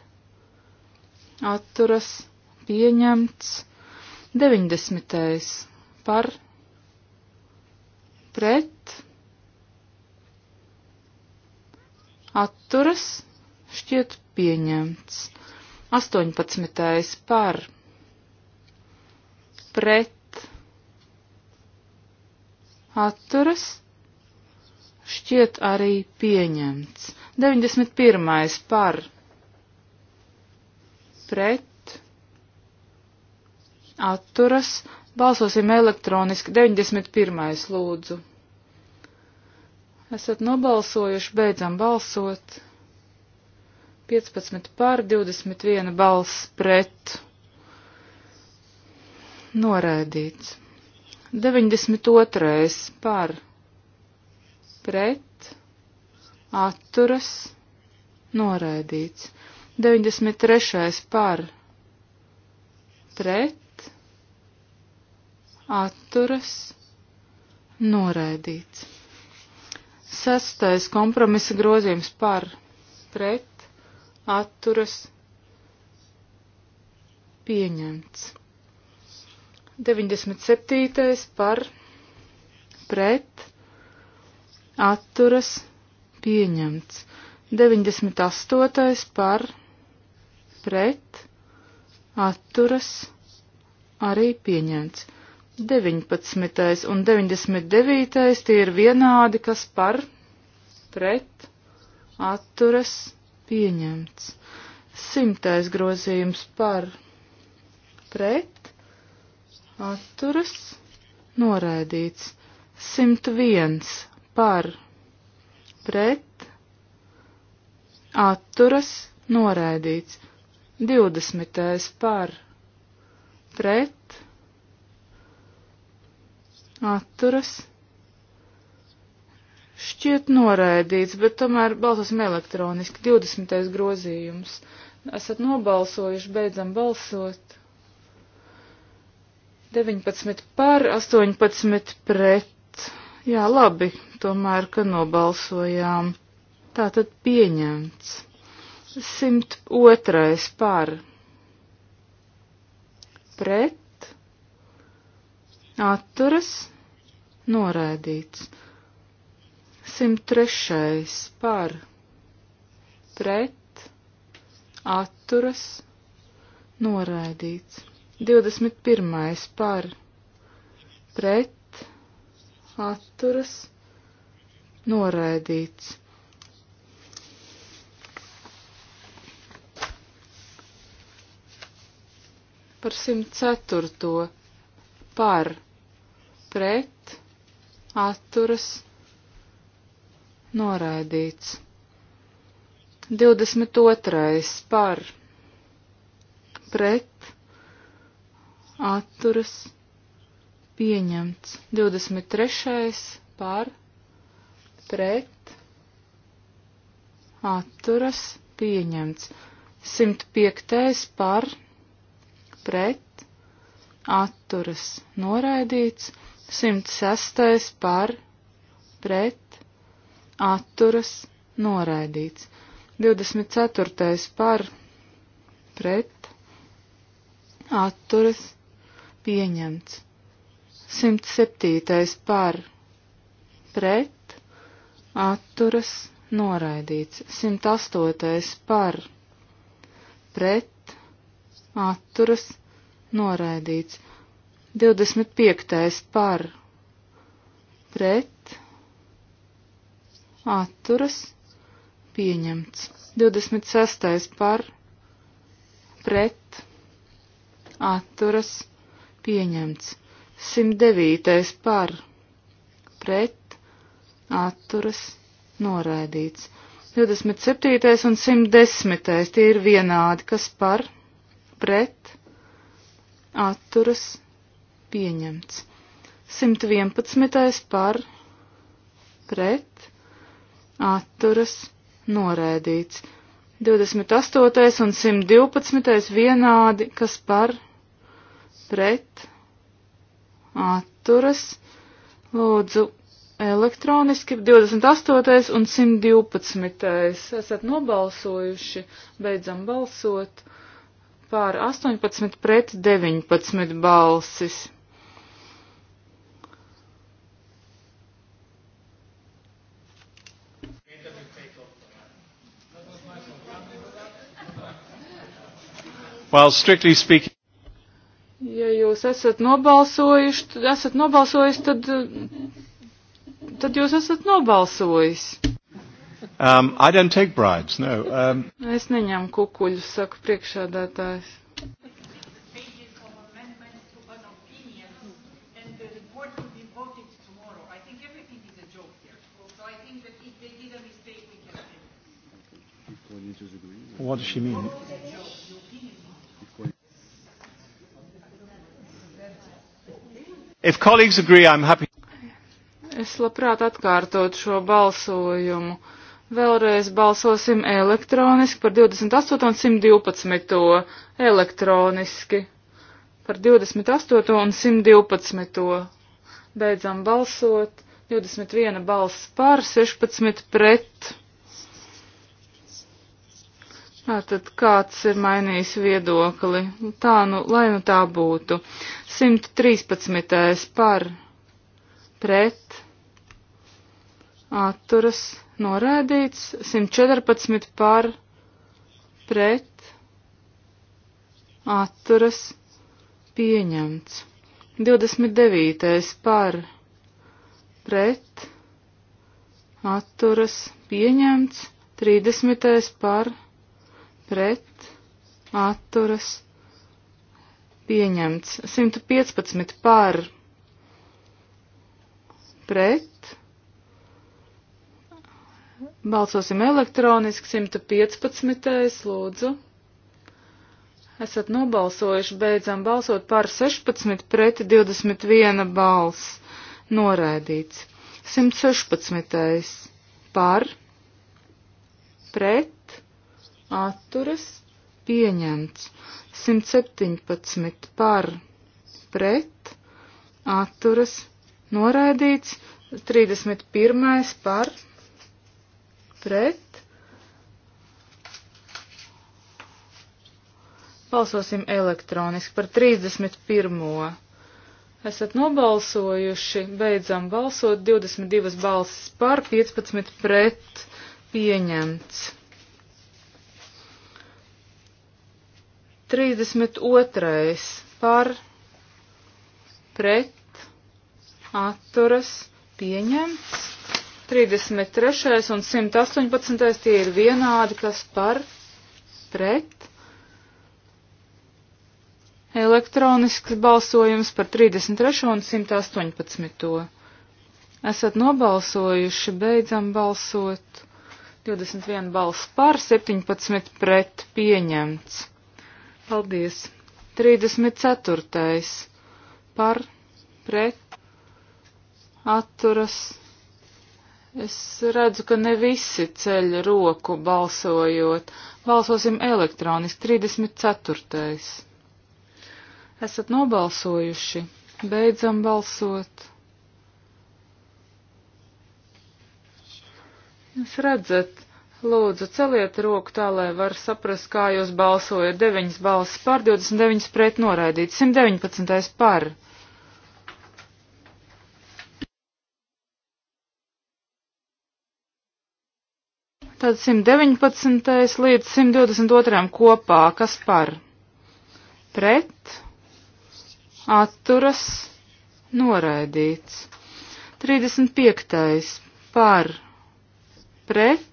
Atturas. Pieņemts. 90. par pret, atturas, šķiet pieņemts. 18. par, pret, atturas, šķiet arī pieņemts. 91. par, pret, atturas, Balsosim elektroniski. 91. lūdzu. Esat nobalsojuši, beidzam balsot. 15 pār 21 balss pret. Noraidīts. 92. par pret. Atturas. Noraidīts. 93. par pret atturas, noraidīts. Sestais kompromisa grozījums par, pret, atturas, pieņemts. 97. par, pret, atturas, pieņemts. 98. par, pret, atturas, arī pieņemts. 19. un 99. tie ir vienādi, kas par pret atturas pieņemts. 100. grozījums par pret atturas noraidīts. 101 par pret atturas noraidīts. 20. par pret atturas. Šķiet noraidīts, bet tomēr balsosim elektroniski. 20. grozījums. Esat nobalsojuši, beidzam balsot. 19 par, 18 pret. Jā, labi, tomēr, ka nobalsojām. Tā tad pieņemts. 102 par. Pret atturas noraidīts. 103. par pret atturas noraidīts. 21. par pret atturas noraidīts. Par 104. par pret pret, atturas, noraidīts. 22. par, pret, atturas, pieņemts. 23. par, pret, atturas, pieņemts. 105. par, pret, atturas, noraidīts. 106. par pret atturas noraidīts. 24. par pret atturas pieņemts. 107. par pret atturas noraidīts. 108. par pret atturas noraidīts. 25. par pret atturas pieņemts. 26. par pret atturas pieņemts. 109. par pret atturas noraidīts. 27. un 110. tie ir vienādi, kas par pret atturas pieņemts pieņemts. 111. par pret atturas noraidīts. 28. un 112. vienādi, kas par pret atturas lūdzu elektroniski 28. un 112. esat nobalsojuši, beidzam balsot pār 18 pret 19 balsis. While strictly speaking. Ja jūs esat nobalsojuši, tad esat nobalsojis, tad, tad jūs esat nobalsojis. Um, I don't take bribes, no. Um, es neņemu kukuļu, saka priekšādātājs. What does she mean? If colleagues agree, I'm happy. Es labprāt atkārtot šo balsojumu. Vēlreiz balsosim elektroniski par 28 un 112 elektroniski. Par 28 un 112. Beidzam balsot. 21 balss par, 16 pret. Tātad kāds ir mainījis viedokli? Tā nu, lai nu tā būtu. 113. par pret atturas norēdīts, 114 par pret atturas pieņemts, 29 par pret atturas pieņemts, 30 par pret pret, atturas, pieņemts. 115 par, pret, balsosim elektroniski, 115. lūdzu. Esat nobalsojuši, beidzam balsot par 16 pret 21 balss. Noraidīts. 116. par, pret, atturas pieņemts. 117 par pret atturas noraidīts. 31 par pret. Balsosim elektroniski par 31. Esat nobalsojuši, beidzam balsot, 22 balsis par, 15 pret, pieņemts. 32. par pret atturas pieņemts. 33. un 118. tie ir vienādi, kas par pret. Elektronisks balsojums par 33. un 118. Esat nobalsojuši, beidzam balsot. 21 balss par, 17 pret pieņemts. Paldies. 34. par pret atturas. Es redzu, ka ne visi ceļ roku balsojot. Balsosim elektroniski. 34. Esat nobalsojuši. Beidzam balsot. Jūs redzat, Lūdzu, celiet roku tā, lai var saprast, kā jūs balsojat. 9 balsis par, 29 pret noraidīt, 119 par. Tad 119 līdz 122 kopā, kas par? Pret, atturas, noraidīts. 35. par, pret,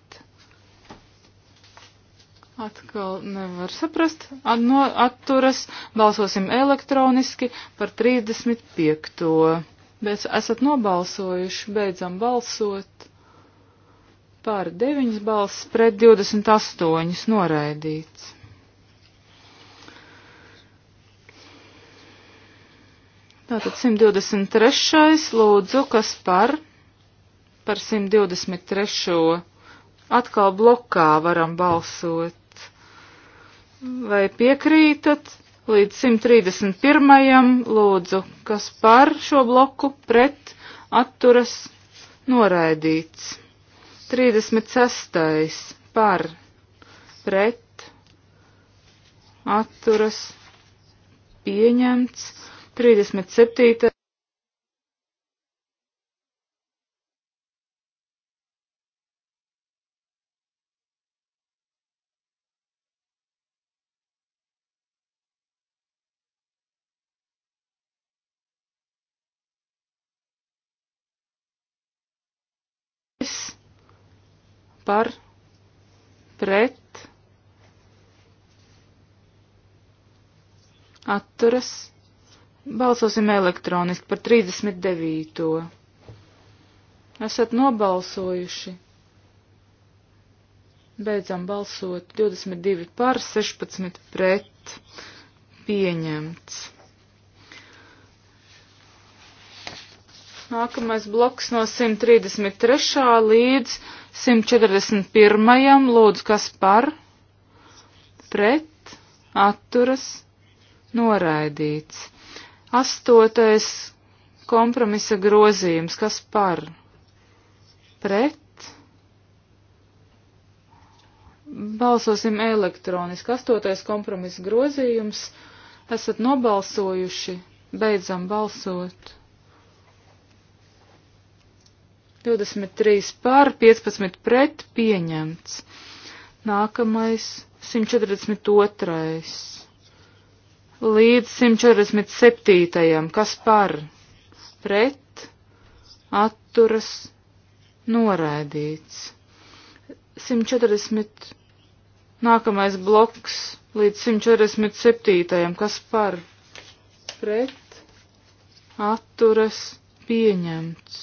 Atkal nevar saprast. At, no, atturas. Balsosim elektroniski par 35. Bet esat nobalsojuši. Beidzam balsot. Pār 9 balss pret 28 noraidīts. Tātad 123. lūdzu, kas par? Par 123. atkal blokā varam balsot. Vai piekrītat? Līdz 131. lūdzu, kas par šo bloku pret atturas noraidīts. 36. par pret atturas pieņemts. 37. par pret atturas. Balsosim elektroniski par 39. Esat nobalsojuši. Beidzam balsot 22 par 16 pret pieņemts. Nākamais bloks no 133. līdz 141. lūdzu, kas par, pret, atturas, noraidīts. Astotais kompromisa grozījums, kas par, pret, balsosim elektroniski. Astotais kompromisa grozījums, esat nobalsojuši, beidzam balsot. 23 pār, 15 pret pieņemts. Nākamais 142. Līdz 147. kas par pret atturas noraidīts. 140. Nākamais bloks līdz 147. kas par pret atturas pieņemts.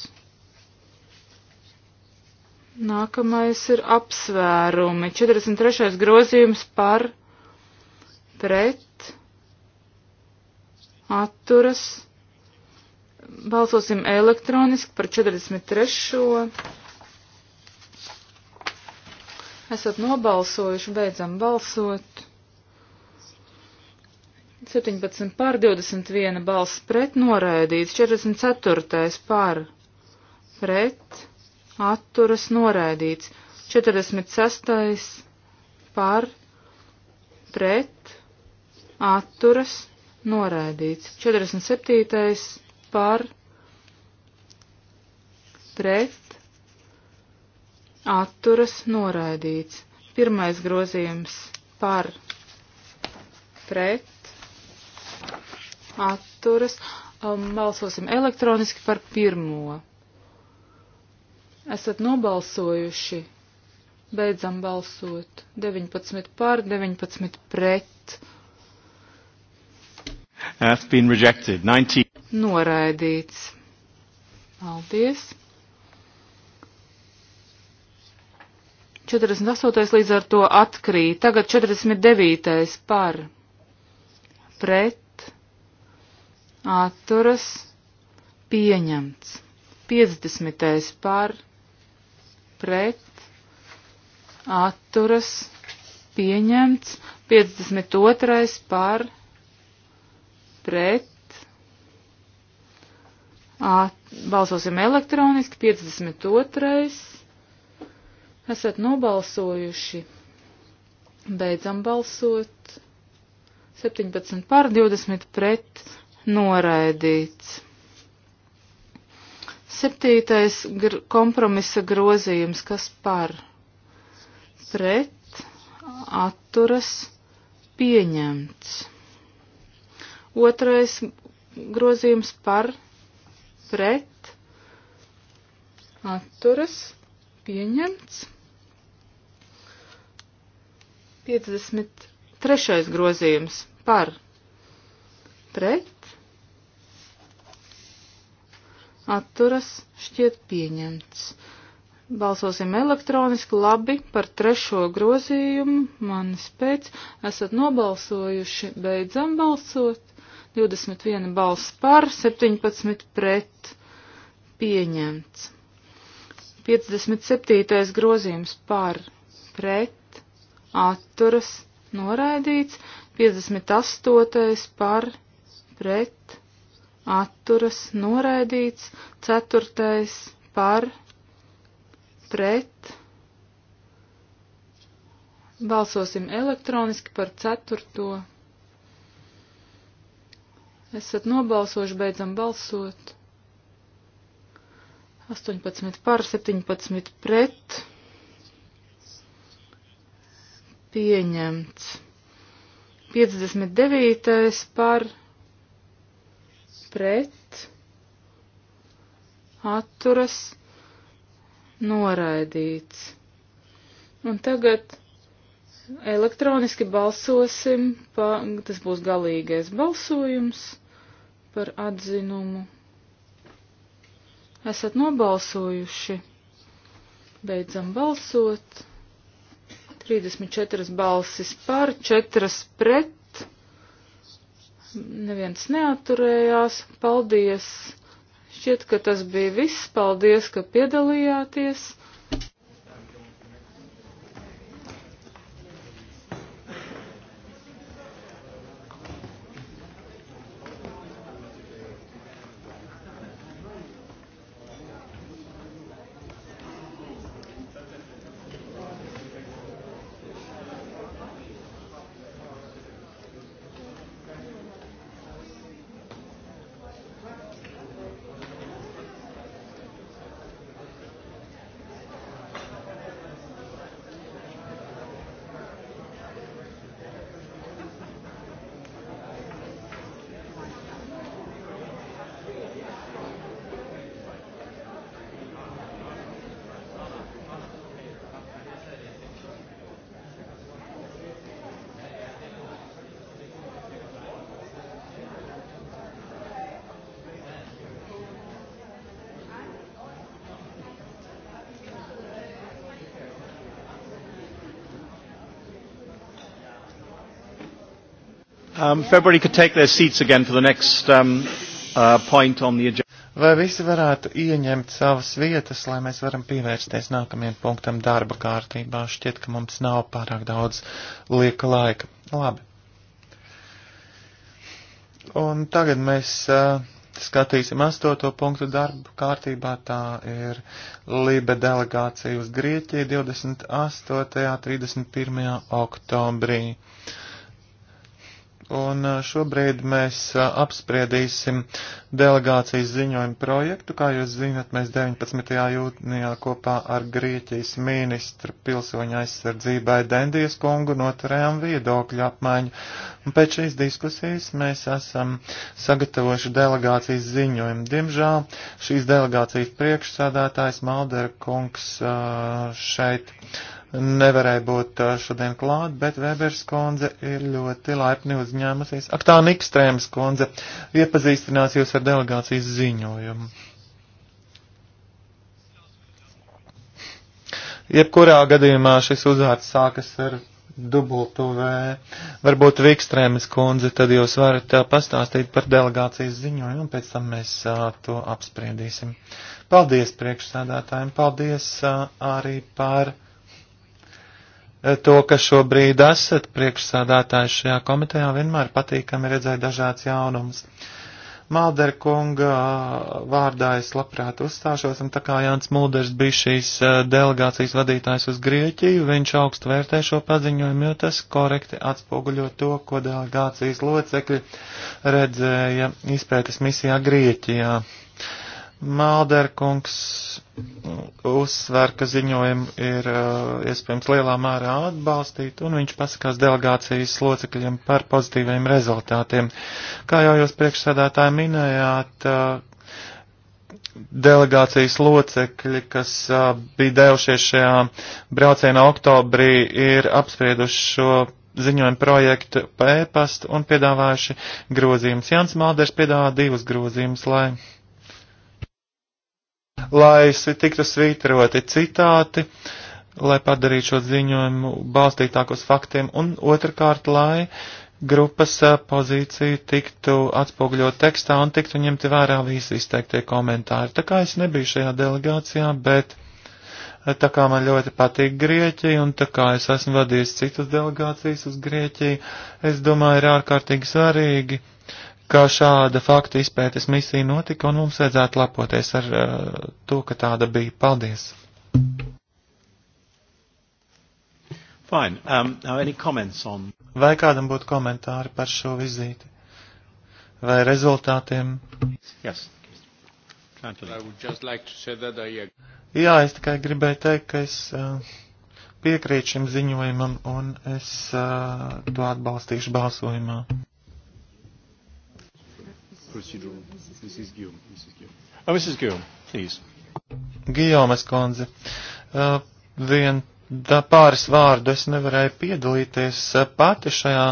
Nākamais ir apsvērumi. 43. grozījums par pret atturas. Balsosim elektroniski par 43. Esat nobalsojuši, beidzam balsot. 17 pār 21 balss pret noraidīts, 44 pār pret atturas noraidīts. 46. par, pret, atturas noraidīts. 47. par, pret, atturas noraidīts. Pirmais grozījums par, pret, atturas. Um, balsosim elektroniski par pirmo. Esat nobalsojuši. Beidzam balsot. 19 pār, 19 pret. That's been rejected. 19. Noraidīts. Paldies. 48. līdz ar to atkrīt. Tagad 49. par pret atturas pieņemts. 50. par pret pret, atturas, pieņemts, 52. par, pret, at, balsosim elektroniski, 52. esat nobalsojuši, beidzam balsot, 17 par, 20 pret, noraidīts. Septītais gr kompromisa grozījums, kas par pret atturas pieņemts. Otrais grozījums par pret atturas pieņemts. 53. grozījums par pret atturas šķiet pieņemts. Balsosim elektroniski, labi, par trešo grozījumu manis pēc esat nobalsojuši, beidzam balsot, 21 balss par, 17 pret, pieņemts. 57. grozījums par, pret, atturas, noraidīts, 58. par, pret, atturas noraidīts, ceturtais par, pret. Balsosim elektroniski par ceturto. Esat nobalsojuši, beidzam balsot. 18 par, 17 pret. Pieņemts. 59 par pret, atturas, noraidīts. Un tagad elektroniski balsosim, pa, tas būs galīgais balsojums par atzinumu. Esat nobalsojuši, beidzam balsot. 34 balsis par, 4 pret, Neviens neaturējās. Paldies! Šķiet, ka tas bija viss. Paldies, ka piedalījāties! Um, if everybody could take their seats again for the next um, uh, point on the agenda. Vai visi varētu ieņemt savas vietas, lai mēs varam pievērsties nākamajam punktam darba kārtībā? Šķiet, ka mums nav pārāk daudz lieka laika. Labi. Un tagad mēs uh, skatīsim astoto punktu darbu kārtībā. Tā ir Libe delegācija uz Grieķiju 28. un 31. oktobrī. Uh, un eh, šobrīd mēs eh, apspriedīsim delegācijas ziņojumu projektu. Kā jūs zinat, mēs 19. jūnijā kopā ar Grieķijas ministru pilsoņa aizsardzībai Dendijas kungu noturējām viedokļu apmaiņu. Un pēc šīs diskusijas mēs esam sagatavojuši delegācijas ziņojumu. Diemžēl šīs delegācijas priekšsādātājs Maldera kungs eh, šeit nevarēja būt uh, šodien klāt, bet Vēbers kundze ir ļoti laipni uzņēmusies. Ak, tā Nikstrēms kundze iepazīstinās jūs ar delegācijas ziņojumu. Jebkurā gadījumā šis uzvārds sākas ar dubultu V. Varbūt Vikstrēmas kundze, tad jūs varat uh, pastāstīt par delegācijas ziņojumu, un pēc tam mēs a, uh, to apspriedīsim. Paldies priekšsādātājiem, paldies a, arī par. Eh, to, ka šobrīd esat priekšsādātājs šajā komitejā, vienmēr patīkami redzēt dažāds jaunums. Maldera kunga eh, vārdā es labprāt uzstāšos, un tā kā Jānis Mulders bija šīs eh, delegācijas vadītājs uz Grieķiju, viņš augstu vērtē šo paziņojumu, jo tas korekti atspoguļo to, ko delegācijas locekļi redzēja izpētes misijā Grieķijā. Malderkungs uzsver, ka ziņojumu ir uh, iespējams lielā mērā atbalstīt, un viņš pasakās delegācijas locekļiem par pozitīviem rezultātiem. Kā jau jūs priekšsēdētāji minējāt, uh, delegācijas locekļi, kas uh, bija devušies šajā braucienā oktobrī, ir apsprieduši šo ziņojumu projektu pa e-pastu un piedāvājuši grozījumus. Jans Malders piedāvā divus grozījumus, lai lai tiktu svītroti citāti, lai padarītu šo ziņojumu balstītāku uz faktiem, un otrkārt, lai grupas pozīcija tiktu atspoguļot tekstā un tiktu ņemti vērā visi izteiktie komentāri. Tā kā es nebiju šajā delegācijā, bet tā kā man ļoti patīk Grieķija un tā kā es esmu vadījis citas delegācijas uz Grieķiju, es domāju, ir ārkārtīgi svarīgi ka šāda faktu izpētes misija notika, un mums vajadzētu lepoties ar uh, to, ka tāda bija. Paldies! Fine. Um, any comments on... Vai kādam būtu komentāri par šo vizīti? Vai rezultātiem? Yes. Like I... Jā, es tikai gribēju teikt, ka es uh, piekrītu šim ziņojumam un es uh, to atbalstīšu balsojumā procedural. Mrs. Guillaume. Mrs. Guillaume. Oh, Mrs. Guillaume, please. Gijomas kundze. Uh, vien da, pāris vārdu es nevarēju piedalīties uh, pati šajā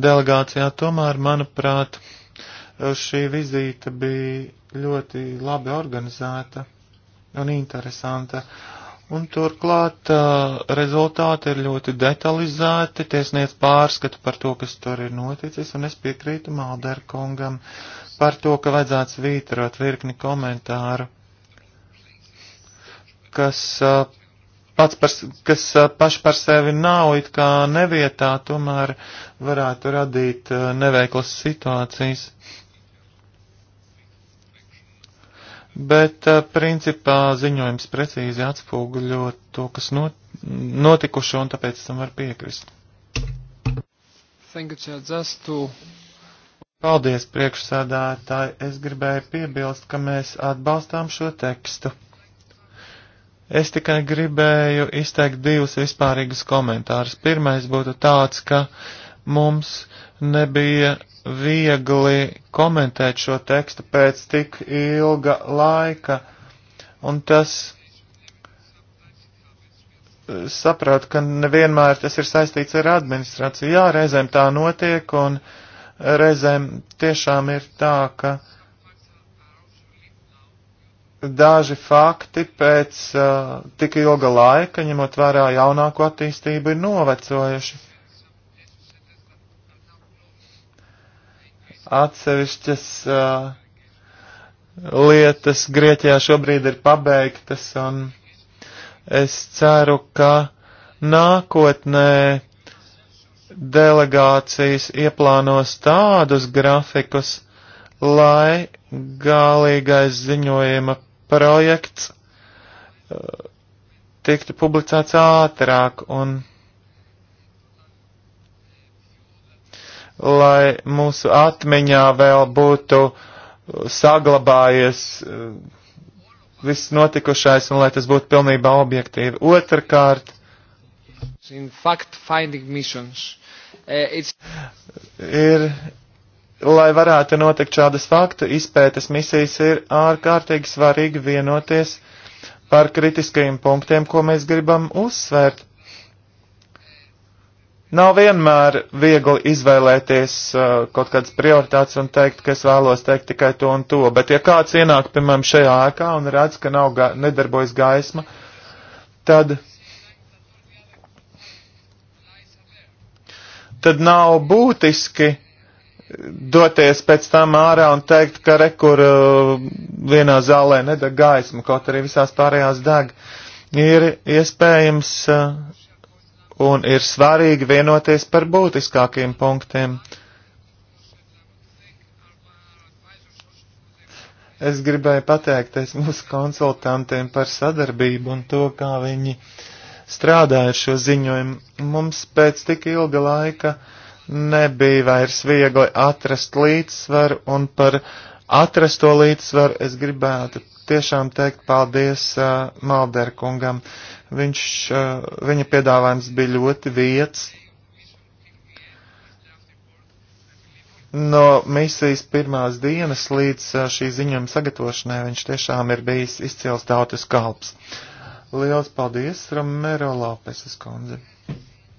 delegācijā, tomēr, manuprāt, uh, šī vizīte bija ļoti labi organizēta un interesanta. Uh, Un turklāt uh, rezultāti ir ļoti detalizēti, tie sniedz pārskatu par to, kas tur ir noticis, un es piekrītu Malderkungam par to, ka vajadzētu svītrot virkni komentāru, kas, uh, pats par, kas uh, paši par sevi nav it kā nevietā, tomēr varētu radīt uh, neveiklas situācijas. Uh, bet eh, principā ziņojums precīzi atspoguļo to, kas not, notikušo, un tāpēc tam var piekrist. Paldies, priekšsādātāji. Es gribēju piebilst, ka mēs atbalstām šo tekstu. Es tikai gribēju izteikt divus vispārīgus komentārus. Pirmais būtu tāds, ka uh, mums nebija viegli komentēt šo tekstu pēc tik ilga laika, un tas eh, saprāt, ka nevienmēr tas ir saistīts ar administrāciju. Jā, reizēm tā notiek, un reizēm tiešām ir tā, ka daži fakti pēc uh, tik ilga laika, ņemot vērā jaunāko attīstību, ir novecojuši atsevišķas uh, lietas Grieķijā šobrīd ir pabeigtas, un es ceru, ka nākotnē delegācijas ieplānos tādus grafikus, lai galīgais ziņojuma projekts uh, tiktu publicēts ātrāk un lai mūsu atmiņā vēl būtu saglabājies eh, viss notikušais un lai tas būtu pilnībā objektīvi. Otrakārt, fact, uh, ir, lai varētu notikt šādas faktu izpētes misijas, ir ārkārtīgi svarīgi vienoties par kritiskajiem punktiem, ko mēs gribam uzsvērt. Nav vienmēr viegli izvēlēties uh, kaut kādas prioritātes un teikt, ka es vēlos teikt tikai to un to, bet ja kāds ienāk, piemēram, šajā ēkā un redz, ka nav ga nedarbojas gaisma, tad, tad nav būtiski doties pēc tam ārā un teikt, ka rekur uh, vienā zālē nedeg gaisma, kaut arī visās pārējās deg. Ir iespējams uh, un ir svarīgi vienoties par būtiskākiem punktiem. Es gribēju pateikties mūsu konsultantiem par sadarbību un to, kā viņi strādāja ar šo ziņojumu. Mums pēc tik ilga laika nebija vairs viegli atrast līdzsvaru, un par atrasto līdzsvaru es gribētu tiešām teikt paldies uh, Malderkungam. Viņš, viņa piedāvājums bija ļoti vietas. No misijas pirmās dienas līdz šī ziņojuma sagatavošanai viņš tiešām ir bijis izcils tautas kalps. Liels paldies, Romero Lopesas kundze.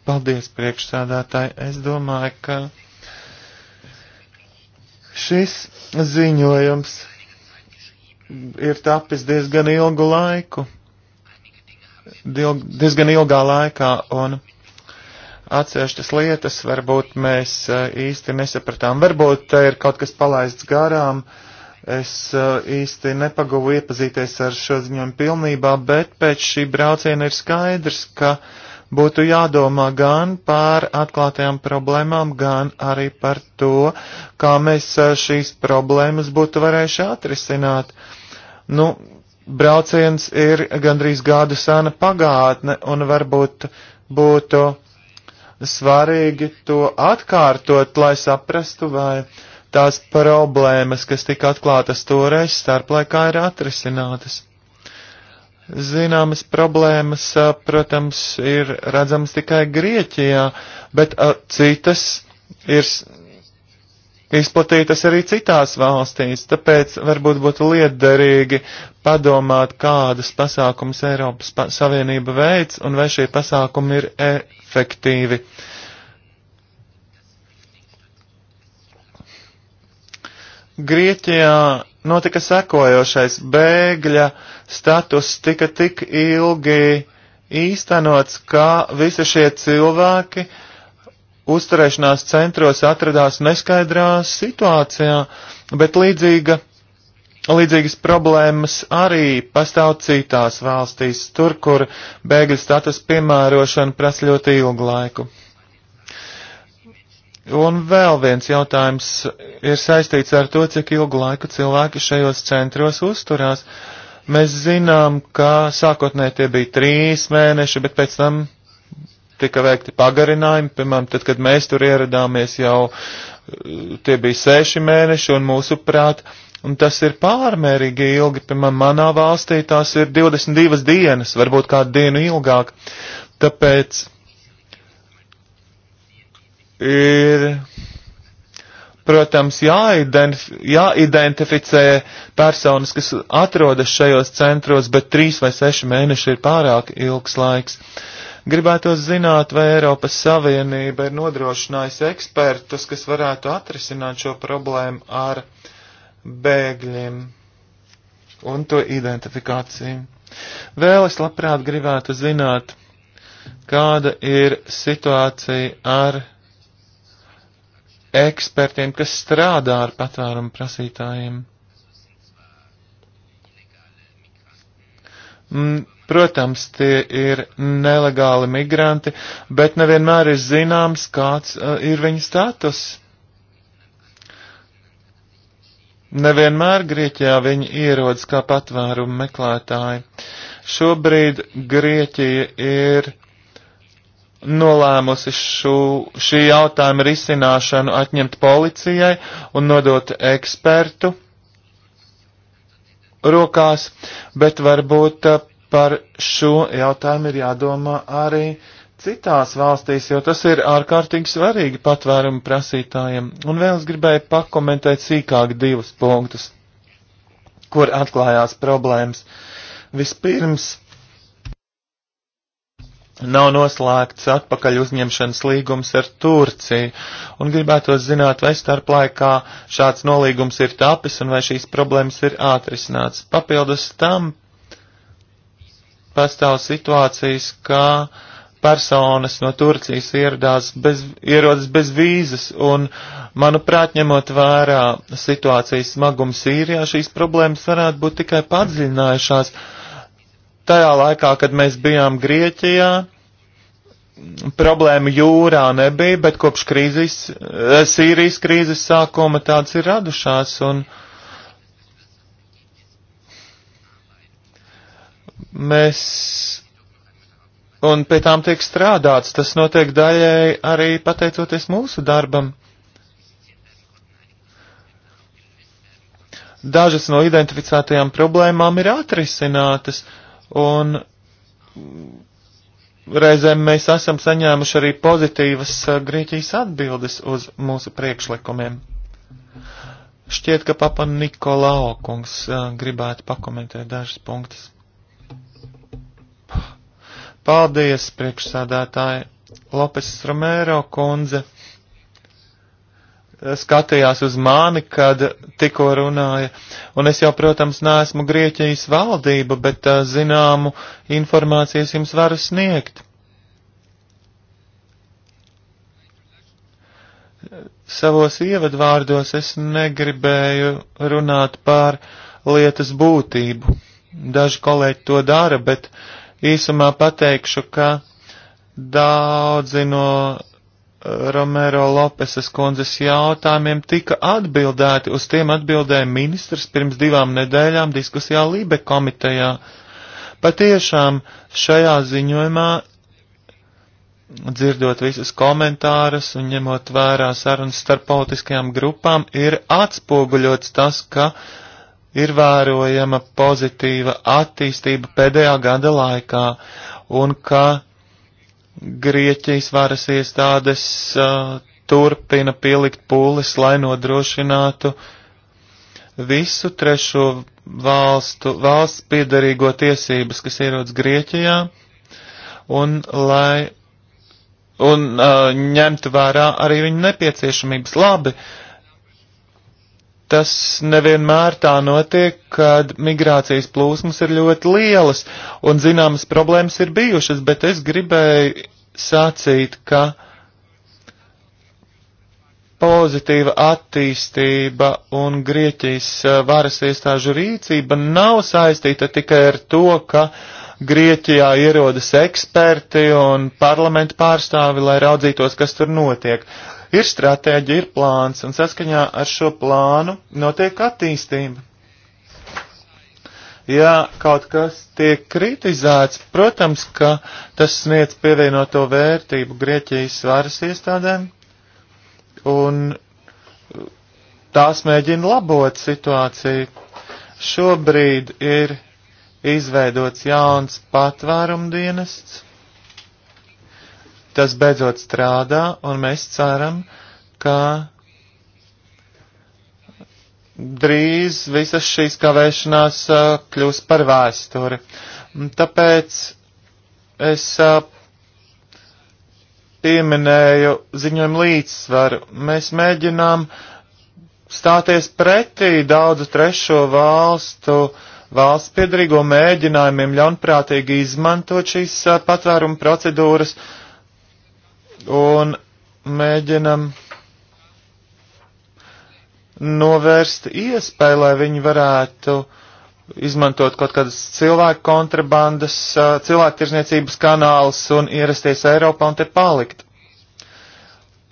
Paldies, priekšsādātāji. Es domāju, ka šis ziņojums ir tapis diezgan ilgu laiku dilg, diezgan ilgā laikā, un atsevišķas lietas varbūt mēs e, īsti nesapratām. Varbūt te ir kaut kas palaists garām. Es e, īsti nepaguvu iepazīties ar šo ziņojumu pilnībā, bet pēc šī brauciena ir skaidrs, ka būtu jādomā gan par atklātajām problēmām, gan arī par to, kā mēs e, šīs problēmas būtu varējuši atrisināt. Nu, brauciens ir gandrīz gada sena pagātne, un varbūt būtu svarīgi to atkārtot, lai saprastu, vai tās problēmas, kas tika atklātas toreiz starplaikā, ir atrisinātas. Zināmas problēmas, protams, ir redzamas tikai Grieķijā, bet citas ir izplatītas arī citās valstīs, tāpēc varbūt būtu liederīgi padomāt, kādas pasākumas Eiropas pa Savienība veids un vai šie pasākumi ir efektīvi. Grieķijā notika sekojošais bēgļa status tika tik ilgi īstenots, ka visi šie cilvēki uh, uzturēšanās centros atradās neskaidrā situācijā, bet līdzīga, līdzīgas problēmas arī pastāv citās valstīs, tur, kur bēgļu status piemērošana prasa ļoti ilgu laiku. Un vēl viens jautājums ir saistīts ar to, cik ilgu laiku cilvēki šajos centros uzturās. Mēs zinām, ka sākotnē tie bija trīs mēneši, bet pēc tam tika veikti pagarinājumi, piemēram, tad, kad mēs tur ieradāmies jau, eh, tie bija seši mēneši, un mūsuprāt, un tas ir pārmērīgi ilgi, piemēram, manā valstī tās ir 22 dienas, varbūt kādu dienu ilgāk, tāpēc ir protams, jāidenf jāidentificē personas, kas atrodas šajos centros, bet trīs vai seši mēneši ir pārāk ilgs laiks. Gribētos zināt, vai Eiropas Savienība ir nodrošinājusi ekspertus, kas varētu atrisināt šo problēmu ar bēgļiem un to identifikāciju. Vēl es labprāt gribētu zināt, kāda ir situācija ar ekspertiem, kas strādā ar patvērumu prasītājiem. Mm, Protams, tie ir nelegāli migranti, bet nevienmēr ir zināms, kāds uh, ir viņa status. Nevienmēr Grieķijā viņi ierodas kā patvērumu meklētāji. Šobrīd Grieķija ir nolēmusi šu, šī jautājuma risināšanu atņemt policijai un nodot ekspertu rokās, bet varbūt uh, par šo jautājumu ir jādomā arī citās valstīs, jo tas ir ārkārtīgi svarīgi patvērumu prasītājiem. Un vēl es gribēju pakomentēt sīkāk divus punktus, kur atklājās problēmas. Vispirms nav noslēgts atpakaļ uzņemšanas līgums ar Turciju, un gribētu zināt, vai starp laikā šāds nolīgums ir tapis un vai šīs problēmas ir atrisināts. Papildus tam pastāv situācijas, kā personas no Turcijas ieradās bez, ierodas bez vīzas, un, manuprāt, ņemot vērā situācijas smagumu Sīrijā, šīs problēmas varētu būt tikai padziļinājušās. Tajā laikā, kad mēs bijām Grieķijā, problēma jūrā nebija, bet kopš krīzes, eh, Sīrijas krīzes sākuma tāds ir radušās, un uh, Mēs. Un pie tām tiek strādāts. Tas notiek daļai arī pateicoties mūsu darbam. Dažas no identificētajām problēmām ir atrisinātas, un reizēm mēs esam saņēmuši arī pozitīvas eh, Grieķijas atbildes uz mūsu priekšlikumiem. Šķiet, ka papa Nikolao kungs eh, gribētu pakomentēt dažas punktus. Paldies, priekšsādātāji. Lopes Romēro kundze skatījās uz mani, kad tikko runāja, un es jau, protams, neesmu Grieķijas valdība, bet zināmu informācijas jums varu sniegt. Savos ievadvārdos es negribēju runāt par lietas būtību. Daži kolēģi to dara, bet uh, Īsumā pateikšu, ka daudzi no eh, Romero Lopeses kundzes jautājumiem tika atbildēti. Uz tiem atbildēja ministrs pirms divām nedēļām diskusijā Lībe komitejā. Patiešām šajā ziņojumā, dzirdot visus komentārus un ņemot vērā sarunas starp politiskajām grupām, ir atspoguļots tas, ka uh, ir vērojama pozitīva attīstība pēdējā gada laikā un ka Grieķijas varas iestādes uh, turpina pielikt pūles, lai nodrošinātu visu trešo valstu, valsts piedarīgo tiesības, kas ierodas Grieķijā, un lai un, uh, ņemtu vērā arī viņu nepieciešamības. Labi, uh, tas nevienmēr tā notiek, kad migrācijas plūsmas ir ļoti lielas un zināmas problēmas ir bijušas, bet es gribēju sacīt, ka pozitīva attīstība un Grieķijas eh, varas iestāžu rīcība nav saistīta tikai ar to, ka Grieķijā ierodas eksperti un parlamentu pārstāvi, lai raudzītos, kas tur notiek. Ir stratēģija, ir plāns, un saskaņā ar šo plānu notiek attīstība. Ja kaut kas tiek kritizēts, protams, ka tas sniedz pievienoto vērtību Grieķijas varas iestādēm, un tās mēģina labot situāciju. Šobrīd ir izveidots jauns patvērumu dienests, Tas beidzot strādā, un mēs ceram, ka drīz visas šīs kavēšanās kļūs par vēsturi. Tāpēc es pieminēju ziņojumu līdzsvaru. Mēs mēģinām stāties pretī daudzu trešo valstu valsts piedarīgo mēģinājumiem ļaunprātīgi izmantot šīs patvērumu procedūras, uh, un mēģinam novērst iespēju, lai viņi varētu izmantot kaut kādas cilvēku kontrabandas, cilvēku tirzniecības kanālus un ierasties Eiropā un te palikt.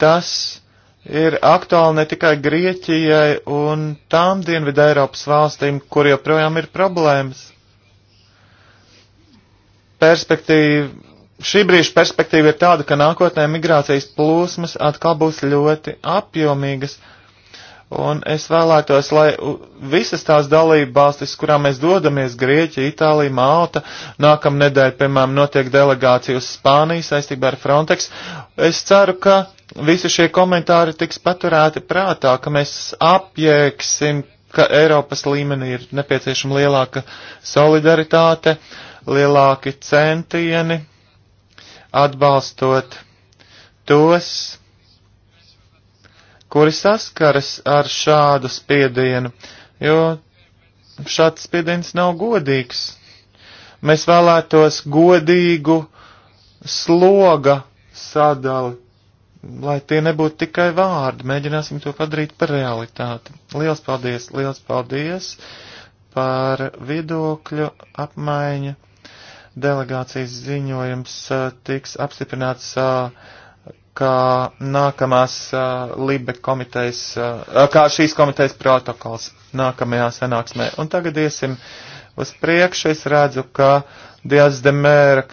Tas ir aktuāli ne tikai Grieķijai un tām Dienvidu Eiropas valstīm, kur joprojām ir problēmas. Perspektīva šī brīža perspektīva ir tāda, ka nākotnē migrācijas plūsmas atkal būs ļoti apjomīgas. Un es vēlētos, lai visas tās dalībvalstis, kurām mēs dodamies, Grieķija, Itālija, Malta, nākamā nedēļa, piemēram, notiek delegācija uz Spāniju saistībā ar Frontex, es ceru, ka visi šie komentāri tiks paturēti prātā, ka mēs apjēgsim, ka Eiropas līmenī ir nepieciešama lielāka solidaritāte, lielāki centieni atbalstot tos, kuri saskaras ar šādu spiedienu, jo šāds spiediens nav godīgs. Mēs vēlētos godīgu sloga sadali, lai tie nebūtu tikai vārdi. Mēģināsim to padarīt par realitāti. Liels paldies, liels paldies par viedokļu apmaiņu delegācijas ziņojums tiks apstiprināts kā nākamās Libe komitejas, kā šīs komitejas protokols nākamajā sanāksmē. Un tagad iesim uz priekšu. Es redzu, ka Dievs Demēra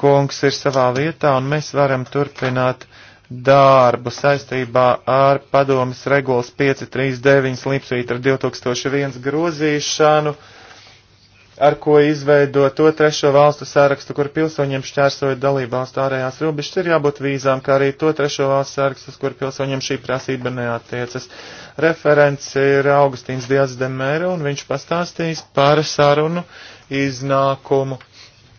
kungs ir savā vietā un mēs varam turpināt darbu saistībā ar padomas regulas 539 līpsvītra 2001 grozīšanu ar ko izveidot to trešo valstu sārakstu, kur pilsoņiem šķērsojot dalību valstu ārējās robežas, ir jābūt vīzām, kā arī to trešo valstu sārakstus, kur pilsoņiem šī prasība neatiecas. Referents ir Augustīns Dias Demēra, un viņš pastāstīs par sarunu iznākumu.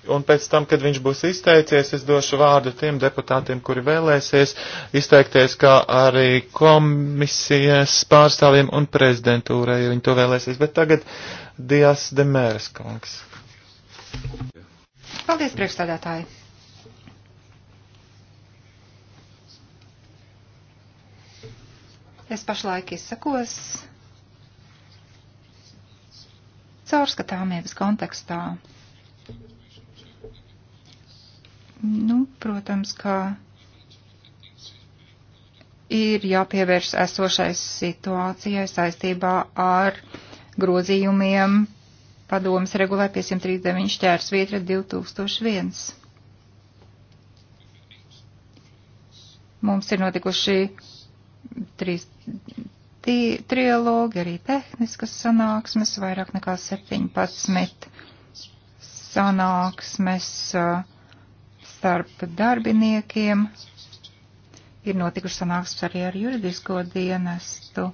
Un pēc tam, kad viņš būs izteicies, es došu vārdu tiem deputātiem, kuri vēlēsies izteikties, kā arī komisijas pārstāvjiem un prezidentūrai, ja viņi to vēlēsies. Bet tagad Dijas Demēras kungs. Paldies, priekšstādātāji! Es pašlaik izsakos caurskatāmības kontekstā Nu, protams, kā ir jāpievērš esošais situācijai saistībā ar grozījumiem padomas regulē 539 šķērs vietra 2001. Mums ir notikuši trīs trilogi, arī tehniskas sanāksmes, vairāk nekā 17 sanāksmes. Uh, starp darbiniekiem. Ir notikuši sanāksmes arī ar juridisko dienestu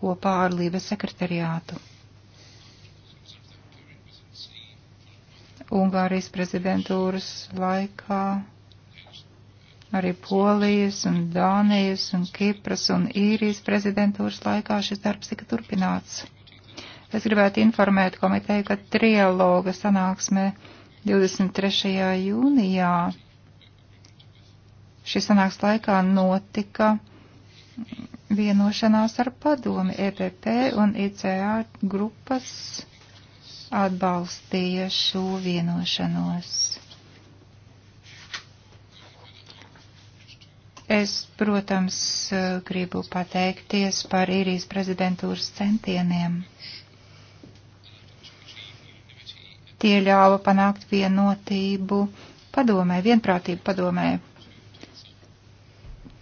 kopā ar Lībes sekretariātu. Ungārijas prezidentūras laikā arī Polijas un Dānijas un Kipras un Īrijas prezidentūras laikā šis darbs tika turpināts. Es gribētu informēt komiteju, ka trialoga sanāksmē 23. jūnijā šī sanāks laikā notika vienošanās ar padomi EPP un ICA grupas atbalstīja šo vienošanos. Es, protams, gribu pateikties par īrijas prezidentūras centieniem Tie ļāva panākt vienotību padomē, vienprātību padomē.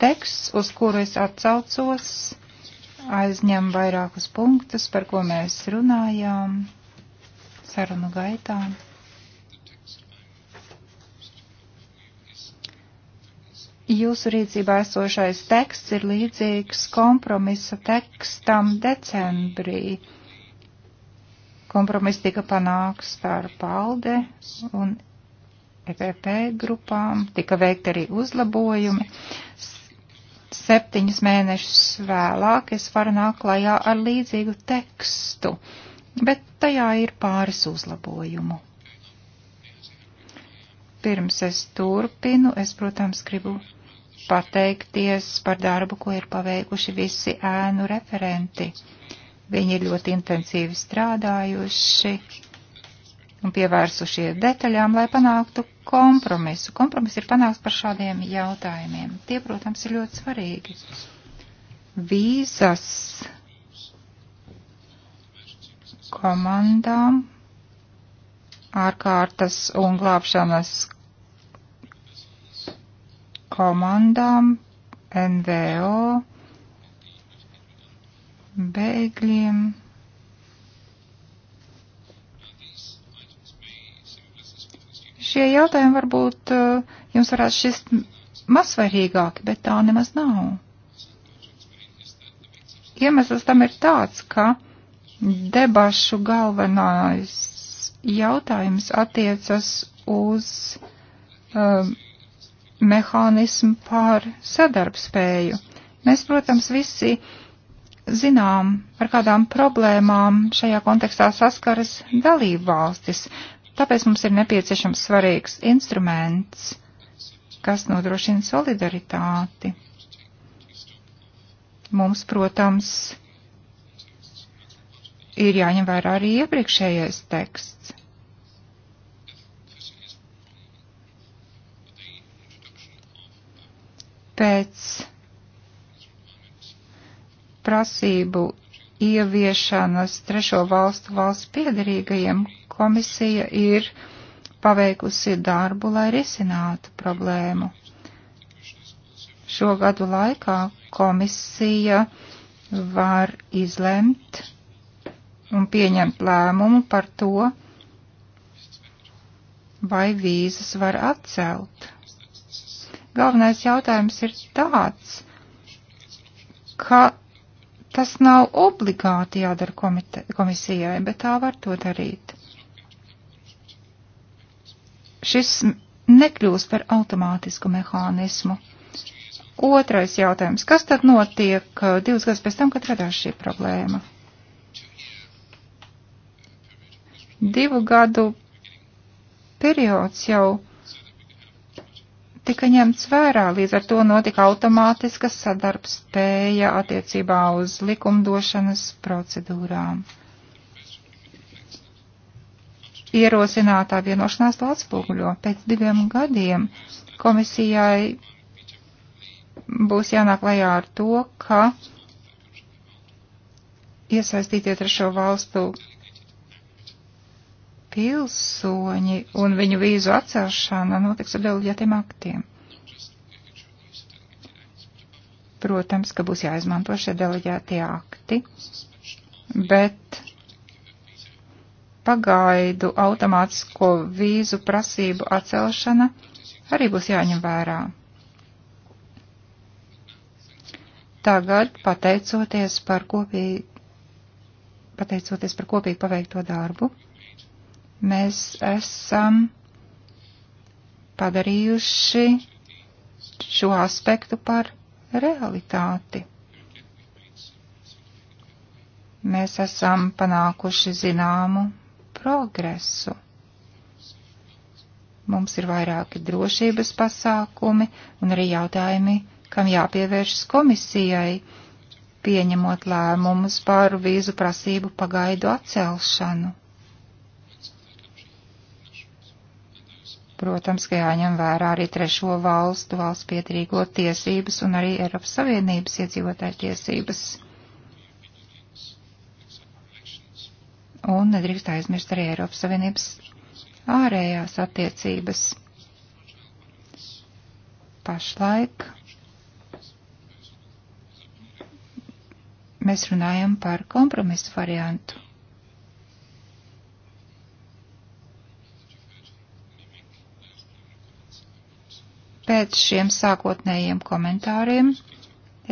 Teksts, uz kuru es atsaucos, aizņem vairākus punktus, par ko mēs runājām sarunu gaitā. Jūsu rīcībā esošais teksts ir līdzīgs kompromisa tekstam decembrī. Kompromiss tika panāks starp ALDE un EPP grupām, tika veikti arī uzlabojumi. Septiņus mēnešus vēlāk es varu nākt klajā ar līdzīgu tekstu, bet tajā ir pāris uzlabojumu. Pirms es turpinu, es, protams, gribu pateikties par darbu, ko ir paveikuši visi ēnu referenti. Uh, Viņi ir ļoti intensīvi strādājuši un pievērsušies detaļām, lai panāktu kompromisu. Kompromis ir panākts par šādiem jautājumiem. Tie, protams, ir ļoti svarīgi. Vīzas komandām, ārkārtas un glābšanas komandām, NVO, bēgļiem. Šie jautājumi varbūt eh, jums varētu šis mazsvarīgāki, bet tā nemaz nav. Iemesls tam ir tāds, ka debašu galvenais jautājums attiecas uz um, mehānismu par sadarbspēju. Mēs, protams, visi uh, zinām, ar kādām problēmām šajā kontekstā saskaras dalību valstis, tāpēc mums ir nepieciešams svarīgs instruments, kas nodrošina solidaritāti. Mums, protams, ir jāņem vērā arī iepriekšējais teksts. Pēc prasību ieviešanas trešo valstu valsts piedarīgajiem komisija ir paveikusi darbu, lai risinātu problēmu. Šo gadu laikā komisija var izlemt un pieņemt lēmumu par to, vai vīzas var atcelt. Galvenais jautājums ir tāds, ka Tas nav obligāti jādara komite, komisijai, bet tā var to darīt. Šis nekļūst par automātisku mehānismu. Otrais jautājums. Kas tad notiek uh, divus gadus pēc tam, kad radās šī problēma? Divu gadu periods jau tika ņemts vērā, līdz ar to notika automātiska sadarbspēja attiecībā uz likumdošanas procedūrām. Ierosinātā vienošanās to atspoguļo. Pēc diviem gadiem komisijai būs jānāk lajā ar to, ka iesaistītie trešo valstu pilsoņi un viņu vīzu atcelšana notiks ar delģētiem aktiem. Protams, ka būs jāizmanto šie deleģētie akti, bet pagaidu automātisko vīzu prasību atcelšana arī būs jāņem vērā. Tagad, pateicoties par kopīgi, pateicoties par kopīgi paveikto darbu, mēs esam padarījuši šo aspektu par realitāti. Mēs esam panākuši zināmu progresu. Mums ir vairāki drošības pasākumi un arī jautājumi, kam jāpievēršas komisijai, pieņemot lēmumus par vīzu prasību pagaidu atcelšanu. Protams, ka jāņem vērā arī trešo valstu valsts pietrīgo tiesības un arī Eiropas Savienības iedzīvotāju tiesības. Un nedrīkst aizmirst arī Eiropas Savienības ārējās attiecības. Pašlaik mēs runājam par kompromisu variantu. Pēc šiem sākotnējiem komentāriem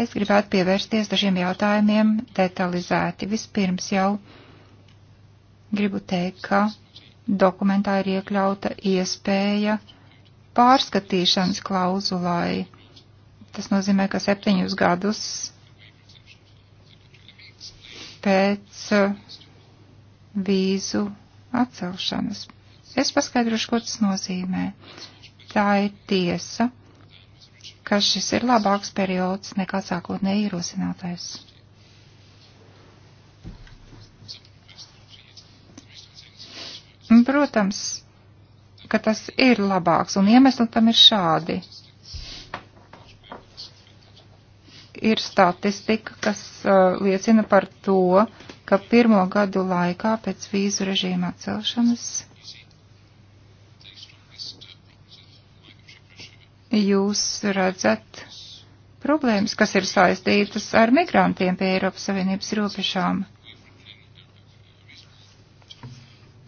es gribētu pievērsties dažiem jautājumiem detalizēti. Vispirms jau gribu teikt, ka dokumentā ir iekļauta iespēja pārskatīšanas klauzulai. Tas nozīmē, ka septiņus gadus pēc uh, vīzu atcelšanas. Es paskaidrošu, ko tas nozīmē. Tā ir tiesa, ka šis ir labāks periods nekā sākotnēji ierosinātais. Protams, ka tas ir labāks, un iemesli tam ir šādi. Ir statistika, kas uh, liecina par to, ka pirmo gadu laikā pēc vīzu režīma atcelšanas jūs redzat problēmas, kas ir saistītas ar migrantiem pie Eiropas Savienības robežām?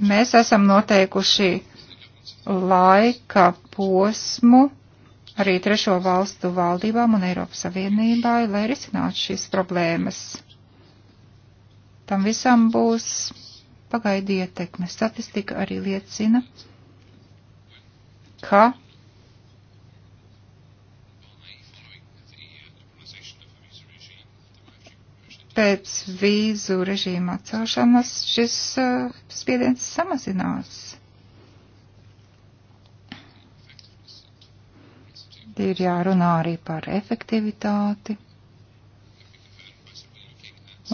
Mēs esam noteikuši laika posmu arī trešo valstu valdībām un Eiropas Savienībai, lai risinātu šīs problēmas. Tam visam būs pagaidi ietekme. Statistika arī liecina, ka pēc vīzu režīma atcelšanas šis uh, spiediens samazinās. Ir jārunā arī par efektivitāti.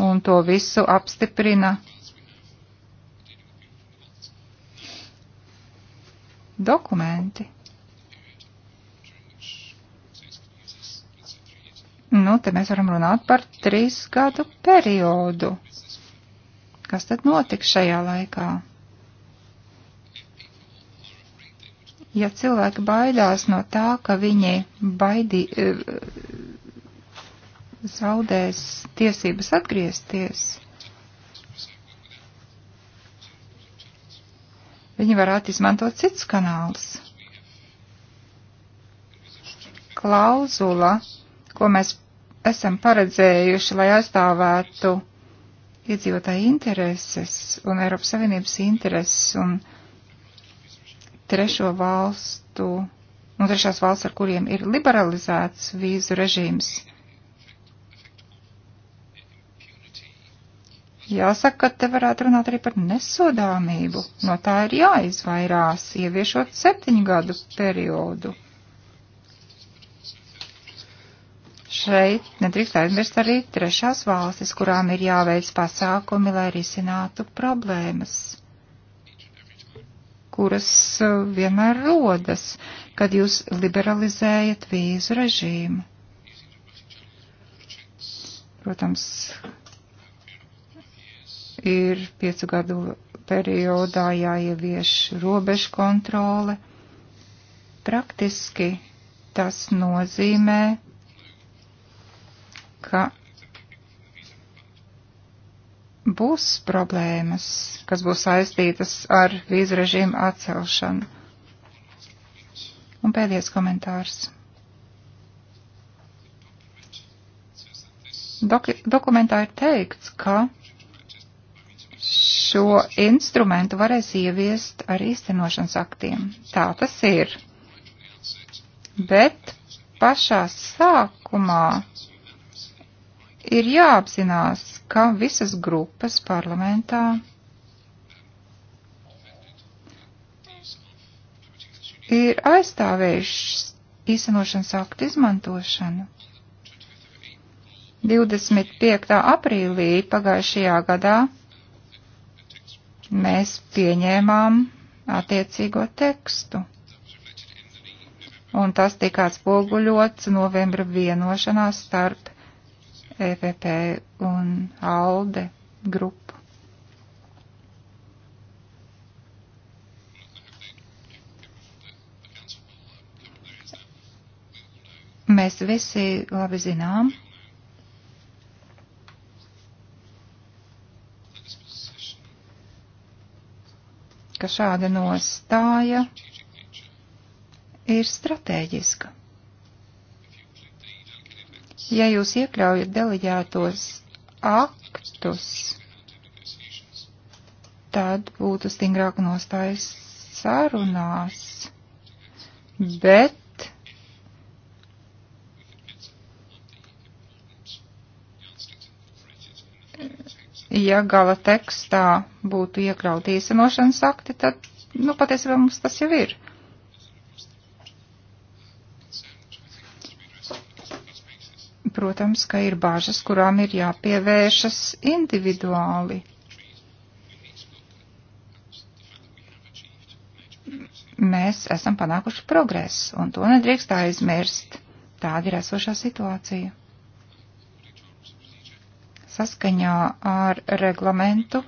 Un to visu apstiprina dokumenti. Nu, te mēs varam runāt par trīs gadu periodu. Kas tad notiks šajā laikā? Ja cilvēki baidās no tā, ka viņi baidī, eh, zaudēs tiesības atgriezties, viņi varētu izmantot cits kanāls. Klauzula, ko mēs esam paredzējuši, lai aizstāvētu iedzīvotāju intereses un Eiropas Savienības intereses un trešo valstu, nu trešās valsts, ar kuriem ir liberalizēts vīzu režīms. Jāsaka, ka te varētu runāt arī par nesodāmību. No tā ir jāizvairās, ieviešot septiņu gadu periodu. šeit nedrīkst aizmirst arī trešās valstis, kurām ir jāveic pasākumi, lai risinātu problēmas, kuras uh, vienmēr rodas, kad jūs liberalizējat vīzu režīmu. Protams, ir piecu gadu periodā jāievieš robežu kontrole. Praktiski tas nozīmē, ka būs problēmas, kas būs saistītas ar vīzu režīmu atcelšanu. Un pēdējais komentārs. Dok dokumentā ir teikts, ka šo instrumentu varēs ieviest ar īstenošanas aktiem. Tā tas ir. Bet pašā sākumā ir jāapzinās, ka visas grupas parlamentā ir aizstāvējušas īstenošanas aktu izmantošanu. 25. aprīlī pagājušajā gadā mēs pieņēmām attiecīgo tekstu un tas tika atspoguļots novembra vienošanās starp EPP un ALDE grupu. Mēs visi labi zinām, ka šāda nostāja ir stratēģiska ja jūs iekļaujat deleģētos aktus, tad būtu stingrāk nostājas sarunās. Bet ja gala tekstā būtu iekļauti īstenošanas akti, tad, nu, patiesībā mums tas jau ir. Uh, protams, ka ir bāžas, kurām ir jāpievēršas individuāli. Mēs esam panākuši progresu, un to nedrīkst aizmirst. Tāda ir esošā situācija. Saskaņā ar reglamentu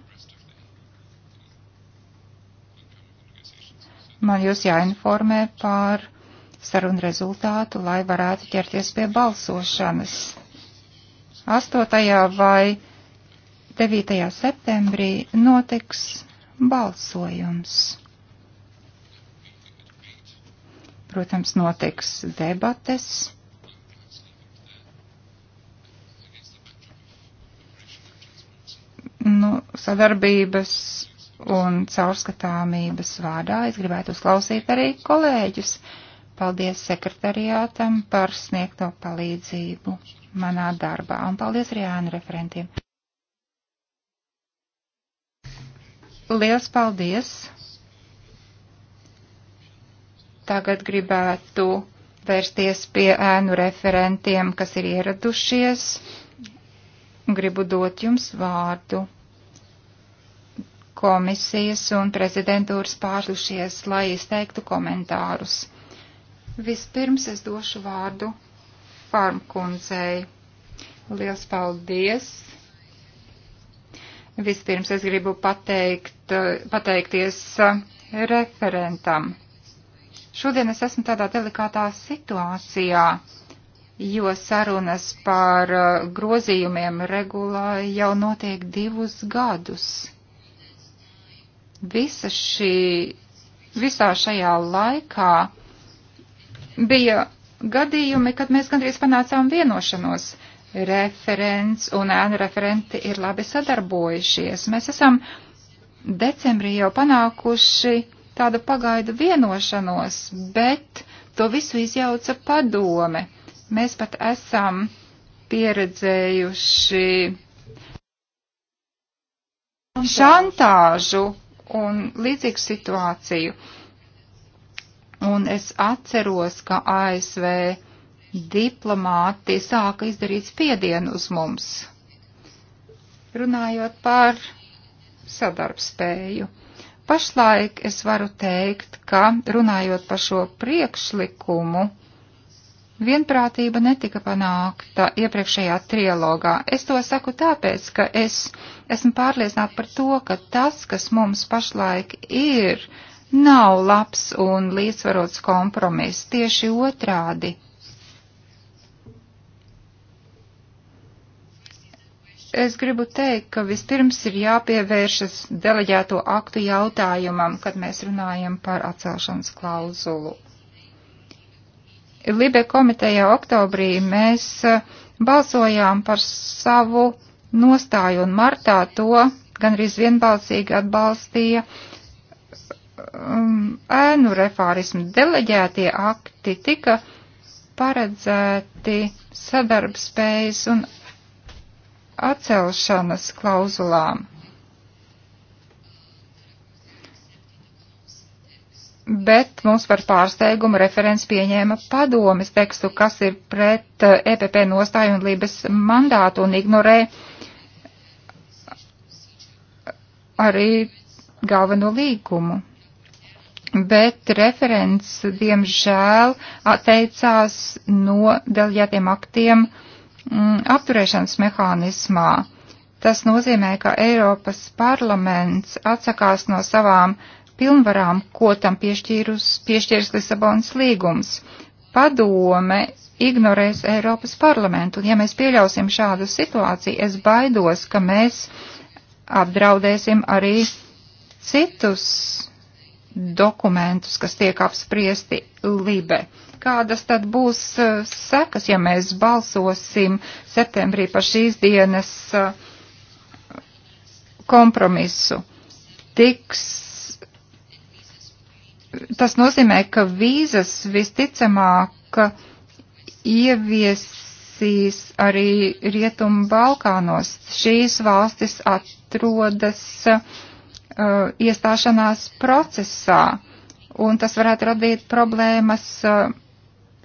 man jūs jāinformē par sarunu rezultātu, lai varētu ķerties pie balsošanas. 8. vai 9. septembrī notiks balsojums. Protams, notiks debates. Nu, sadarbības un caurskatāmības vārdā es gribētu uzklausīt arī kolēģus. Uh, Paldies sekretariātam par sniegto palīdzību manā darbā, un paldies arī ēnu referentiem. Liels paldies! Tagad gribētu vērsties pie ēnu referentiem, kas ir ieradušies. Gribu dot jums vārdu. Komisijas un prezidentūras pārlušies, lai izteiktu komentārus. Vispirms es došu vārdu farmkundzei. Liels paldies! Vispirms es gribu pateikt, pateikties referentam. Šodien es esmu tādā delikātā situācijā, jo sarunas par uh, grozījumiem regulā jau notiek divus gadus. Visa šī, visā šajā laikā Bija gadījumi, kad mēs gandrīz panācām vienošanos. Referents un ēnu referenti ir labi sadarbojušies. Mēs esam decembrī jau panākuši tādu pagaidu vienošanos, bet to visu izjauca padome. Mēs pat esam pieredzējuši šantāžu un līdzīgu situāciju. Un es atceros, ka ASV diplomāti sāka izdarīt spiedienu uz mums, runājot par sadarbspēju. Pašlaik es varu teikt, ka runājot par šo priekšlikumu, vienprātība netika panākta iepriekšējā trilogā. Es to saku tāpēc, ka es esmu pārliecināta par to, ka tas, kas mums pašlaik ir, uh, nav labs un līdzsvarots kompromiss, tieši otrādi. Es gribu teikt, ka vispirms ir jāpievēršas deleģēto aktu jautājumam, kad mēs runājam par atcelšanas klauzulu. Libe komitejā oktobrī mēs eh, balsojām par savu nostāju un martā to gan arī vienbalsīgi atbalstīja uh, um, ēnu refārismu deleģētie akti tika paredzēti sadarbspējas un atcelšanas klauzulām. Bet mums par pārsteigumu referents pieņēma padomis tekstu, kas ir pret uh, EPP nostāju un lības mandātu un ignorē arī galveno līgumu bet referents, diemžēl, atteicās no delģētiem aktiem m, mm, apturēšanas mehānismā. Tas nozīmē, ka Eiropas parlaments atsakās no savām pilnvarām, ko tam piešķīrs Lisabonas līgums. Padome ignorēs Eiropas parlamentu, un ja mēs pieļausim šādu situāciju, es baidos, ka mēs apdraudēsim arī citus dokumentus, kas tiek apspriesti Libe. Kādas tad būs eh, sekas, ja mēs balsosim septembrī par šīs dienas eh, kompromisu? Tiks tas nozīmē, ka vīzas visticamāk ieviesīs arī Rietumu Balkānos. Šīs valstis atrodas uh, uh, iestāšanās procesā, un tas varētu radīt problēmas uh,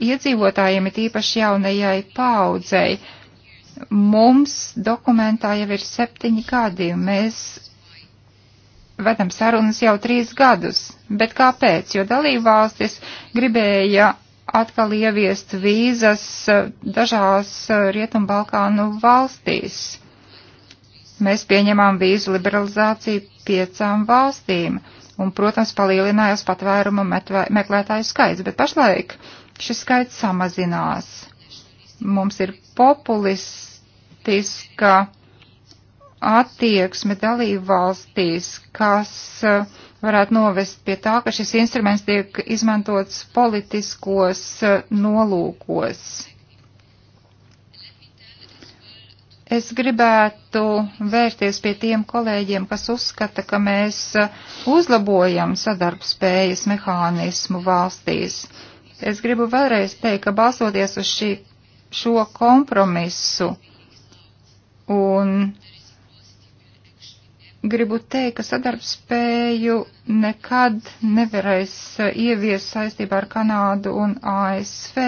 iedzīvotājiem, it īpaši jaunajai paudzei. Mums dokumentā jau ir septiņi gadi, un mēs vedam sarunas jau trīs gadus. Bet kāpēc? Jo dalībvalstis gribēja atkal ieviest vīzas uh, dažās uh, Rietumbalkānu valstīs mēs pieņemām vīzu liberalizāciju piecām valstīm. Un, protams, palielinājās patvērumu meklētāju skaits, bet pašlaik šis skaits samazinās. Mums ir populistiska attieksme dalību valstīs, kas eh, varētu novest pie tā, ka šis instruments tiek izmantots politiskos eh, nolūkos. Es gribētu vērsties pie tiem kolēģiem, kas uzskata, ka mēs uzlabojam sadarbspējas mehānismu valstīs. Es gribu vēlreiz teikt, ka balsoties uz šī, šo kompromisu un gribu teikt, ka sadarbspēju nekad nevarēs ievies saistībā ar Kanādu un ASV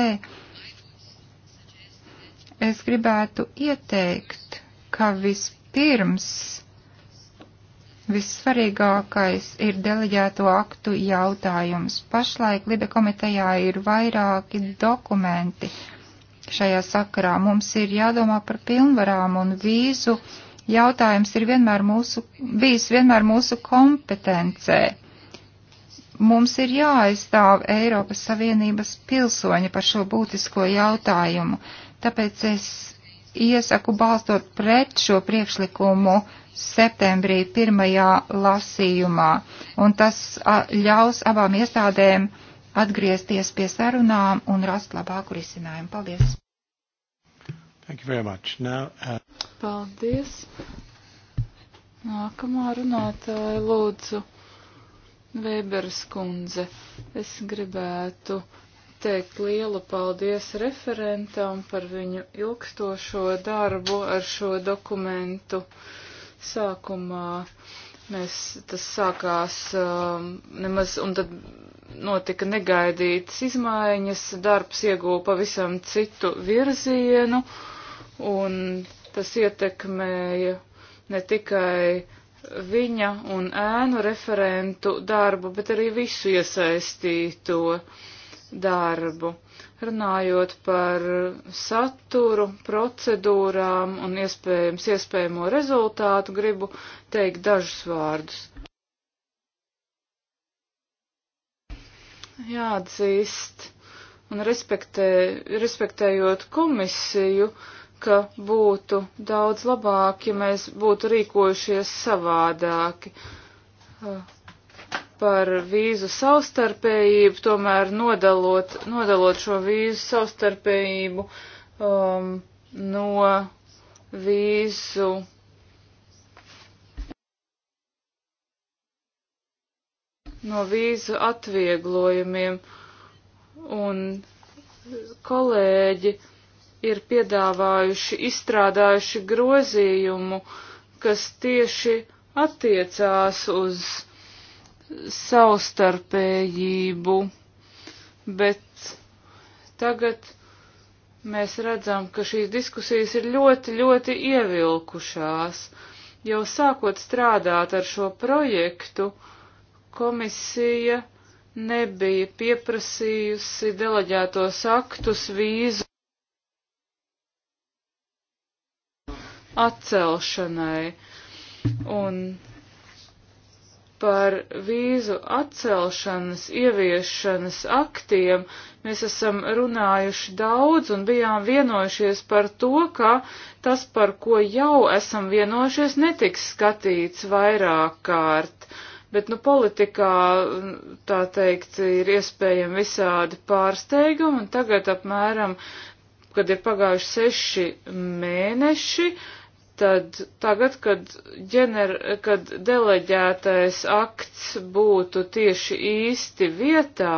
es gribētu ieteikt, ka vispirms vissvarīgākais ir deleģēto aktu jautājums. Pašlaik Libe komitejā ir vairāki dokumenti šajā sakarā. Mums ir jādomā par pilnvarām un vīzu. Jautājums ir vienmēr mūsu, bijis vienmēr mūsu kompetencē mums ir jāaizstāv Eiropas Savienības pilsoņi par šo būtisko jautājumu. Tāpēc es iesaku balstot pret šo priekšlikumu septembrī pirmajā lasījumā, un tas ļaus abām iestādēm atgriezties pie sarunām un rast labāku risinājumu. Paldies! Thank you very much. Now, uh... Paldies! Nākamā runātāja lūdzu Vēberas kundze. Es gribētu izteikt lielu paldies referentam par viņu ilgstošo darbu ar šo dokumentu. Sākumā mēs, tas sākās um, nemaz, un tad notika negaidītas izmaiņas, darbs ieguva pavisam citu virzienu, un tas ietekmēja ne tikai viņa un ēnu referentu darbu, bet arī visu iesaistīto. Uh, darbu. Runājot par saturu, procedūrām un iespējams iespējamo rezultātu, gribu teikt dažus vārdus. Jāatzīst un respektē, respektējot komisiju, ka būtu daudz labāk, ja mēs būtu rīkojušies savādāki. Uh par vīzu savstarpējību, tomēr nodalot, nodalot šo vīzu savstarpējību um, no vīzu. no vīzu atvieglojumiem, un kolēģi ir piedāvājuši, izstrādājuši grozījumu, kas tieši attiecās uz savstarpējību, bet tagad mēs redzam, ka šīs diskusijas ir ļoti, ļoti ievilkušās. Jau sākot strādāt ar šo projektu, komisija nebija pieprasījusi deleģētos aktus vīzu atcelšanai. Un par vīzu atcelšanas, ieviešanas aktiem mēs esam runājuši daudz un bijām vienojušies par to, ka tas, par ko jau esam vienojušies, netiks skatīts vairāk kārt. Bet, nu, politikā, tā teikt, ir iespējami visādi pārsteigumi, un tagad apmēram, kad ir pagājuši seši mēneši, uh, tad tagad, kad, ģener, kad deleģētais akts būtu tieši īsti vietā,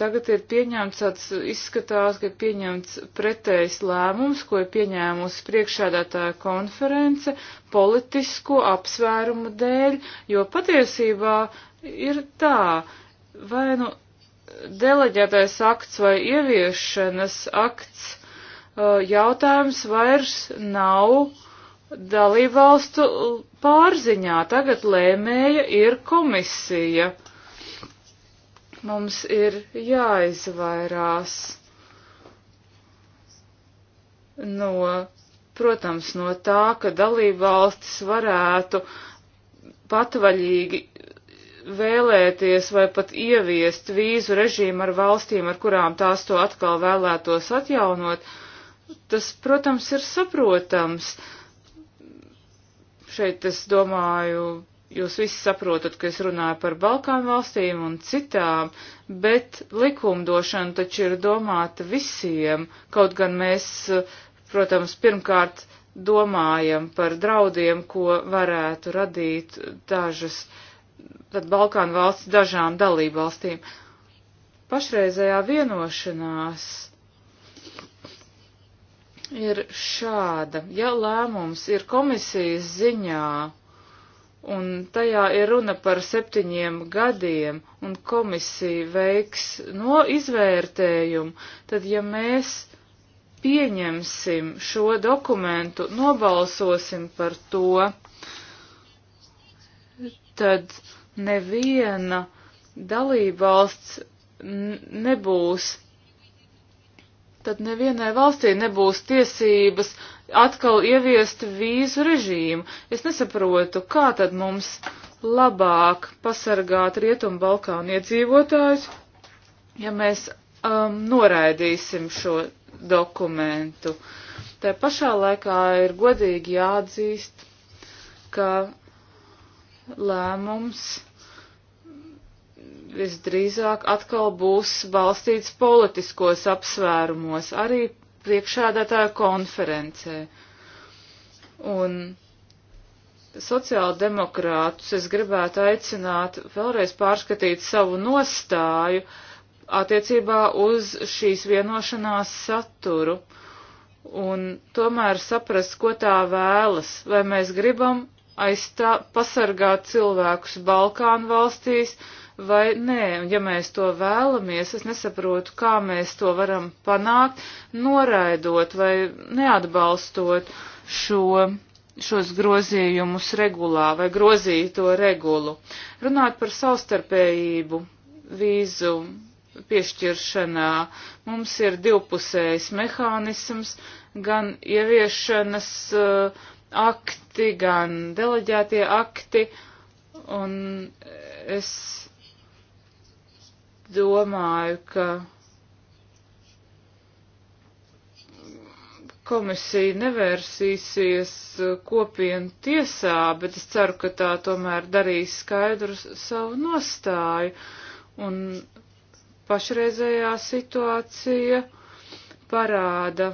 tagad ir pieņemts tāds, izskatās, ka ir pieņemts pretējs lēmums, ko ir pieņēmusi priekšādātāja konference politisko apsvērumu dēļ, jo patiesībā ir tā, vai nu deleģētais akts vai ieviešanas akts, Uh, jautājums vairs nav dalībvalstu pārziņā. Tagad lēmēja ir komisija. Mums ir jāizvairās no, protams, no tā, ka dalībvalstis varētu patvaļīgi vēlēties vai pat ieviest vīzu režīmu ar valstīm, ar kurām tās to atkal vēlētos atjaunot, uh, Tas, protams, ir saprotams. Šeit es domāju, jūs visi saprotat, ka es runāju par Balkānu valstīm un citām, bet likumdošana taču ir domāta visiem, kaut gan mēs, protams, pirmkārt domājam par draudiem, ko varētu radīt dažas, tad Balkānu valsts dažām dalību valstīm. Pašreizējā vienošanās ir šāda. Ja lēmums ir komisijas ziņā, un tajā ir runa par septiņiem gadiem, un komisija veiks no izvērtējumu, tad ja mēs pieņemsim šo dokumentu, nobalsosim par to, tad neviena dalībvalsts nebūs tad nevienai valstī nebūs tiesības atkal ieviest vīzu režīmu. Es nesaprotu, kā tad mums labāk pasargāt Rietumu Balkānu iedzīvotājus, ja mēs um, noraidīsim šo dokumentu. Tā pašā laikā ir godīgi jāatzīst, ka lēmums visdrīzāk atkal būs balstīts politiskos apsvērumos, arī priekšādātāja konferencē. Un sociāldemokrātus es gribētu aicināt vēlreiz pārskatīt savu nostāju attiecībā uz šīs vienošanās saturu un tomēr saprast, ko tā vēlas, vai mēs gribam aizstā, pasargāt cilvēkus Balkānu valstīs, uh, vai nē. Un ja mēs to vēlamies, es nesaprotu, kā mēs to varam panākt, noraidot vai neatbalstot šo, šos grozījumus regulā vai grozīto regulu. Runāt par savstarpējību vīzu piešķiršanā mums ir divpusējs mehānisms, gan ieviešanas uh, akti, gan deleģētie akti, un es domāju, ka komisija nevērsīsies kopienu tiesā, bet es ceru, ka tā tomēr darīs skaidru savu nostāju. Un pašreizējā situācija parāda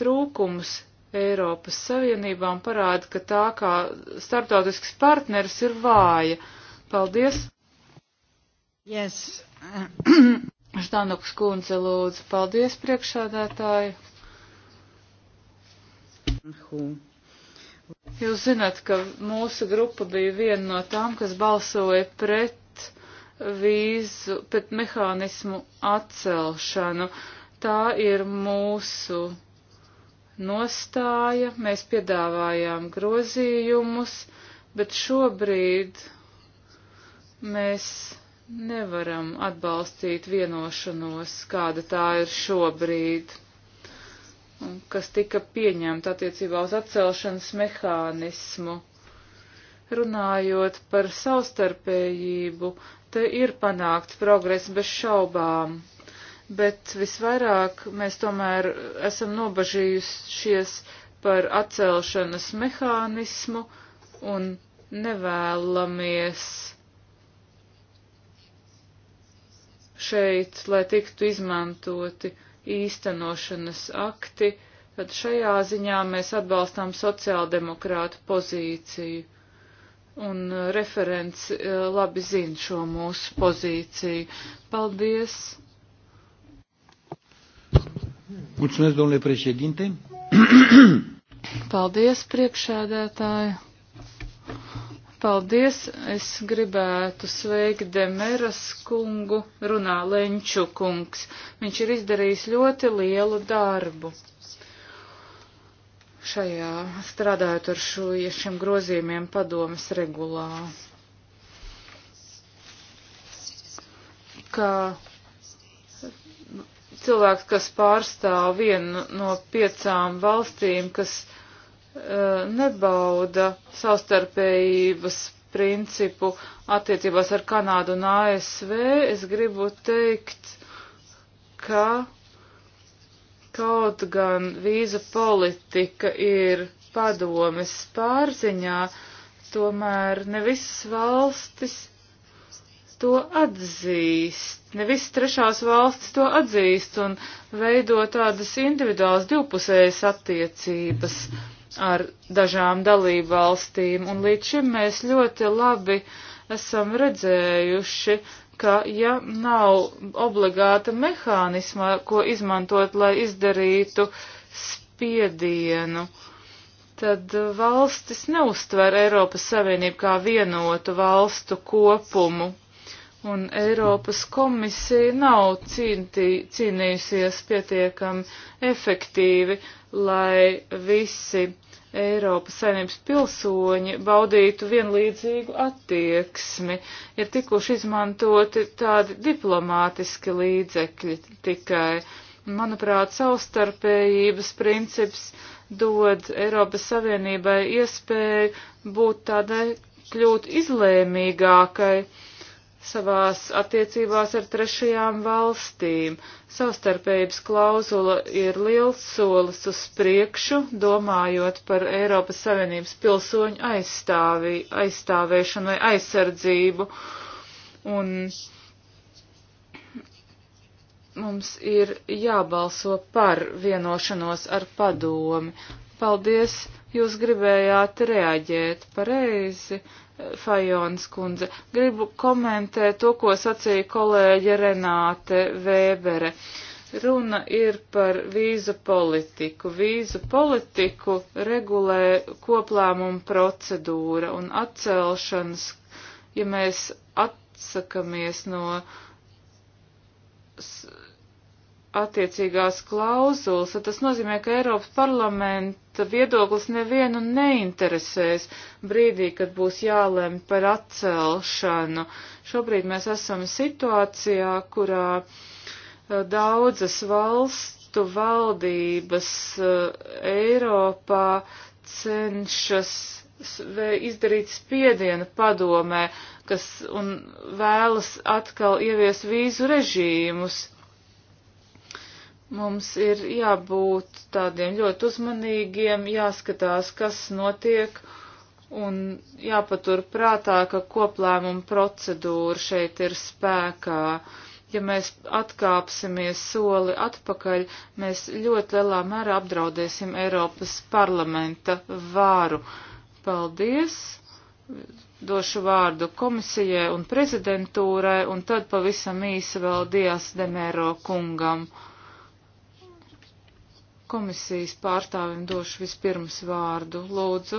trūkumus Eiropas Savienībā un parāda, ka tā kā starptautisks partneris ir vāja. Paldies! Yes. Ždanuks kundze lūdzu, paldies priekšādātāju. Jūs zināt, ka mūsu grupa bija viena no tām, kas balsoja pret vīzu, pret mehānismu atcelšanu. Tā ir mūsu nostāja, mēs piedāvājām grozījumus, bet šobrīd mēs nevaram atbalstīt vienošanos, kāda tā ir šobrīd, un kas tika pieņemta attiecībā uz atcelšanas mehānismu. Runājot par savstarpējību, te ir panākts progress bez šaubām, bet visvairāk mēs tomēr esam nobažījušies par atcelšanas mehānismu un nevēlamies šeit, lai tiktu izmantoti īstenošanas akti, tad šajā ziņā mēs atbalstām sociāldemokrātu pozīciju. Un uh, referents uh, labi zina šo mūsu pozīciju. Paldies! Mulțumesc, domnule președinte! Paldies, priekšsēdētāji! Paldies! Es gribētu sveikt Demeras kungu, runā Lenču kungs. Viņš ir izdarījis ļoti lielu darbu. Šajā strādājot ar šo, ja šiem grozījumiem padomas regulā. Kā cilvēks, kas pārstāv vienu no piecām valstīm, kas Eh, nebauda savstarpējības principu attiecībās ar Kanādu un ASV, es gribu teikt, ka kaut gan vīza politika ir padomes pārziņā, tomēr ne visas valstis to atzīst, ne visas trešās valstis to atzīst un veido tādas individuālas divpusējas attiecības. Mm ar dažām dalību valstīm, un līdz šim mēs ļoti labi esam redzējuši, ka ja nav obligāta mehānisma, ko izmantot, lai izdarītu spiedienu, tad valstis neustver Eiropas Savienību kā vienotu valstu kopumu un Eiropas komisija nav cīntī, cīnījusies pietiekami efektīvi, lai visi Eiropas saimnības pilsoņi baudītu vienlīdzīgu attieksmi. Ir tikuši izmantoti tādi diplomātiski līdzekļi tikai. Manuprāt, savstarpējības princips dod Eiropas Savienībai iespēju būt tādai kļūt izlēmīgākai savās attiecībās ar trešajām valstīm. Savstarpējības klauzula ir liels solis uz priekšu, domājot par Eiropas Savienības pilsoņu aizstāvī, aizstāvēšanu vai aizsardzību. Un mums ir jābalso par vienošanos ar padomi. Paldies, jūs gribējāt reaģēt pareizi. Uh, Fajons kundze. Gribu komentēt to, ko sacīja kolēģe Renāte Vēbere. Runa ir par vīzu politiku. Vīzu politiku regulē koplēmuma procedūra un atcelšanas, ja mēs atsakamies no attiecīgās klauzulas, tad tas nozīmē, ka Eiropas parlamenta viedoklis nevienu neinteresēs brīdī, kad būs jālem par atcelšanu. Šobrīd mēs esam situācijā, kurā eh, daudzas valstu valdības eh, Eiropā cenšas izdarīt spiedienu padomē, kas un vēlas atkal ievies vīzu režīmus Mums ir jābūt tādiem ļoti uzmanīgiem, jāskatās, kas notiek, un jāpatur prātā, ka koplēmuma procedūra šeit ir spēkā. Ja mēs atkāpsimies soli atpakaļ, mēs ļoti lielā mērā apdraudēsim Eiropas parlamenta vāru. Paldies! Došu vārdu komisijai un prezidentūrai, un tad pavisam īsi vēl Dijas Demēro kungam komisijas pārstāvim došu vispirms vārdu. Lūdzu,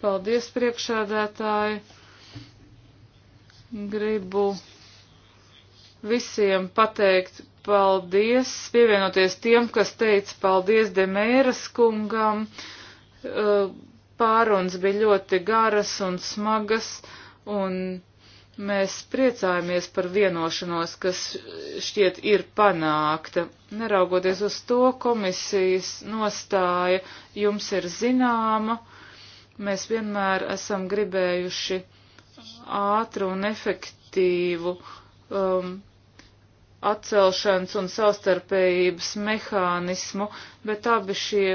paldies priekšādētāji. Gribu visiem pateikt paldies, pievienoties tiem, kas teica paldies Demēras kungam. Eh, pārunas bija ļoti garas un smagas, un Mēs priecājamies par vienošanos, kas šķiet ir panākta. Neraugoties uz to, komisijas nostāja jums ir zināma. Mēs vienmēr esam gribējuši ātru un efektīvu um, atcelšanas un savstarpējības mehānismu, bet abi šie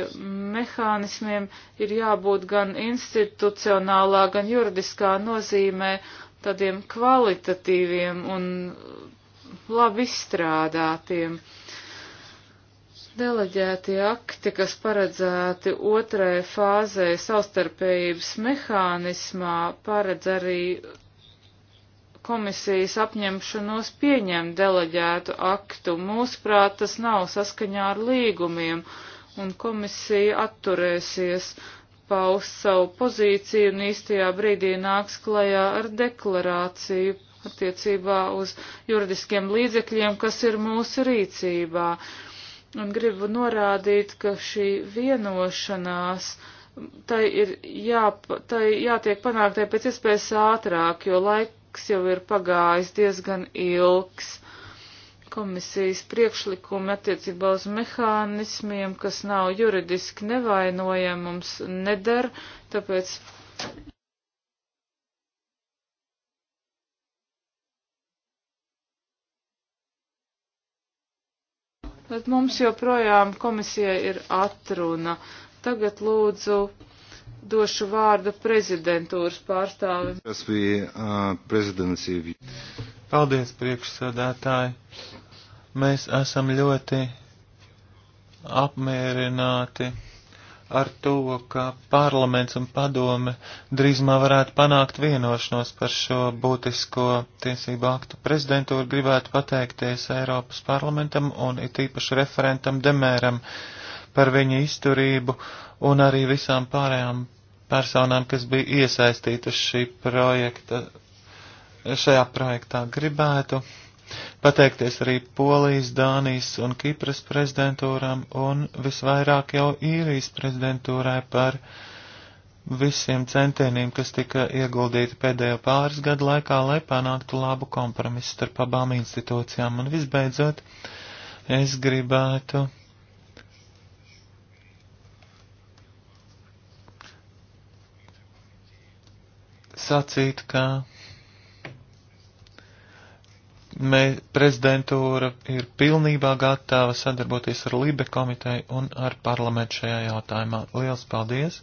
mehānismiem ir jābūt gan institucionālā, gan juridiskā nozīmē tādiem kvalitatīviem un labi izstrādātiem. Deleģētie akti, kas paredzēti otrajai fāzē savstarpējības mehānismā, paredz arī komisijas apņemšanos pieņemt deleģētu aktu. Mūsuprāt, tas nav saskaņā ar līgumiem, un komisija atturēsies paus savu pozīciju un īstajā brīdī nāks klajā ar deklarāciju attiecībā uz juridiskiem līdzekļiem, kas ir mūsu rīcībā. Un gribu norādīt, ka šī vienošanās, tai ir jā, tai jātiek panāktai pēc iespējas ātrāk, jo laiks jau ir pagājis diezgan ilgs komisijas priekšlikumi attiecībā uz mehānismiem, kas nav juridiski nevainojamums, nedar, tāpēc. Bet mums joprojām komisijai ir atruna. Tagad lūdzu došu vārdu prezidentūras pārstāvim. Paldies, priekšsēdētāji. Mēs esam ļoti apmierināti ar to, ka parlaments un padome drīzumā varētu panākt vienošanos par šo būtisko tiesību aktu. Prezidentūra gribētu pateikties Eiropas parlamentam un it īpaši referentam Demēram par viņa izturību un arī visām pārējām personām, kas bija iesaistītas šī projekta šajā projektā gribētu pateikties arī Polijas, Dānijas un Kipras prezidentūram un visvairāk jau īrijas prezidentūrai par visiem centieniem, kas tika ieguldīti pēdējo pāris gadu laikā, lai panāktu labu kompromisu starp abām institūcijām. Un visbeidzot, es gribētu sacīt, ka Mē, prezidentūra ir pilnībā gatava sadarboties ar Libe komiteju un ar parlamentu šajā jautājumā. Liels paldies!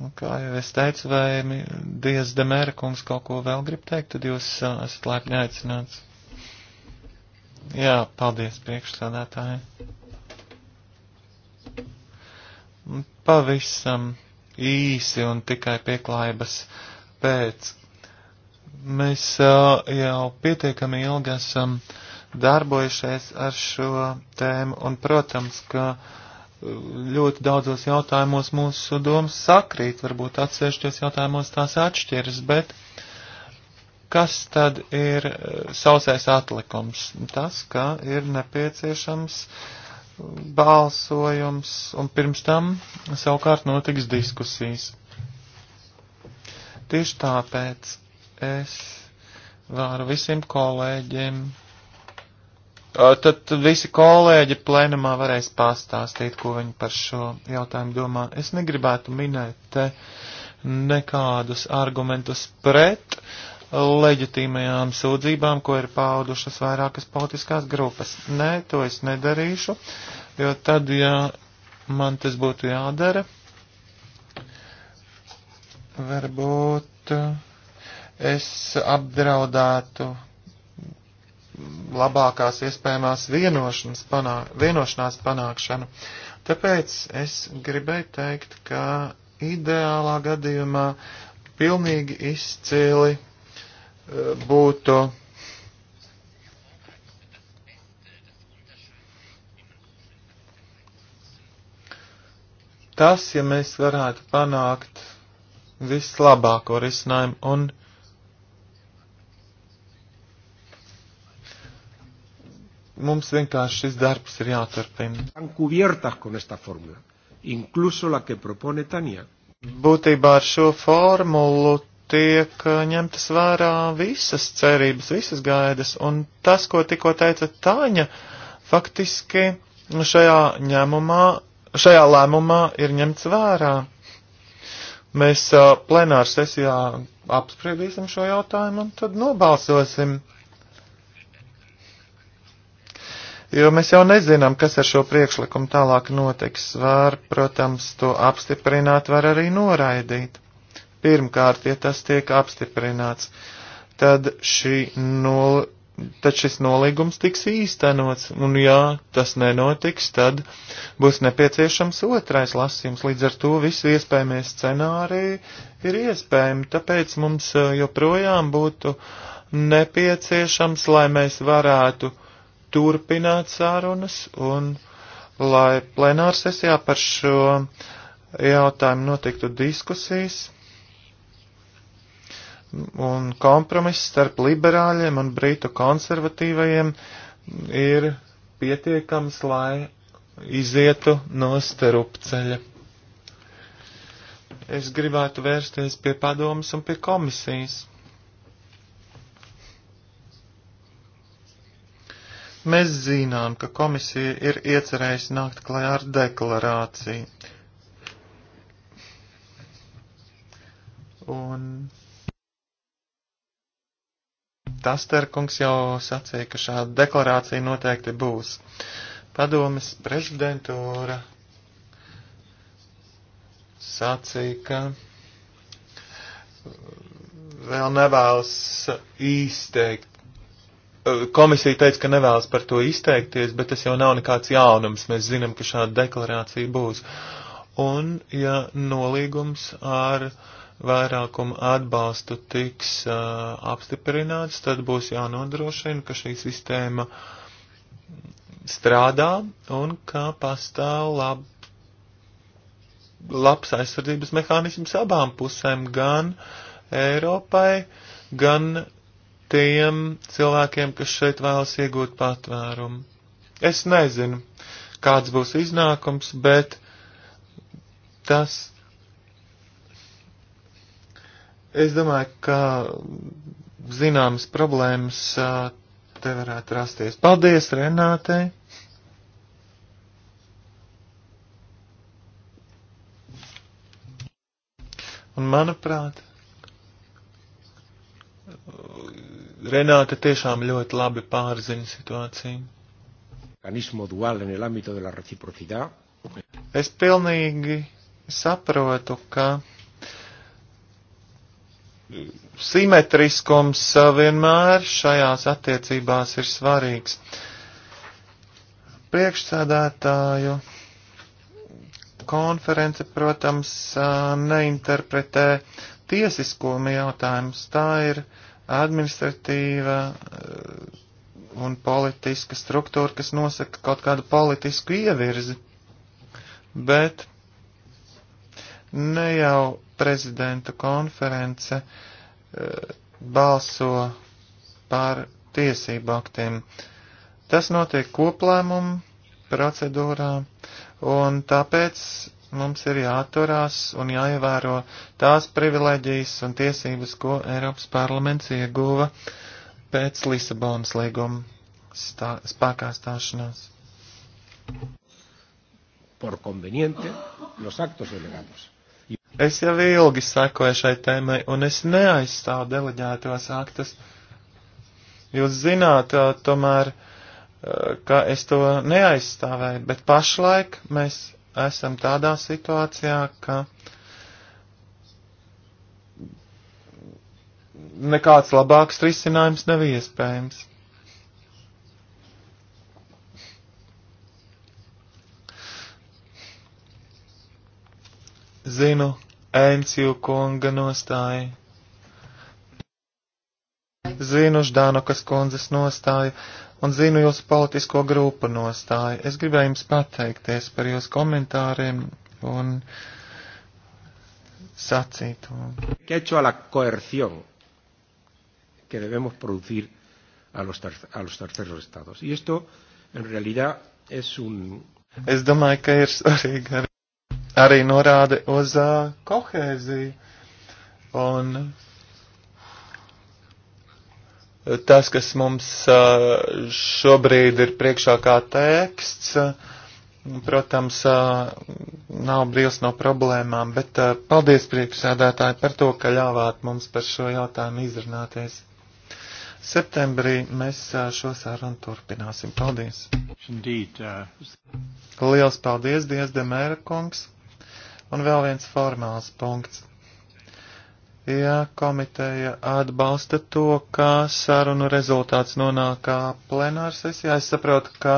Un kā jau es teicu, vai Dievs Demēra kungs kaut ko vēl grib teikt, tad jūs uh, esat laipni aicināts. Jā, paldies priekšsādātāji. Pavisam īsi un tikai pieklājības pēc Mēs jau pietiekami ilgi esam darbojušies ar šo tēmu, un, protams, ka ļoti daudzos jautājumos mūsu domas sakrīt, varbūt atsevišķos jautājumos tās atšķiras, bet kas tad ir sausais atlikums? Tas, ka ir nepieciešams balsojums, un pirms tam savukārt notiks diskusijas. Tieši tāpēc es varu visiem kolēģiem. Tad visi kolēģi plēnumā varēs pastāstīt, ko viņi par šo jautājumu domā. Es negribētu minēt te nekādus argumentus pret leģitīmajām sūdzībām, ko ir paudušas vairākas politiskās grupas. Nē, to es nedarīšu, jo tad, ja man tas būtu jādara, varbūt. Uh, es apdraudētu labākās iespējamās vienošanas, panā, vienošanās panākšanu. Tāpēc es gribēju teikt, ka ideālā gadījumā pilnīgi izcili eh, būtu tas, ja mēs varētu panākt vislabāko risinājumu, un Mums vienkārši šis darbs ir jāturpina. Incluso la que propone Tanja. Būtībā ar šo formulu tiek eh, ņemtas vērā visas cerības, visas gaidas, un tas, ko tikko teica Tāņa, faktiski šajā ņēmumā, šajā lēmumā ir ņemts vērā. Mēs eh, plenāru sesijā apspriedīsim šo jautājumu un tad nobalsosim. jo mēs jau nezinām, kas ar šo priekšlikumu tālāk notiks. Var, protams, to apstiprināt, var arī noraidīt. Pirmkārt, ja tas tiek apstiprināts, tad, nol, tad šis nolīgums tiks īstenots, un ja tas nenotiks, tad būs nepieciešams otrais lasījums. Līdz ar to visi iespējamie scenāriji ir iespējami, tāpēc mums eh, joprojām būtu nepieciešams, lai mēs varētu uh, turpināt sārunas un lai plenāra sesijā par šo jautājumu notiktu diskusijas un kompromiss starp liberāļiem un brītu konservatīvajiem ir pietiekams, lai izietu no starupceļa. Es gribētu vērsties pie padomas un pie komisijas. Mēs zinām, ka komisija ir iecerējusi nākt klajā ar deklarāciju. Un Tasterkungs jau sacīja, ka šāda deklarācija noteikti būs. Padomes prezidentūra sacīja, ka vēl nevēlas izteikt Eh, komisija teica, ka nevēlas par to izteikties, bet tas jau nav nekāds jaunums. Mēs zinām, ka šāda deklarācija būs. Un, ja nolīgums ar vairākumu atbalstu tiks uh, apstiprināts, tad būs jānodrošina, ka šī sistēma strādā un ka pastāv lab, labs aizsardzības mehānisms abām pusēm, gan Eiropai, gan tiem cilvēkiem, kas šeit vēlas iegūt patvērumu. Es nezinu, kāds būs iznākums, bet tas. Es domāju, ka zināmas problēmas te varētu rasties. Paldies Renātei! Un manuprāt, Renāte tiešām ļoti labi pārzina situāciju. Es pilnīgi saprotu, ka simetriskums vienmēr šajās attiecībās ir svarīgs. Priekšsādātāju konference, protams, neinterpretē tiesiskuma jautājums. Tā ir uh, administratīva eh, un politiska struktūra, kas nosaka kaut kādu politisku ievirzi, bet ne jau prezidenta konference eh, balso par tiesību aktiem. Tas notiek koplēmumu procedūrā, un tāpēc mums ir jāturās un jāievēro tās privilēģijas un tiesības, ko Eiropas parlaments ieguva pēc Lisabonas līguma stā, spēkā stāšanās. Por conveniente, los actos delegados. Es jau ilgi sekoju šai tēmai, un es neaizstāvu deleģētos aktus. Jūs zināt, tomēr, ka es to neaizstāvēju, bet pašlaik mēs esam tādā situācijā, ka nekāds labāks risinājums nav iespējams. Zinu Ēnciju kunga nostāju. Zinu Ždānokas kundzes nostāju un zinu jūsu politisko grupu nostāju. Es gribēju jums pateikties par jūsu komentāriem un sacītu. que debemos producir a los, ter a los terceros estados. Y esto, en realidad, es un. Es domāju, ka ir svarīgi arī, arī norāde uz uh, kohēziju. Un tas, kas mums šobrīd ir priekšā kā teksts, protams, nav brīvs no problēmām, bet paldies priekšsēdētāji par to, ka ļāvāt mums par šo jautājumu izrunāties. Septembrī mēs šo sarunu turpināsim. Paldies! Indeed, uh... Liels paldies, Dievs, Demēra kungs! Un vēl viens formāls punkts ja komiteja atbalsta to, ka sarunu rezultāts nonāk plenārsesijā. Es saprotu, ka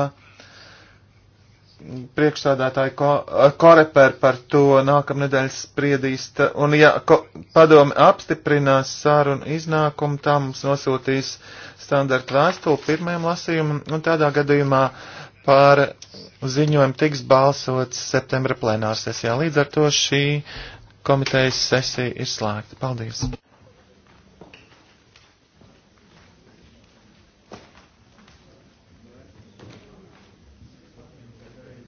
priekšstādātāji ko, koreper par to nākamnedēļ spriedīs, un ja ko, padomi apstiprinās sārunu iznākumu, tā mums nosūtīs standarta vēstuli pirmajam lasījumam, un tādā gadījumā par ziņojumu tiks balsots septembra plenārsesijā. Līdz ar to šī komitejas sesija ir slēgta. Paldies!